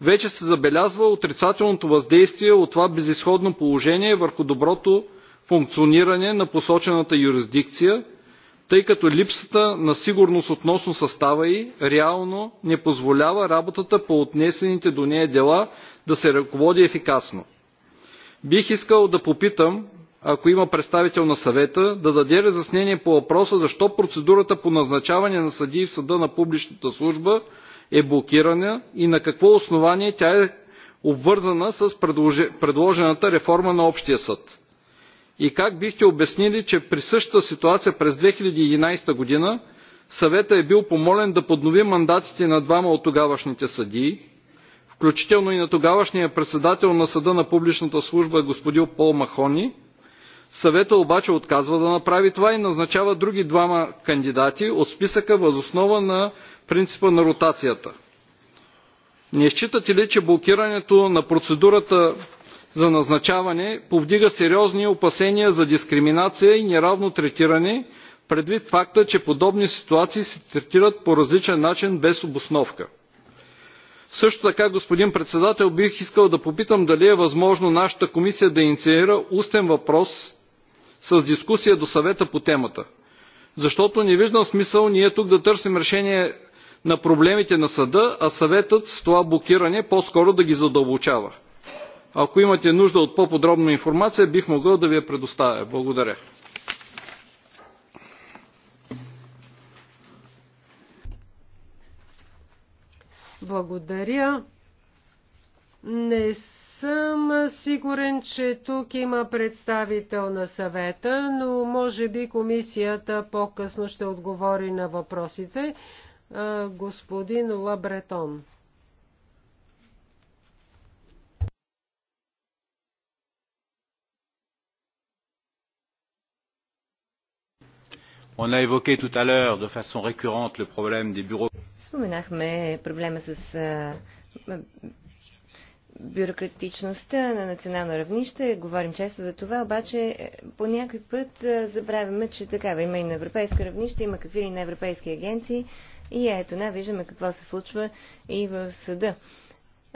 вече се забелязва отрицателното въздействие от това безисходно положение върху доброто функциониране на посочената юрисдикция, тъй като липсата на сигурност относно състава й реално не позволява работата по отнесените до нея дела да се ръководи ефикасно бих искал да попитам ако има представител на съвета да даде разяснение по въпроса защо процедурата по назначаване на съдии в съда на публичната служба е блокирана и на какво основание тя е обвързана с предложената реформа на общия съд и как бихте обяснили че при същата ситуация през 2011 година, съветът е бил помолен да поднови мандатите на двама от тогавашните съдии включително и на тогавашния председател на Съда на публичната служба господин Пол Махони. Съветът обаче отказва да направи това и назначава други двама кандидати от списъка въз основа на принципа на ротацията. Не считате ли, че блокирането на процедурата за назначаване повдига сериозни опасения за дискриминация и неравно третиране, предвид факта, че подобни ситуации се третират по различен начин без обосновка? Също така, господин председател, бих искал да попитам дали е възможно нашата комисия да инициира устен въпрос с дискусия до съвета по темата. Защото не виждам смисъл ние тук да търсим решение на проблемите на съда, а съветът с това блокиране по-скоро да ги задълбочава. Ако имате нужда от по-подробна информация, бих могъл да ви я предоставя. Благодаря. Благодаря. Не съм сигурен, че тук има представител на съвета, но може би комисията по-късно ще отговори на въпросите. Господин Лабретон. On a évoqué tout à l'heure de façon récurrente le problème des bureaux. Споменахме проблема с а, бюрократичността на национално равнище. Говорим често за това, обаче е, по някой път а, забравяме, че такава има и на европейско равнище, има какви ли на европейски агенции. И ето, на, виждаме какво се случва и в съда.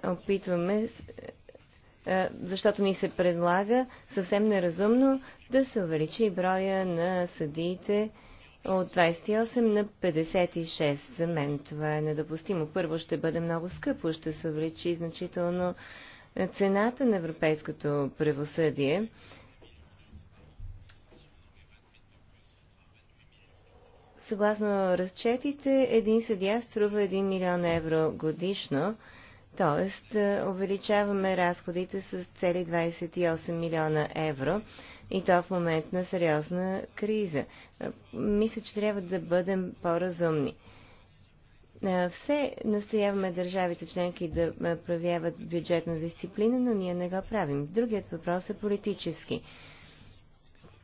Опитваме защото ни се предлага съвсем неразумно да се увеличи броя на съдиите от 28 на 56. За мен това е недопустимо. Първо ще бъде много скъпо, ще се увеличи значително цената на европейското правосъдие. Съгласно разчетите, един съдия струва 1 милион евро годишно, т.е. увеличаваме разходите с цели 28 милиона евро и то в момент на сериозна криза. Мисля, че трябва да бъдем по-разумни. Все настояваме държавите членки да проявяват бюджетна дисциплина, но ние не го правим. Другият въпрос е политически.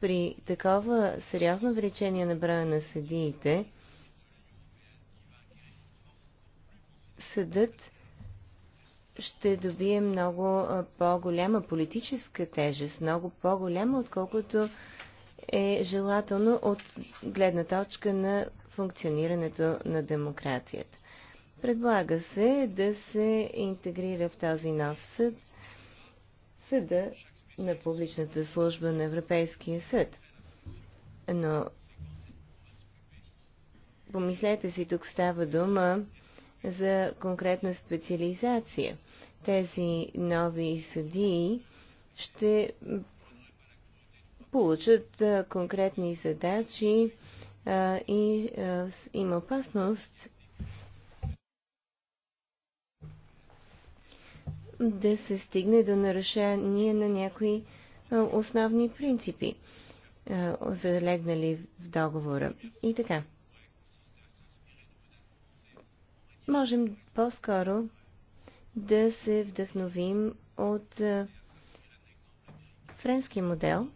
При такова сериозно увеличение на броя на съдиите, съдът ще добие много по-голяма политическа тежест, много по-голяма, отколкото е желателно от гледна точка на функционирането на демокрацията. Предлага се да се интегрира в този нов съд съда на публичната служба на Европейския съд. Но помислете си, тук става дума за конкретна специализация. Тези нови съдии ще получат конкретни задачи и има опасност да се стигне до нарушение на някои основни принципи, залегнали в договора. И така. можем по-скоро да се вдъхновим от френския модел.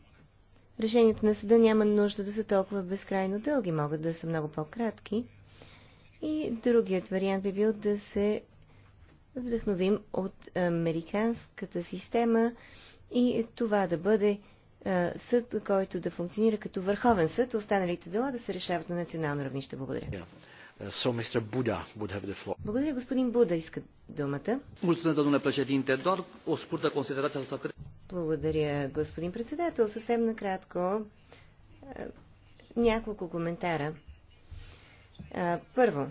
Решенията на съда няма нужда да са толкова безкрайно дълги, могат да са много по-кратки. И другият вариант би бил да се вдъхновим от американската система и това да бъде съд, който да функционира като върховен съд, останалите дела да се решават на национално равнище. Благодаря. Uh, so Mr. Buda would have the floor. Благодаря, господин Буда иска думата. Mulțumesc, domnule președinte. Doar o scurtă considerație sau Благодаря, господин председател. Съвсем накратко няколко коментара. Първо,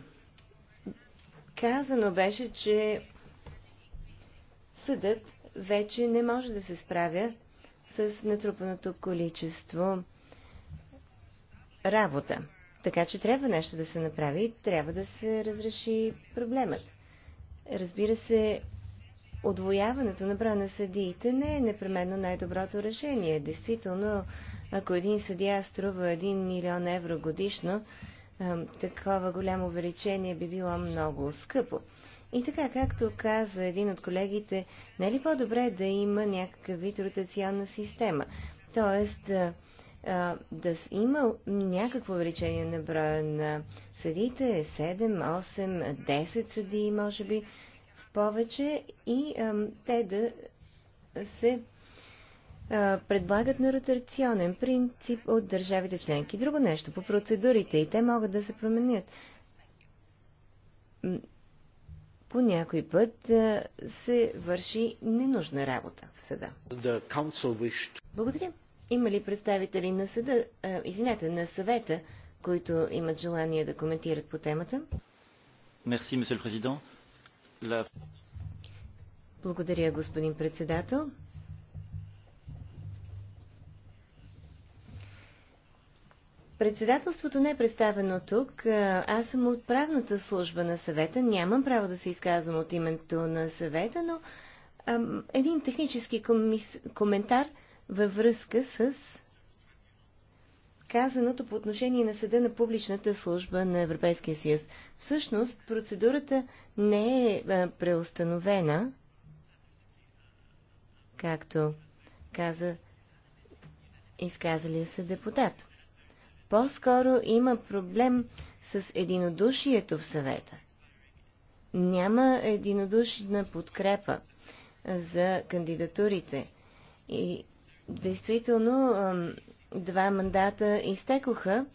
казано беше, че съдът вече не може да се справя с натрупаното количество работа. Така че трябва нещо да се направи и трябва да се разреши проблемът. Разбира се, отвояването на броя на съдиите не е непременно най-доброто решение. Действително, ако един съдия струва 1 милион евро годишно, такова голямо увеличение би било много скъпо. И така, както каза един от колегите, не е ли по-добре да има някакъв вид ротационна система? Тоест, да има някакво увеличение на броя на съдите, 7, 8, 10 съдии, може би, в повече, и а, те да се а, предлагат на ротационен принцип от държавите членки. Друго нещо, по процедурите, и те могат да се променят. По някой път а, се върши ненужна работа в съда. Благодаря. Има ли представители на съда, а, извинете, на съвета, които имат желание да коментират по темата? Мерси, месел президент. Благодаря, господин председател. Председателството не е представено тук. Аз съм от правната служба на съвета. Нямам право да се изказвам от името на съвета, но ам, един технически комис... коментар – във връзка с казаното по отношение на съда на публичната служба на Европейския съюз. Всъщност, процедурата не е преустановена, както каза изказалия се депутат. По-скоро има проблем с единодушието в съвета. Няма единодушна подкрепа за кандидатурите и действително два мандата изтекоха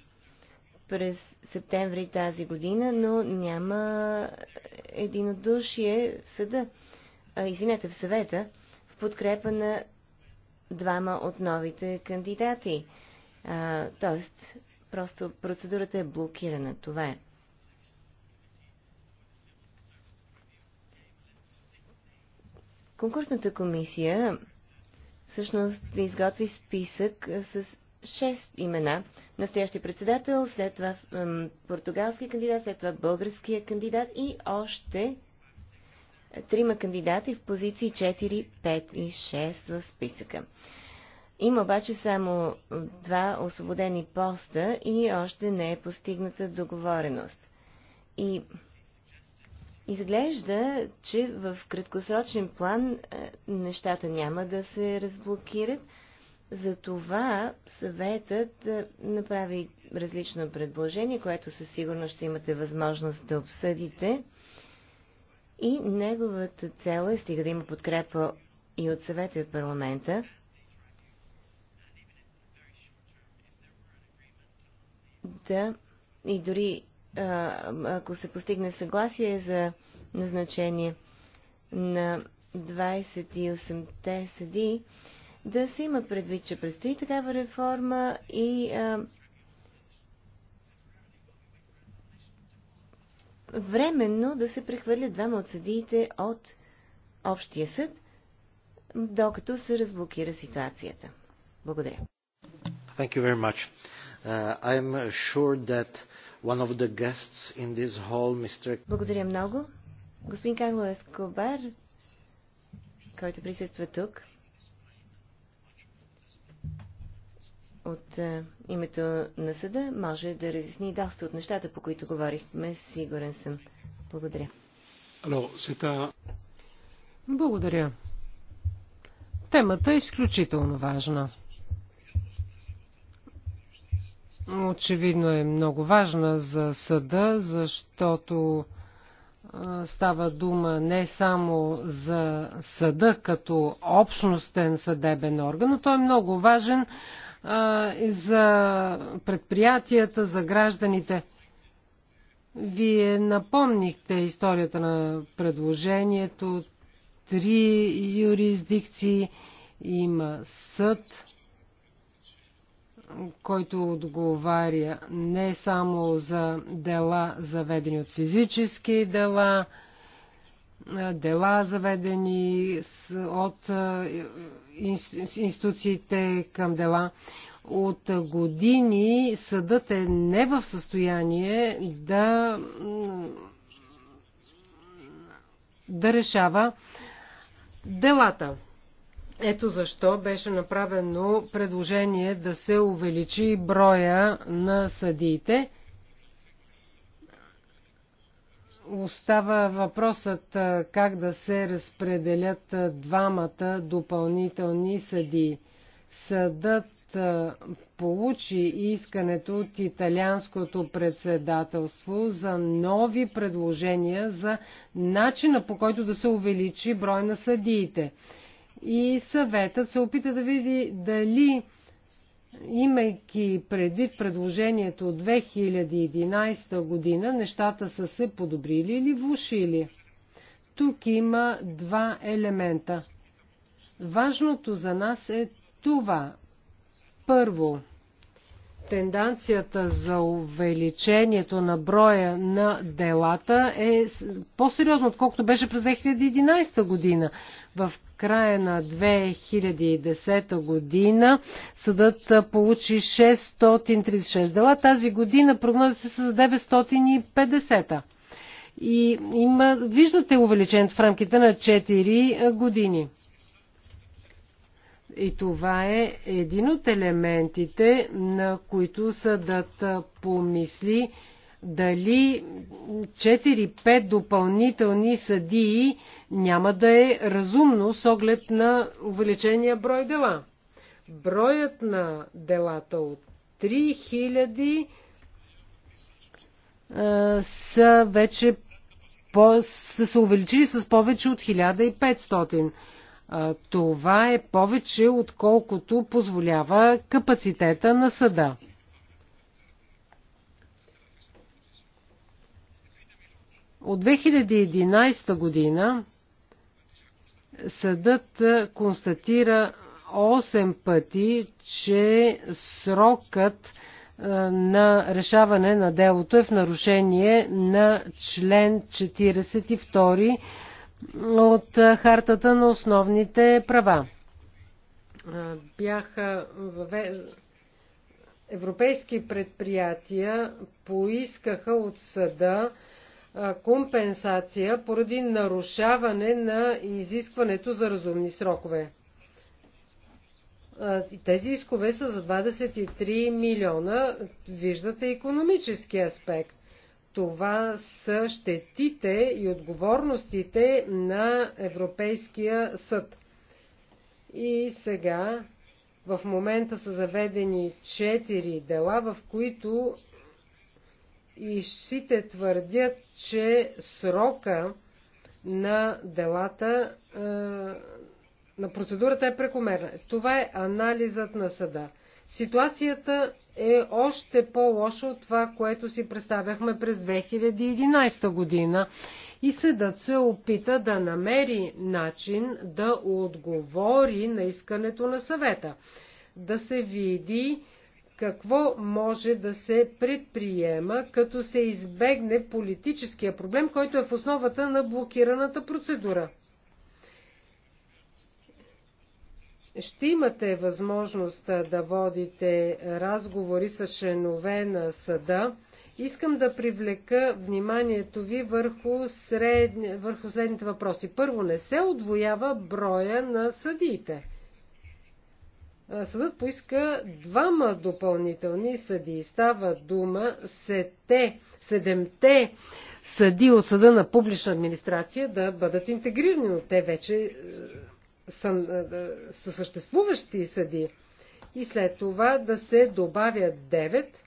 през септември тази година, но няма единодушие в съда, а, извинете, в съвета, в подкрепа на двама от новите кандидати. А, тоест, просто процедурата е блокирана. Това е. Конкурсната комисия всъщност да изготви списък с шест имена. Настоящи председател, след това португалски кандидат, след това българския кандидат и още трима кандидати в позиции 4, 5 и 6 в списъка. Има обаче само два освободени поста и още не е постигната договореност. И Изглежда, че в краткосрочен план е, нещата няма да се разблокират. Затова съветът е, направи различно предложение, което със сигурност ще имате възможност да обсъдите. И неговата цел е, стига да има подкрепа и от съвета и от парламента, да и дори ако се постигне съгласие за назначение на 28-те съди, да се има предвид, че предстои такава реформа и а, временно да се прехвърлят двама от съдиите от Общия съд, докато се разблокира ситуацията. Благодаря. Thank you very much. Uh, I'm sure that one of the guests in this hall, Mr. Благодаря много. Господин Карло Ескобар, който присъства тук, от е, името на съда може да разясни доста от нещата, по които говорихме, сигурен съм. Благодаря. Алло, сета... Благодаря. Темата е изключително важна очевидно е много важна за съда, защото става дума не само за съда като общностен съдебен орган, но той е много важен а, и за предприятията, за гражданите. Вие напомнихте историята на предложението. Три юрисдикции има съд, който отговаря не само за дела, заведени от физически дела, дела, заведени от институциите към дела. От години съдът е не в състояние да, да решава делата. Ето защо беше направено предложение да се увеличи броя на съдиите. Остава въпросът как да се разпределят двамата допълнителни съдии. Съдът получи искането от италианското председателство за нови предложения за начина по който да се увеличи брой на съдиите. И съветът се опита да види дали, имайки предвид предложението от 2011 година, нещата са се подобрили или влушили. Тук има два елемента. Важното за нас е това. Първо, тенденцията за увеличението на броя на делата е по-сериозно, отколкото беше през 2011 година. В края на 2010 година съдът получи 636 дела. Тази година прогноза се с 950. И има, виждате увеличен в рамките на 4 години. И това е един от елементите, на които съдът помисли дали 4-5 допълнителни съдии няма да е разумно с оглед на увеличения брой дела. Броят на делата от 3000 са вече по, са се увеличили с повече от 1500. Това е повече, отколкото позволява капацитета на съда. От 2011 година съдът констатира 8 пъти, че срокът на решаване на делото е в нарушение на член 42 от Хартата на основните права. Бяха европейски предприятия поискаха от съда компенсация поради нарушаване на изискването за разумни срокове. Тези искове са за 23 милиона. Виждате економически аспект. Това са щетите и отговорностите на Европейския съд. И сега в момента са заведени 4 дела, в които Ищите твърдят, че срока на делата, е, на процедурата е прекомерна. Това е анализът на съда. Ситуацията е още по-лоша от това, което си представяхме през 2011 година и съдът се опита да намери начин да отговори на искането на съвета, да се види какво може да се предприема, като се избегне политическия проблем, който е в основата на блокираната процедура. Ще имате възможност да водите разговори с шенове на съда. Искам да привлека вниманието ви върху, сред... върху следните въпроси. Първо, не се отвоява броя на съдиите съдът поиска двама допълнителни съди. Става дума сете, седемте съди от съда на публична администрация да бъдат интегрирани, но те вече е, са, е, са съществуващи съди. И след това да се добавят девет,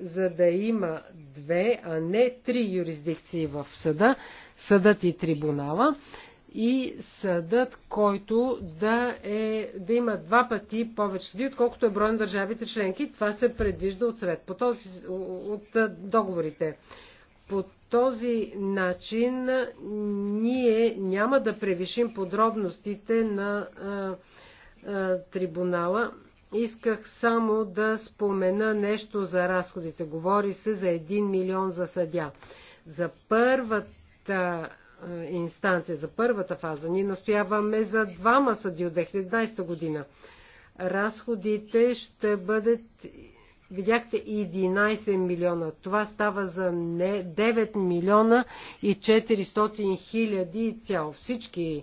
за да има две, а не три юрисдикции в съда, съдът и трибунала и съдът, който да, е, да има два пъти повече съди, отколкото е брой на държавите членки. Това се предвижда от съвет, по този, от договорите. По този начин ние няма да превишим подробностите на а, а, трибунала. Исках само да спомена нещо за разходите. Говори се за 1 милион за съдя. За първата е, инстанция, за първата фаза. Ние настояваме за двама съди от 2011 година. Разходите ще бъдат, видяхте, 11 милиона. Това става за не 9 милиона и 400 хиляди цяло. Всички е,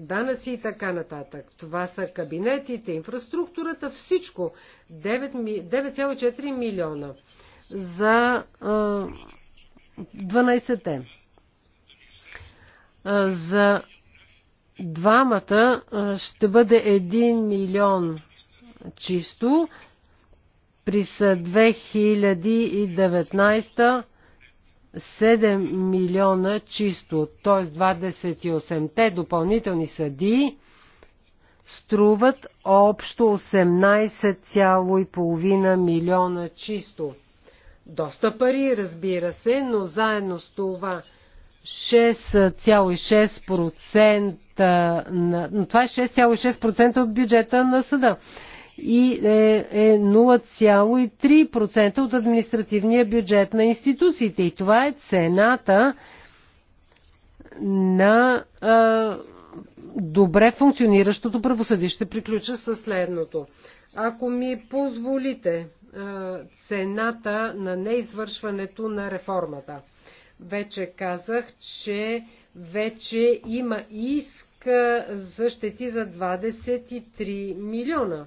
данъци и така нататък. Това са кабинетите, инфраструктурата, всичко. 9,4 милиона за а, е, 12-те. За двамата ще бъде 1 милион чисто. През 2019 7 милиона чисто, т.е. 28-те допълнителни съдии струват общо 18,5 милиона чисто. Доста пари, разбира се, но заедно с това 6,6% на... това е 6,6% от бюджета на съда и е, е 0,3% от административния бюджет на институциите. И това е цената на а, добре функциониращото правосъдище, приключа със следното. Ако ми позволите, е, цената на неизвършването на реформата. Вече казах, че вече има иск е, за щети за 23 милиона.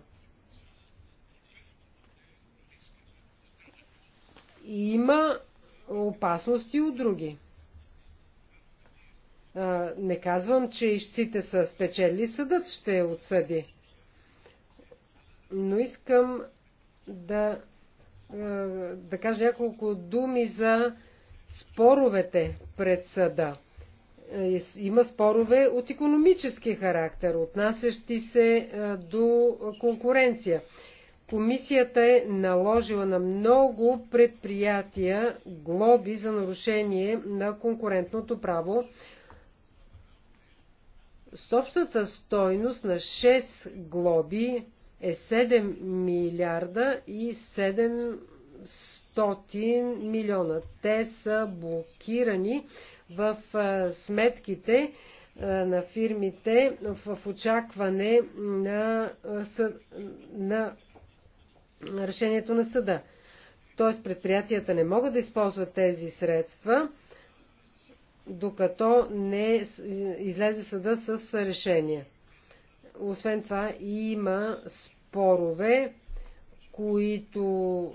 Има опасности от други. Е, не казвам, че ищците са спечели, съдът ще отсъди. Но искам да, е, да кажа няколко думи за споровете пред съда. Е, има спорове от економически характер, отнасящи се е, до конкуренция. Комисията е наложила на много предприятия глоби за нарушение на конкурентното право с общата стойност на 6 глоби е 7 милиарда и 700 милиона. Те са блокирани в сметките на фирмите в очакване на, на решението на съда. Т.е. предприятията не могат да използват тези средства, докато не излезе съда с решение. Освен това има спорове, които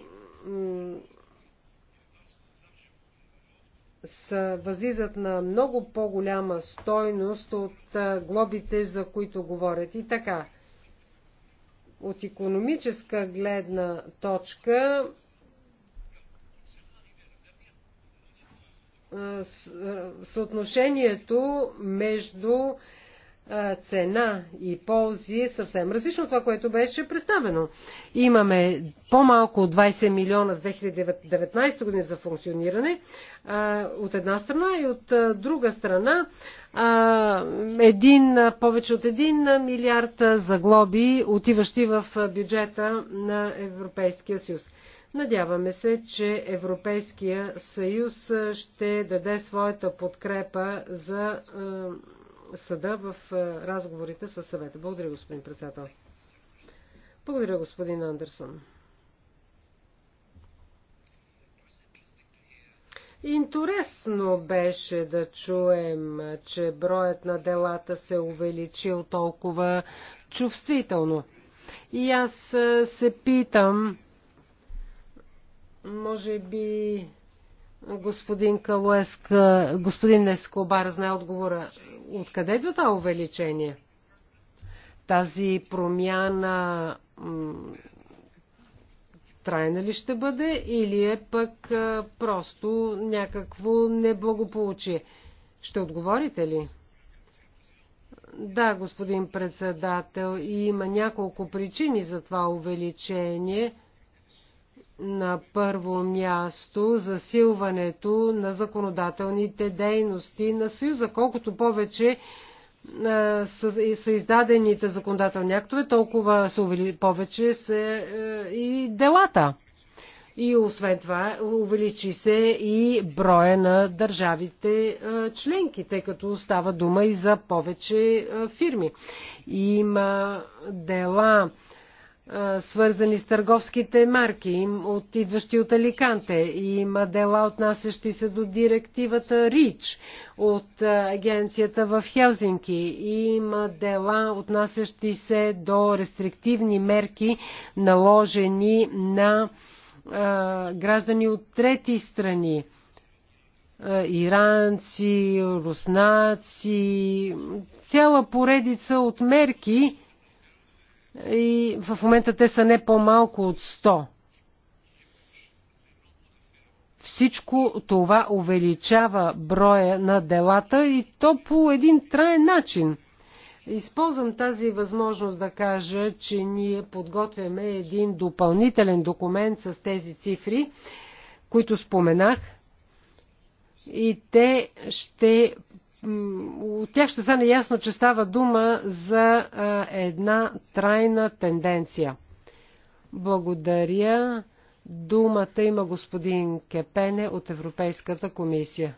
са, възлизат на много по-голяма стойност от глобите, за които говорят. И така, от економическа гледна точка съотношението между цена и ползи е съвсем различно от това, което беше представено. Имаме по-малко от 20 милиона с 2019 година за функциониране от една страна и от друга страна един, повече от 1 милиард за глоби, отиващи в бюджета на Европейския съюз. Надяваме се, че Европейския съюз ще даде своята подкрепа за съда в разговорите с съвета. Благодаря, господин председател. Благодаря, господин Андерсон. Интересно беше да чуем, че броят на делата се увеличил толкова чувствително. И аз се питам, може би господин Калуеск, господин Ескобар знае отговора. Откъде идва това увеличение? Тази промяна трайна ли ще бъде или е пък просто някакво неблагополучие? Ще отговорите ли? Да, господин председател, и има няколко причини за това увеличение. На първо място засилването на законодателните дейности на Съюза. Колкото повече е, са издадените законодателни актове, толкова са повече са е, и делата. И освен това, увеличи се и броя на държавите е, членки, тъй като става дума и за повече фирми. Има дела свързани с търговските марки, от, идващи от Аликанте. Има дела, отнасящи се до директивата РИЧ от агенцията в Хелзинки. Има дела, отнасящи се до рестриктивни мерки, наложени на а, граждани от трети страни. иранци, руснаци, цяла поредица от мерки, и в момента те са не по-малко от 100. Всичко това увеличава броя на делата и то по един траен начин. Използвам тази възможност да кажа, че ние подготвяме един допълнителен документ с тези цифри, които споменах, и те ще от тях ще стане ясно, че става дума за една трайна тенденция. Благодаря. Думата има господин Кепене от Европейската комисия.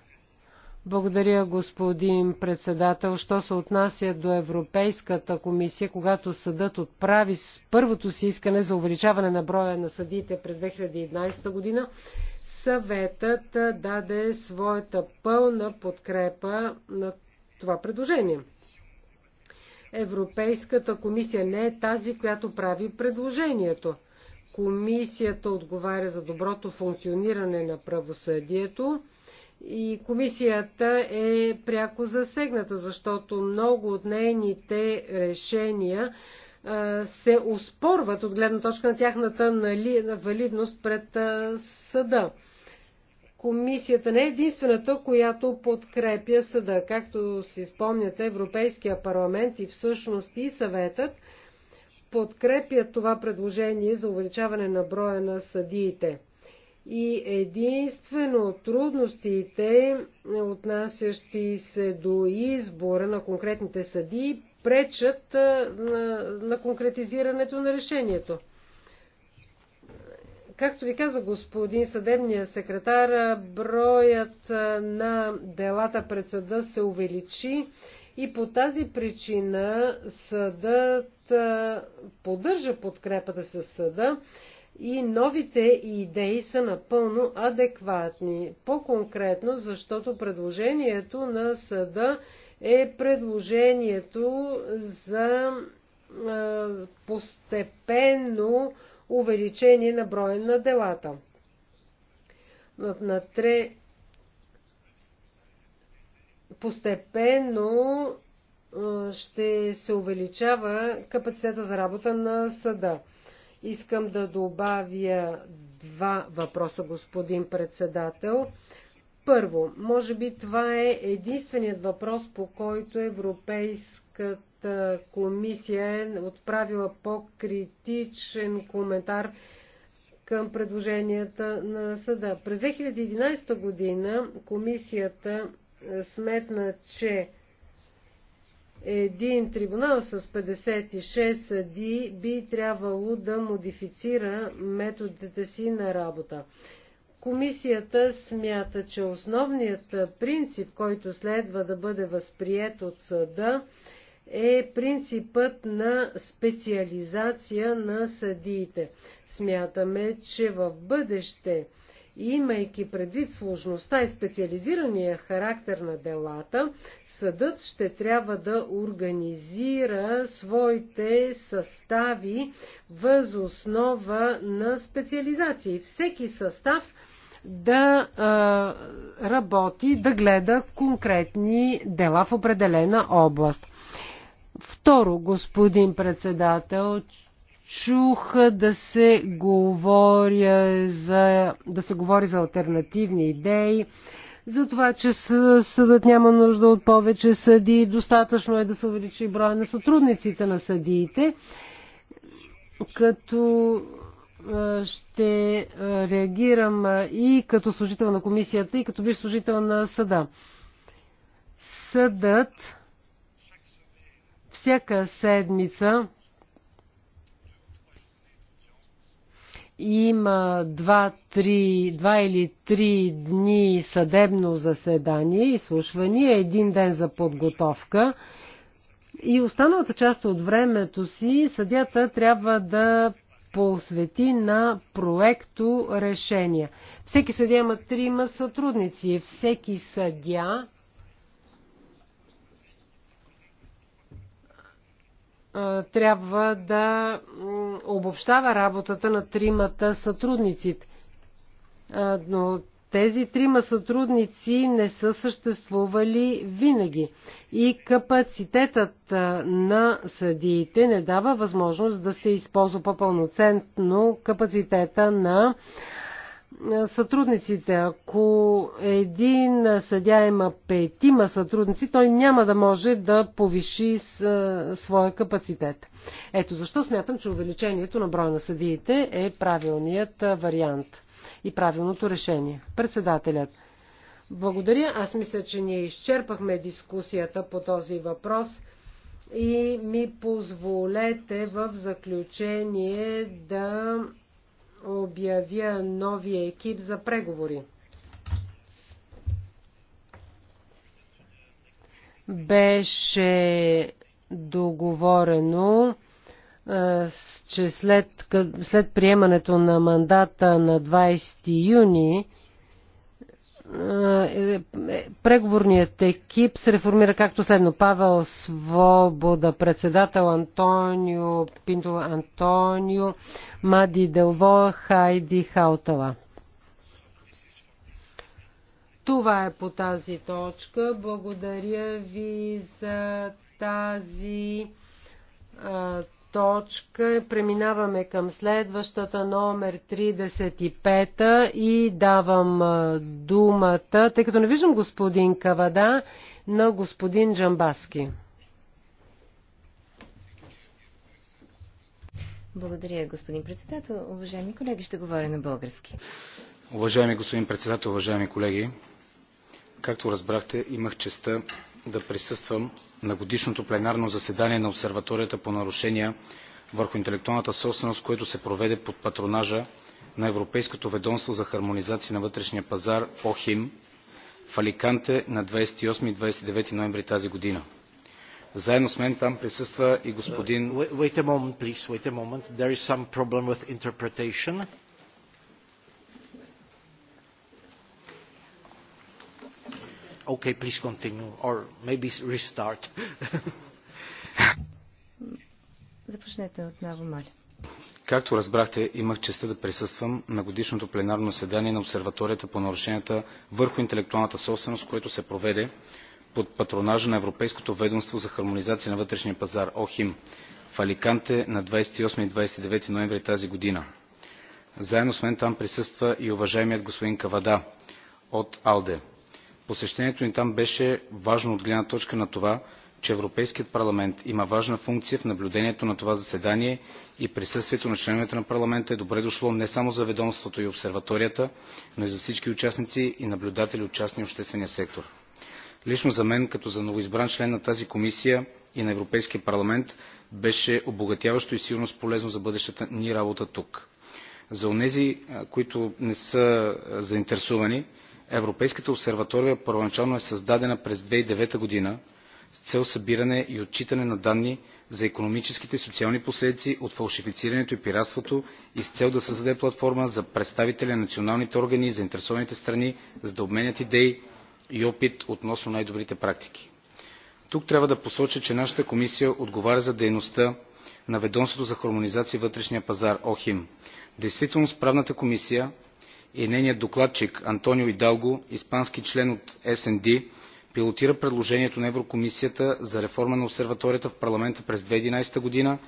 Благодаря, господин председател. Що се отнася до Европейската комисия, когато съдът отправи първото си искане за увеличаване на броя на съдиите през 2011 година, съветът даде своята пълна подкрепа на това предложение. Европейската комисия не е тази, която прави предложението. Комисията отговаря за доброто функциониране на правосъдието и комисията е пряко засегната, защото много от нейните решения се успорват от гледна точка на тяхната нали, валидност пред съда. Комисията не е единствената, която подкрепя съда. Както си спомняте, Европейския парламент и всъщност и съветът подкрепят това предложение за увеличаване на броя на съдиите. И единствено трудностите, отнасящи се до избора на конкретните съдии, пречат на, на конкретизирането на решението. Както ви каза господин съдебния секретар, броят на делата пред съда се увеличи и по тази причина съдът поддържа подкрепата със съда и новите идеи са напълно адекватни. По-конкретно, защото предложението на съда е предложението за постепенно увеличение на броя на делата. На тре... Постепенно ще се увеличава капацитета за работа на съда. Искам да добавя два въпроса, господин председател. Първо, може би това е единственият въпрос, по който Европейската комисия е отправила по-критичен коментар към предложенията на съда. През 2011 година комисията е, сметна, че един трибунал с 56 съди би трябвало да модифицира методите си на работа. Комисията смята, че основният принцип, който следва да бъде възприят от съда, е принципът на специализация на съдиите. Смятаме, че в бъдеще, имайки предвид сложността и специализирания характер на делата, съдът ще трябва да организира своите състави възоснова основа на специализации. Всеки състав да а, работи, да гледа конкретни дела в определена област. Второ, господин председател, чух да се говори за, да се говори за альтернативни идеи, за това, че съдът няма нужда от повече съди, достатъчно е да се увеличи броя на сътрудниците на съдиите, като ще реагирам и като служител на комисията, и като биш служител на съда. Съдът всяка седмица има два, три, два или три дни съдебно заседание, изслушване, един ден за подготовка. И останалата част от времето си съдята трябва да посвети на проекто решения. Всеки съдя има трима сътрудници. Всеки съдя трябва да обобщава работата на тримата сътрудници. Но тези трима сътрудници не са съществували винаги и капацитетът на съдиите не дава възможност да се използва по-пълноценно капацитета на сътрудниците. Ако един съдя има петима сътрудници, той няма да може да повиши своя капацитет. Ето защо смятам, че увеличението на броя на съдиите е правилният вариант и правилното решение. Председателят. Благодаря. Аз мисля, че ние изчерпахме дискусията по този въпрос и ми позволете в заключение да обявя новия екип за преговори. Беше договорено е, че след, след приемането на мандата на 20 юни е, е, преговорният екип се реформира както следно. Павел Свобода, председател Антонио Пинто Антонио, Мади Делво, Хайди Хаутала. Това е по тази точка. Благодаря ви за тази точка преминаваме към следващата номер 35 и давам думата, тъй като не виждам господин Кавада, на господин Джамбаски. Благодаря, господин председател. Уважаеми колеги, ще говоря на български. Уважаеми господин председател, уважаеми колеги, както разбрахте, имах честа да присъствам на годишното пленарно заседание на обсерваторията по нарушения върху интелектуалната собственост, което се проведе под патронажа на Европейското ведомство за хармонизация на вътрешния пазар ОХИМ в Аликанте на 28 и 29 ноември тази година. Заедно с мен там присъства и господин... Wait a moment, please. Wait a moment. There is some problem with interpretation. Okay, please continue, or maybe restart. *laughs* Започнете отново, моля. Както разбрахте, имах честа да присъствам на годишното пленарно седание на обсерваторията по нарушенията върху интелектуалната собственост, което се проведе под патронажа на Европейското ведомство за хармонизация на вътрешния пазар ОХИМ в Аликанте на 28 и 29 ноември тази година. Заедно с мен там присъства и уважаемият господин Кавада от АЛДЕ – Посещението ни там беше важно от гледна точка на това, че Европейският парламент има важна функция в наблюдението на това заседание и присъствието на членовете на парламента е добре дошло не само за ведомството и обсерваторията, но и за всички участници и наблюдатели от частния и обществения сектор. Лично за мен, като за новоизбран член на тази комисия и на Европейския парламент, беше обогатяващо и сигурно полезно за бъдещата ни работа тук. За онези, които не са заинтересувани, Европейската обсерватория първоначално е създадена през 2009 година с цел събиране и отчитане на данни за икономическите и социални последици от фалшифицирането и пиратството и с цел да създаде платформа за представители на националните органи и заинтересованите страни, за да обменят идеи и опит относно най-добрите практики. Тук трябва да посоча, че нашата комисия отговаря за дейността на Ведомството за хармонизация и вътрешния пазар ОХИМ. Действително справната правната комисия и нейният докладчик Антонио Идалго, испански член от СНД, пилотира предложението на Еврокомисията за реформа на обсерваторията в парламента през 2011 година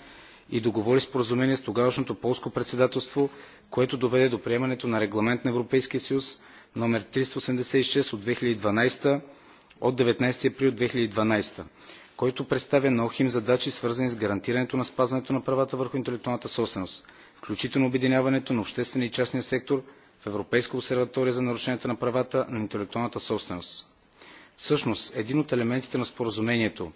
и договори споразумение с тогавашното полско председателство, което доведе до приемането на Регламент на Европейския съюз номер 386 от 2012 от 19 април 2012, който представя на ОХИМ задачи, свързани с гарантирането на спазването на правата върху интелектуалната собственост, включително обединяването на обществения и частния сектор в Европейска обсерватория за нарушенията на правата на интелектуалната собственост. Всъщност, един от елементите на споразумението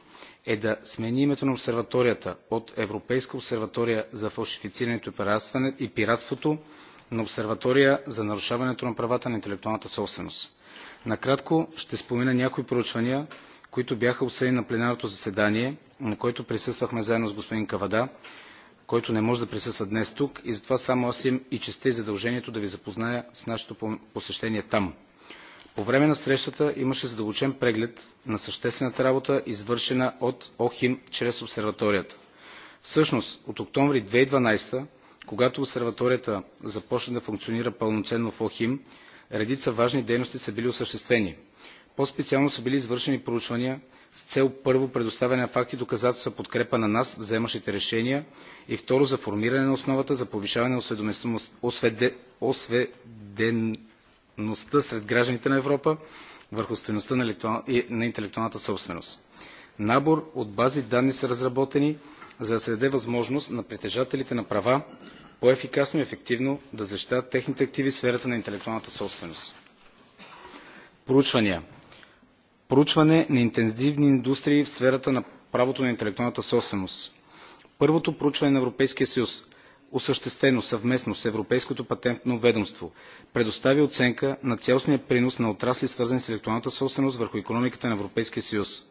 е да смени името на обсерваторията от Европейска обсерватория за фалшифицирането и пиратството на обсерватория за нарушаването на правата на интелектуалната собственост. Накратко ще спомена някои проучвания, които бяха обсъдени на пленарното заседание, на което присъствахме заедно с господин Кавада, който не може да присъства днес тук и затова само аз имам и честта и задължението да ви запозная с нашето посещение там. По време на срещата имаше задълбочен преглед на съществената работа, извършена от ОХИМ чрез обсерваторията. Всъщност, от октомври 2012, когато обсерваторията започна да функционира пълноценно в ОХИМ, редица важни дейности са били осъществени. По-специално са били извършени проучвания с цел първо предоставяне на факти и доказателства в подкрепа на нас, вземащите решения, и второ за формиране на основата за повишаване на осведеността сред гражданите на Европа върху стойността на интелектуалната собственост. Набор от бази данни са разработени, за да се даде възможност на притежателите на права по-ефикасно и ефективно да защитават техните активи в сферата на интелектуалната собственост. Проучвания проучване на интензивни индустрии в сферата на правото на интелектуалната собственост. Първото проучване на Европейския съюз, осъществено съвместно с Европейското патентно ведомство, предостави оценка на цялостния принос на отрасли, свързани с интелектуалната собственост върху економиката на Европейския съюз.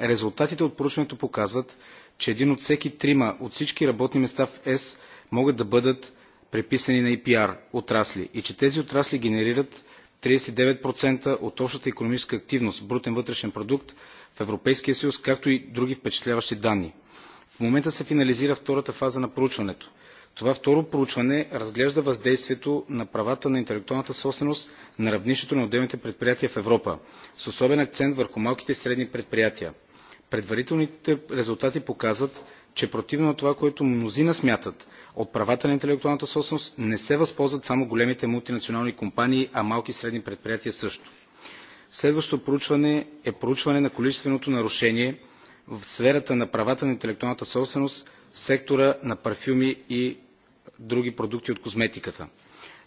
Резултатите от проучването показват, че един от всеки трима от всички работни места в ЕС могат да бъдат преписани на EPR отрасли и че тези отрасли генерират 39% от общата економическа активност, брутен вътрешен продукт в Европейския съюз, както и други впечатляващи данни. В момента се финализира втората фаза на проучването. Това второ проучване разглежда въздействието на правата на интелектуалната собственост на равнището на отделните предприятия в Европа, с особен акцент върху малките и средни предприятия. Предварителните резултати показват, че противно на това, което мнозина смятат, от правата на интелектуалната собственост не се възползват само големите мултинационални компании, а малки и средни предприятия също. Следващото проучване е проучване на количественото нарушение в сферата на правата на интелектуалната собственост в сектора на парфюми и други продукти от козметиката.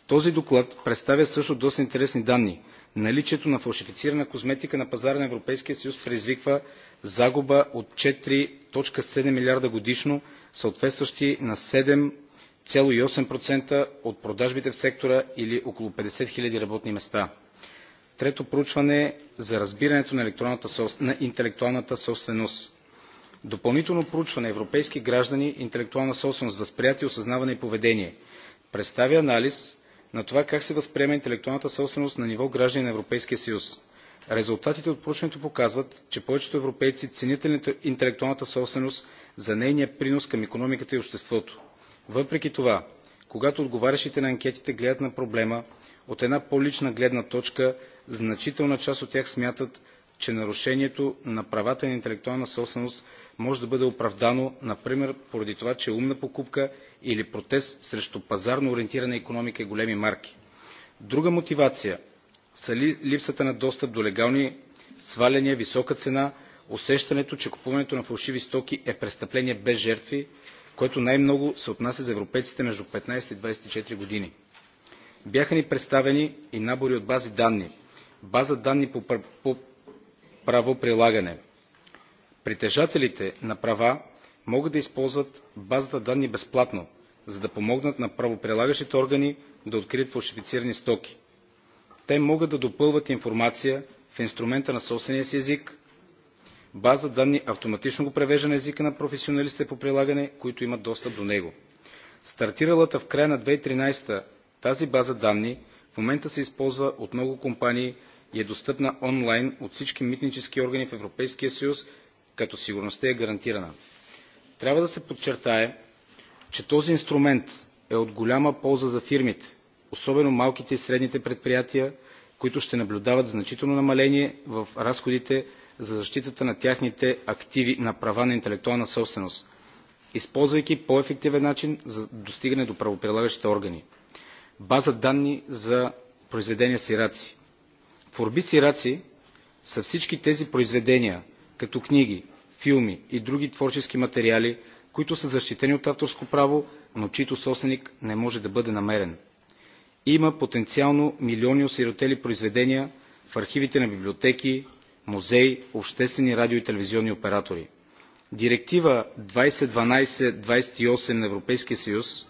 Този доклад представя също доста интересни данни, наличието на фалшифицирана козметика на пазара на европейския съюз предизвиква загуба от 4,7 милиарда годишно съответстващи на 7,8% от продажбите в сектора или около 50 хиляди работни места. Трето проучване за разбирането на интелектуалната собственост. Допълнително проучване Европейски граждани, интелектуална собственост, възприятие, осъзнаване и поведение представя анализ на това как се възприема интелектуалната собственост на ниво граждани на Европейския съюз. Резултатите от проучването показват, че повечето европейци ценят интелектуалната собственост за нейния принос към економиката и обществото. Въпреки това, когато отговарящите на анкетите гледат на проблема от една по-лична гледна точка, значителна част от тях смятат, че нарушението на правата на интелектуална собственост може да бъде оправдано например поради това че е умна покупка или протест срещу пазарно ориентирана икономика и големи марки. друга мотивация са липсата на достъп до легални сваляния висока цена усещането че купуването на фалшиви стоки е престъпление без жертви което най много се отнася за европейците между 15 и 24 години. бяха ни представени и набори от бази данни база данни по правоприлагане. притежателите на права могат да използват базата данни безплатно за да помогнат на правоприлагащите органи да открият фалшифицирани стоки. те могат да допълват информация в инструмента на собствения си език. База данни автоматично го превежда на езика на професионалистите по прилагане които имат достъп до него. стартиралата в края на 2013 тази база данни в момента се използва от много компании и е достъпна онлайн от всички митнически органи в Европейския съюз, като сигурността е гарантирана. Трябва да се подчертае, че този инструмент е от голяма полза за фирмите, особено малките и средните предприятия, които ще наблюдават значително намаление в разходите за защитата на тяхните активи на права на интелектуална собственост, използвайки по-ефективен начин за достигане до правоприлагащите органи. База данни за произведения сираци, Творби сираци са всички тези произведения, като книги, филми и други творчески материали, които са защитени от авторско право, но чийто собственик не може да бъде намерен. Има потенциално милиони осиротели произведения в архивите на библиотеки, музеи, обществени радио и телевизионни оператори. Директива 2012-28 на Европейския съюз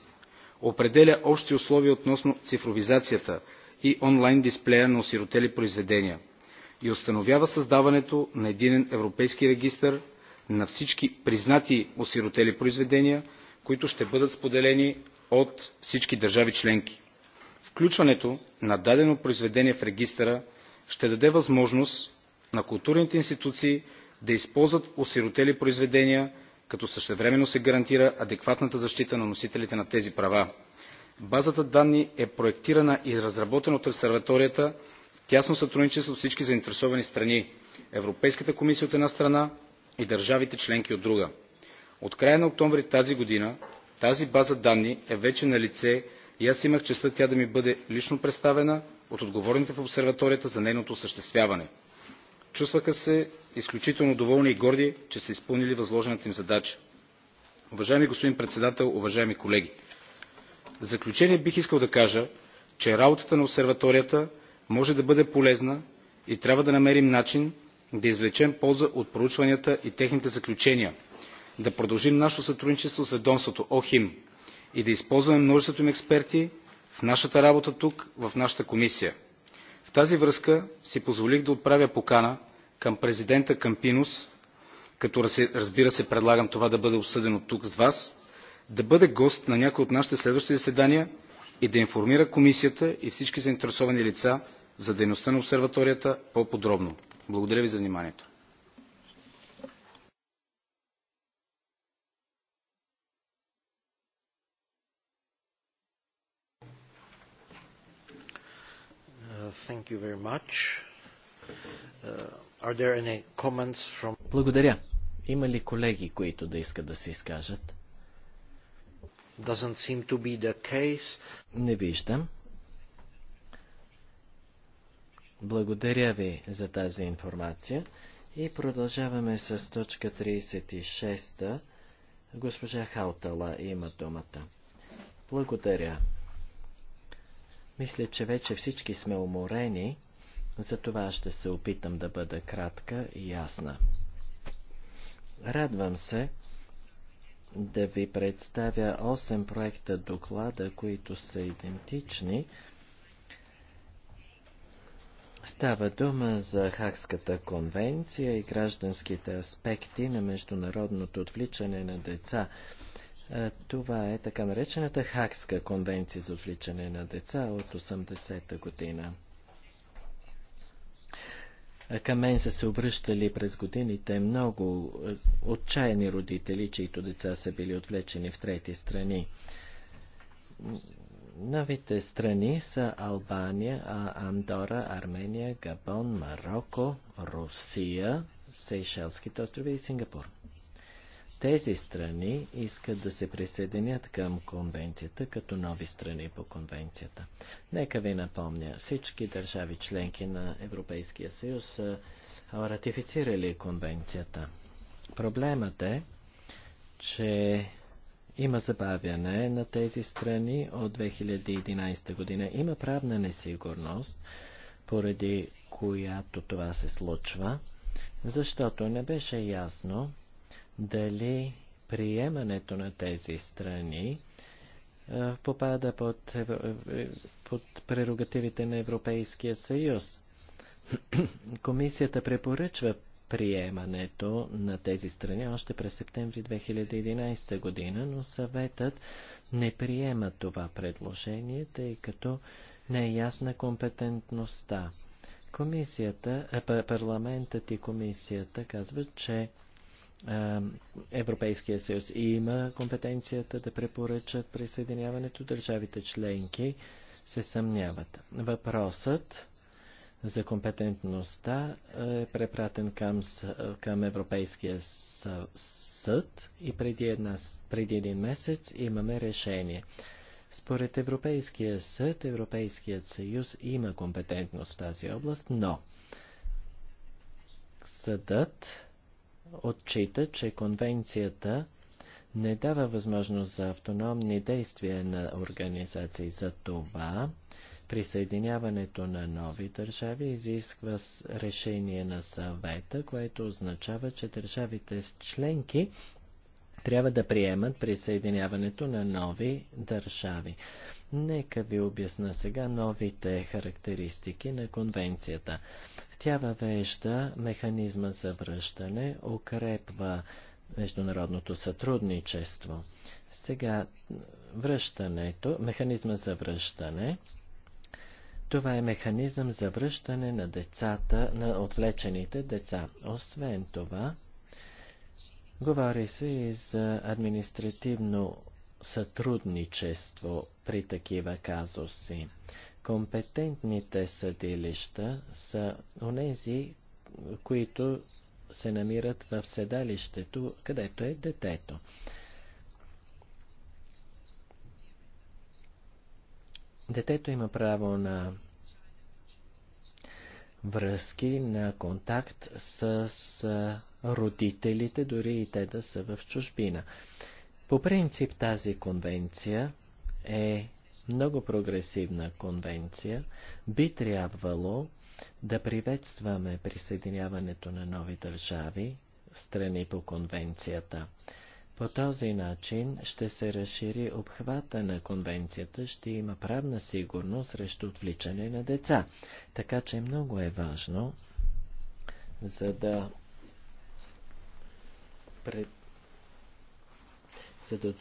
определя общи условия относно цифровизацията и онлайн дисплея на осиротели произведения и установява създаването на единен европейски регистър на всички признати осиротели произведения, които ще бъдат споделени от всички държави членки. Включването на дадено произведение в регистъра ще даде възможност на културните институции да използват осиротели произведения, като същевременно се гарантира адекватната защита на носителите на тези права. Базата данни е проектирана и разработена от обсерваторията в тясно сътрудничество с всички заинтересовани страни – Европейската комисия от една страна и държавите членки от друга. От края на октомври тази година тази база данни е вече на лице и аз имах честта тя да ми бъде лично представена от отговорните в обсерваторията за нейното осъществяване. Чувстваха се изключително доволни и горди, че са изпълнили възложената им задача. Уважаеми господин председател, уважаеми колеги! В заключение бих искал да кажа, че работата на обсерваторията може да бъде полезна и трябва да намерим начин да извлечем полза от проучванията и техните заключения, да продължим нашето сътрудничество с ведомството ОХИМ и да използваме множеството им експерти в нашата работа тук, в нашата комисия. В тази връзка си позволих да отправя покана към президента Кампинус, като разбира се предлагам това да бъде обсъдено тук с вас, да бъде гост на някои от нашите следващи заседания и да информира комисията и всички заинтересовани лица за дейността на обсерваторията по-подробно. Благодаря ви за вниманието. Uh, uh, from... Благодаря. Има ли колеги, които да искат да се изкажат? Doesn't seem to be the case. Не виждам. Благодаря ви за тази информация и продължаваме с точка 36. Госпожа Хаутала има думата. Благодаря. Мисля, че вече всички сме уморени, затова ще се опитам да бъда кратка и ясна. Радвам се, да ви представя 8 проекта доклада, които са идентични. Става дума за Хакската конвенция и гражданските аспекти на международното отвличане на деца. Това е така наречената Хакска конвенция за отвличане на деца от 80-та година. Към мен са се обръщали през годините много е, отчаяни родители, чието деца са били отвлечени в трети страни. Новите страни са Албания, Андора, Армения, Габон, Марокко, Русия, Сейшелските острови и Сингапур. Тези страни искат да се присъединят към конвенцията като нови страни по конвенцията. Нека ви напомня, всички държави членки на Европейския съюз са ратифицирали конвенцията. Проблемът е, че има забавяне на тези страни от 2011 година. Има правна несигурност, поради която това се случва, защото не беше ясно дали приемането на тези страни попада под, е, е, под прерогативите на Европейския съюз. *clears throat* Комисията препоръчва приемането на тези страни още през септември 2011 година, но съветът не приема това предложение, тъй като не е ясна компетентността. Комисията, парламентът и комисията казват, че е, Европейския съюз и има компетенцията да препоръчат присъединяването. Държавите членки се съмняват. Въпросът за компетентността е препратен към, към Европейския съд и преди, една, преди един месец имаме решение. Според Европейския съд, Европейският съюз има компетентност в тази област, но съдът отчита, че конвенцията не дава възможност за автономни действия на организации. За това присъединяването на нови държави изисква решение на съвета, което означава, че държавите членки трябва да приемат присъединяването на нови държави. Нека ви обясна сега новите характеристики на конвенцията. Тя въвежда механизма за връщане, укрепва международното сътрудничество. Сега връщането, механизма за връщане, това е механизъм за връщане на децата, на отвлечените деца. Освен това, говори се и за административно сътрудничество при такива казуси. Компетентните съдилища са онези, които се намират в седалището, където е детето. Детето има право на връзки, на контакт с родителите, дори и те да са в чужбина. По принцип тази конвенция е много прогресивна конвенция, би трябвало да приветстваме присъединяването на нови държави, страни по конвенцията. По този начин ще се разшири обхвата на конвенцията, ще има правна сигурност срещу отвличане на деца. Така че много е важно, за да пред... за да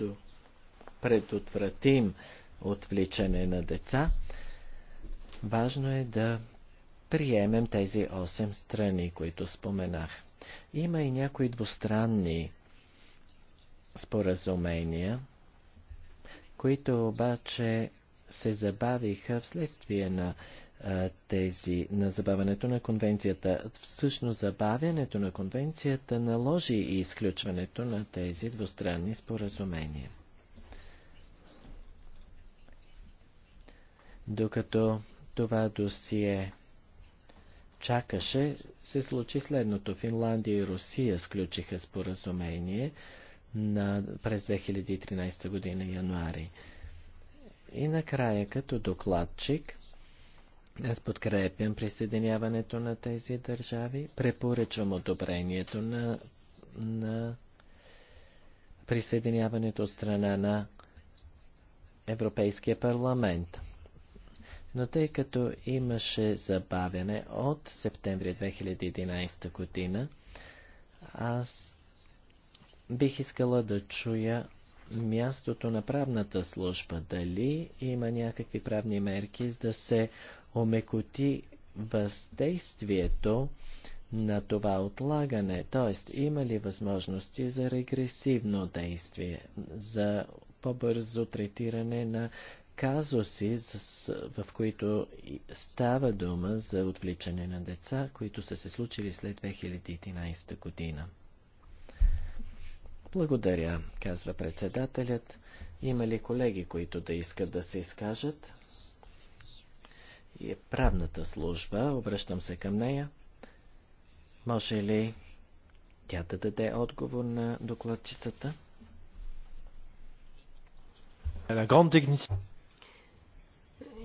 предотвратим отвличане на деца. Важно е да приемем тези 8 страни, които споменах. Има и някои двустранни споразумения, които обаче се забавиха вследствие на тези, на забавянето на конвенцията. Всъщност забавянето на конвенцията наложи и изключването на тези двустранни споразумения. Докато това досие чакаше, се случи следното. Финландия и Русия сключиха споразумение на, през 2013 година януари. И накрая, като докладчик, аз подкрепям присъединяването на тези държави, препоръчвам одобрението на, на присъединяването от страна на Европейския парламент. Но тъй като имаше забавяне от септември 2011 година, аз бих искала да чуя мястото на правната служба. Дали има някакви правни мерки за да се омекоти въздействието на това отлагане, т.е. има ли възможности за регресивно действие, за по-бързо третиране на казуси, в които става дума за отвличане на деца, които са се случили след 2011 година. Благодаря, казва председателят. Има ли колеги, които да искат да се изкажат? И е правната служба, обръщам се към нея. Може ли тя да даде отговор на докладчицата?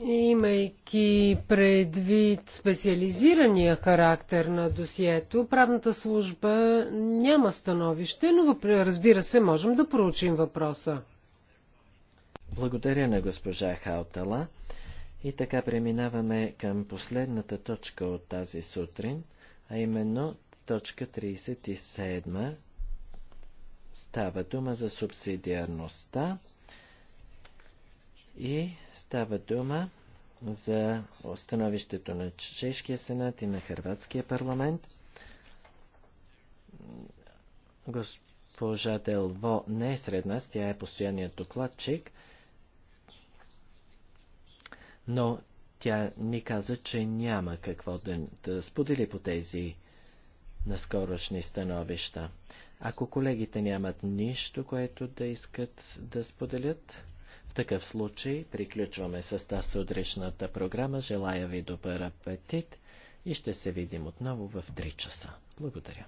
Имайки предвид специализирания характер на досието, правната служба няма становище, но разбира се, можем да проучим въпроса. Благодаря на госпожа Хаутала. И така преминаваме към последната точка от тази сутрин, а именно точка 37. Става дума за субсидиарността и Става дума за становището на Чешкия сенат и на Хрватския парламент. Госпожа Делво не е сред нас, тя е постоянният докладчик, но тя ни каза, че няма какво да, да сподели по тези наскорошни становища. Ако колегите нямат нищо, което да искат да споделят, такъв случай приключваме с тази сутрешната програма. Желая ви добър апетит и ще се видим отново в 3 часа. Благодаря.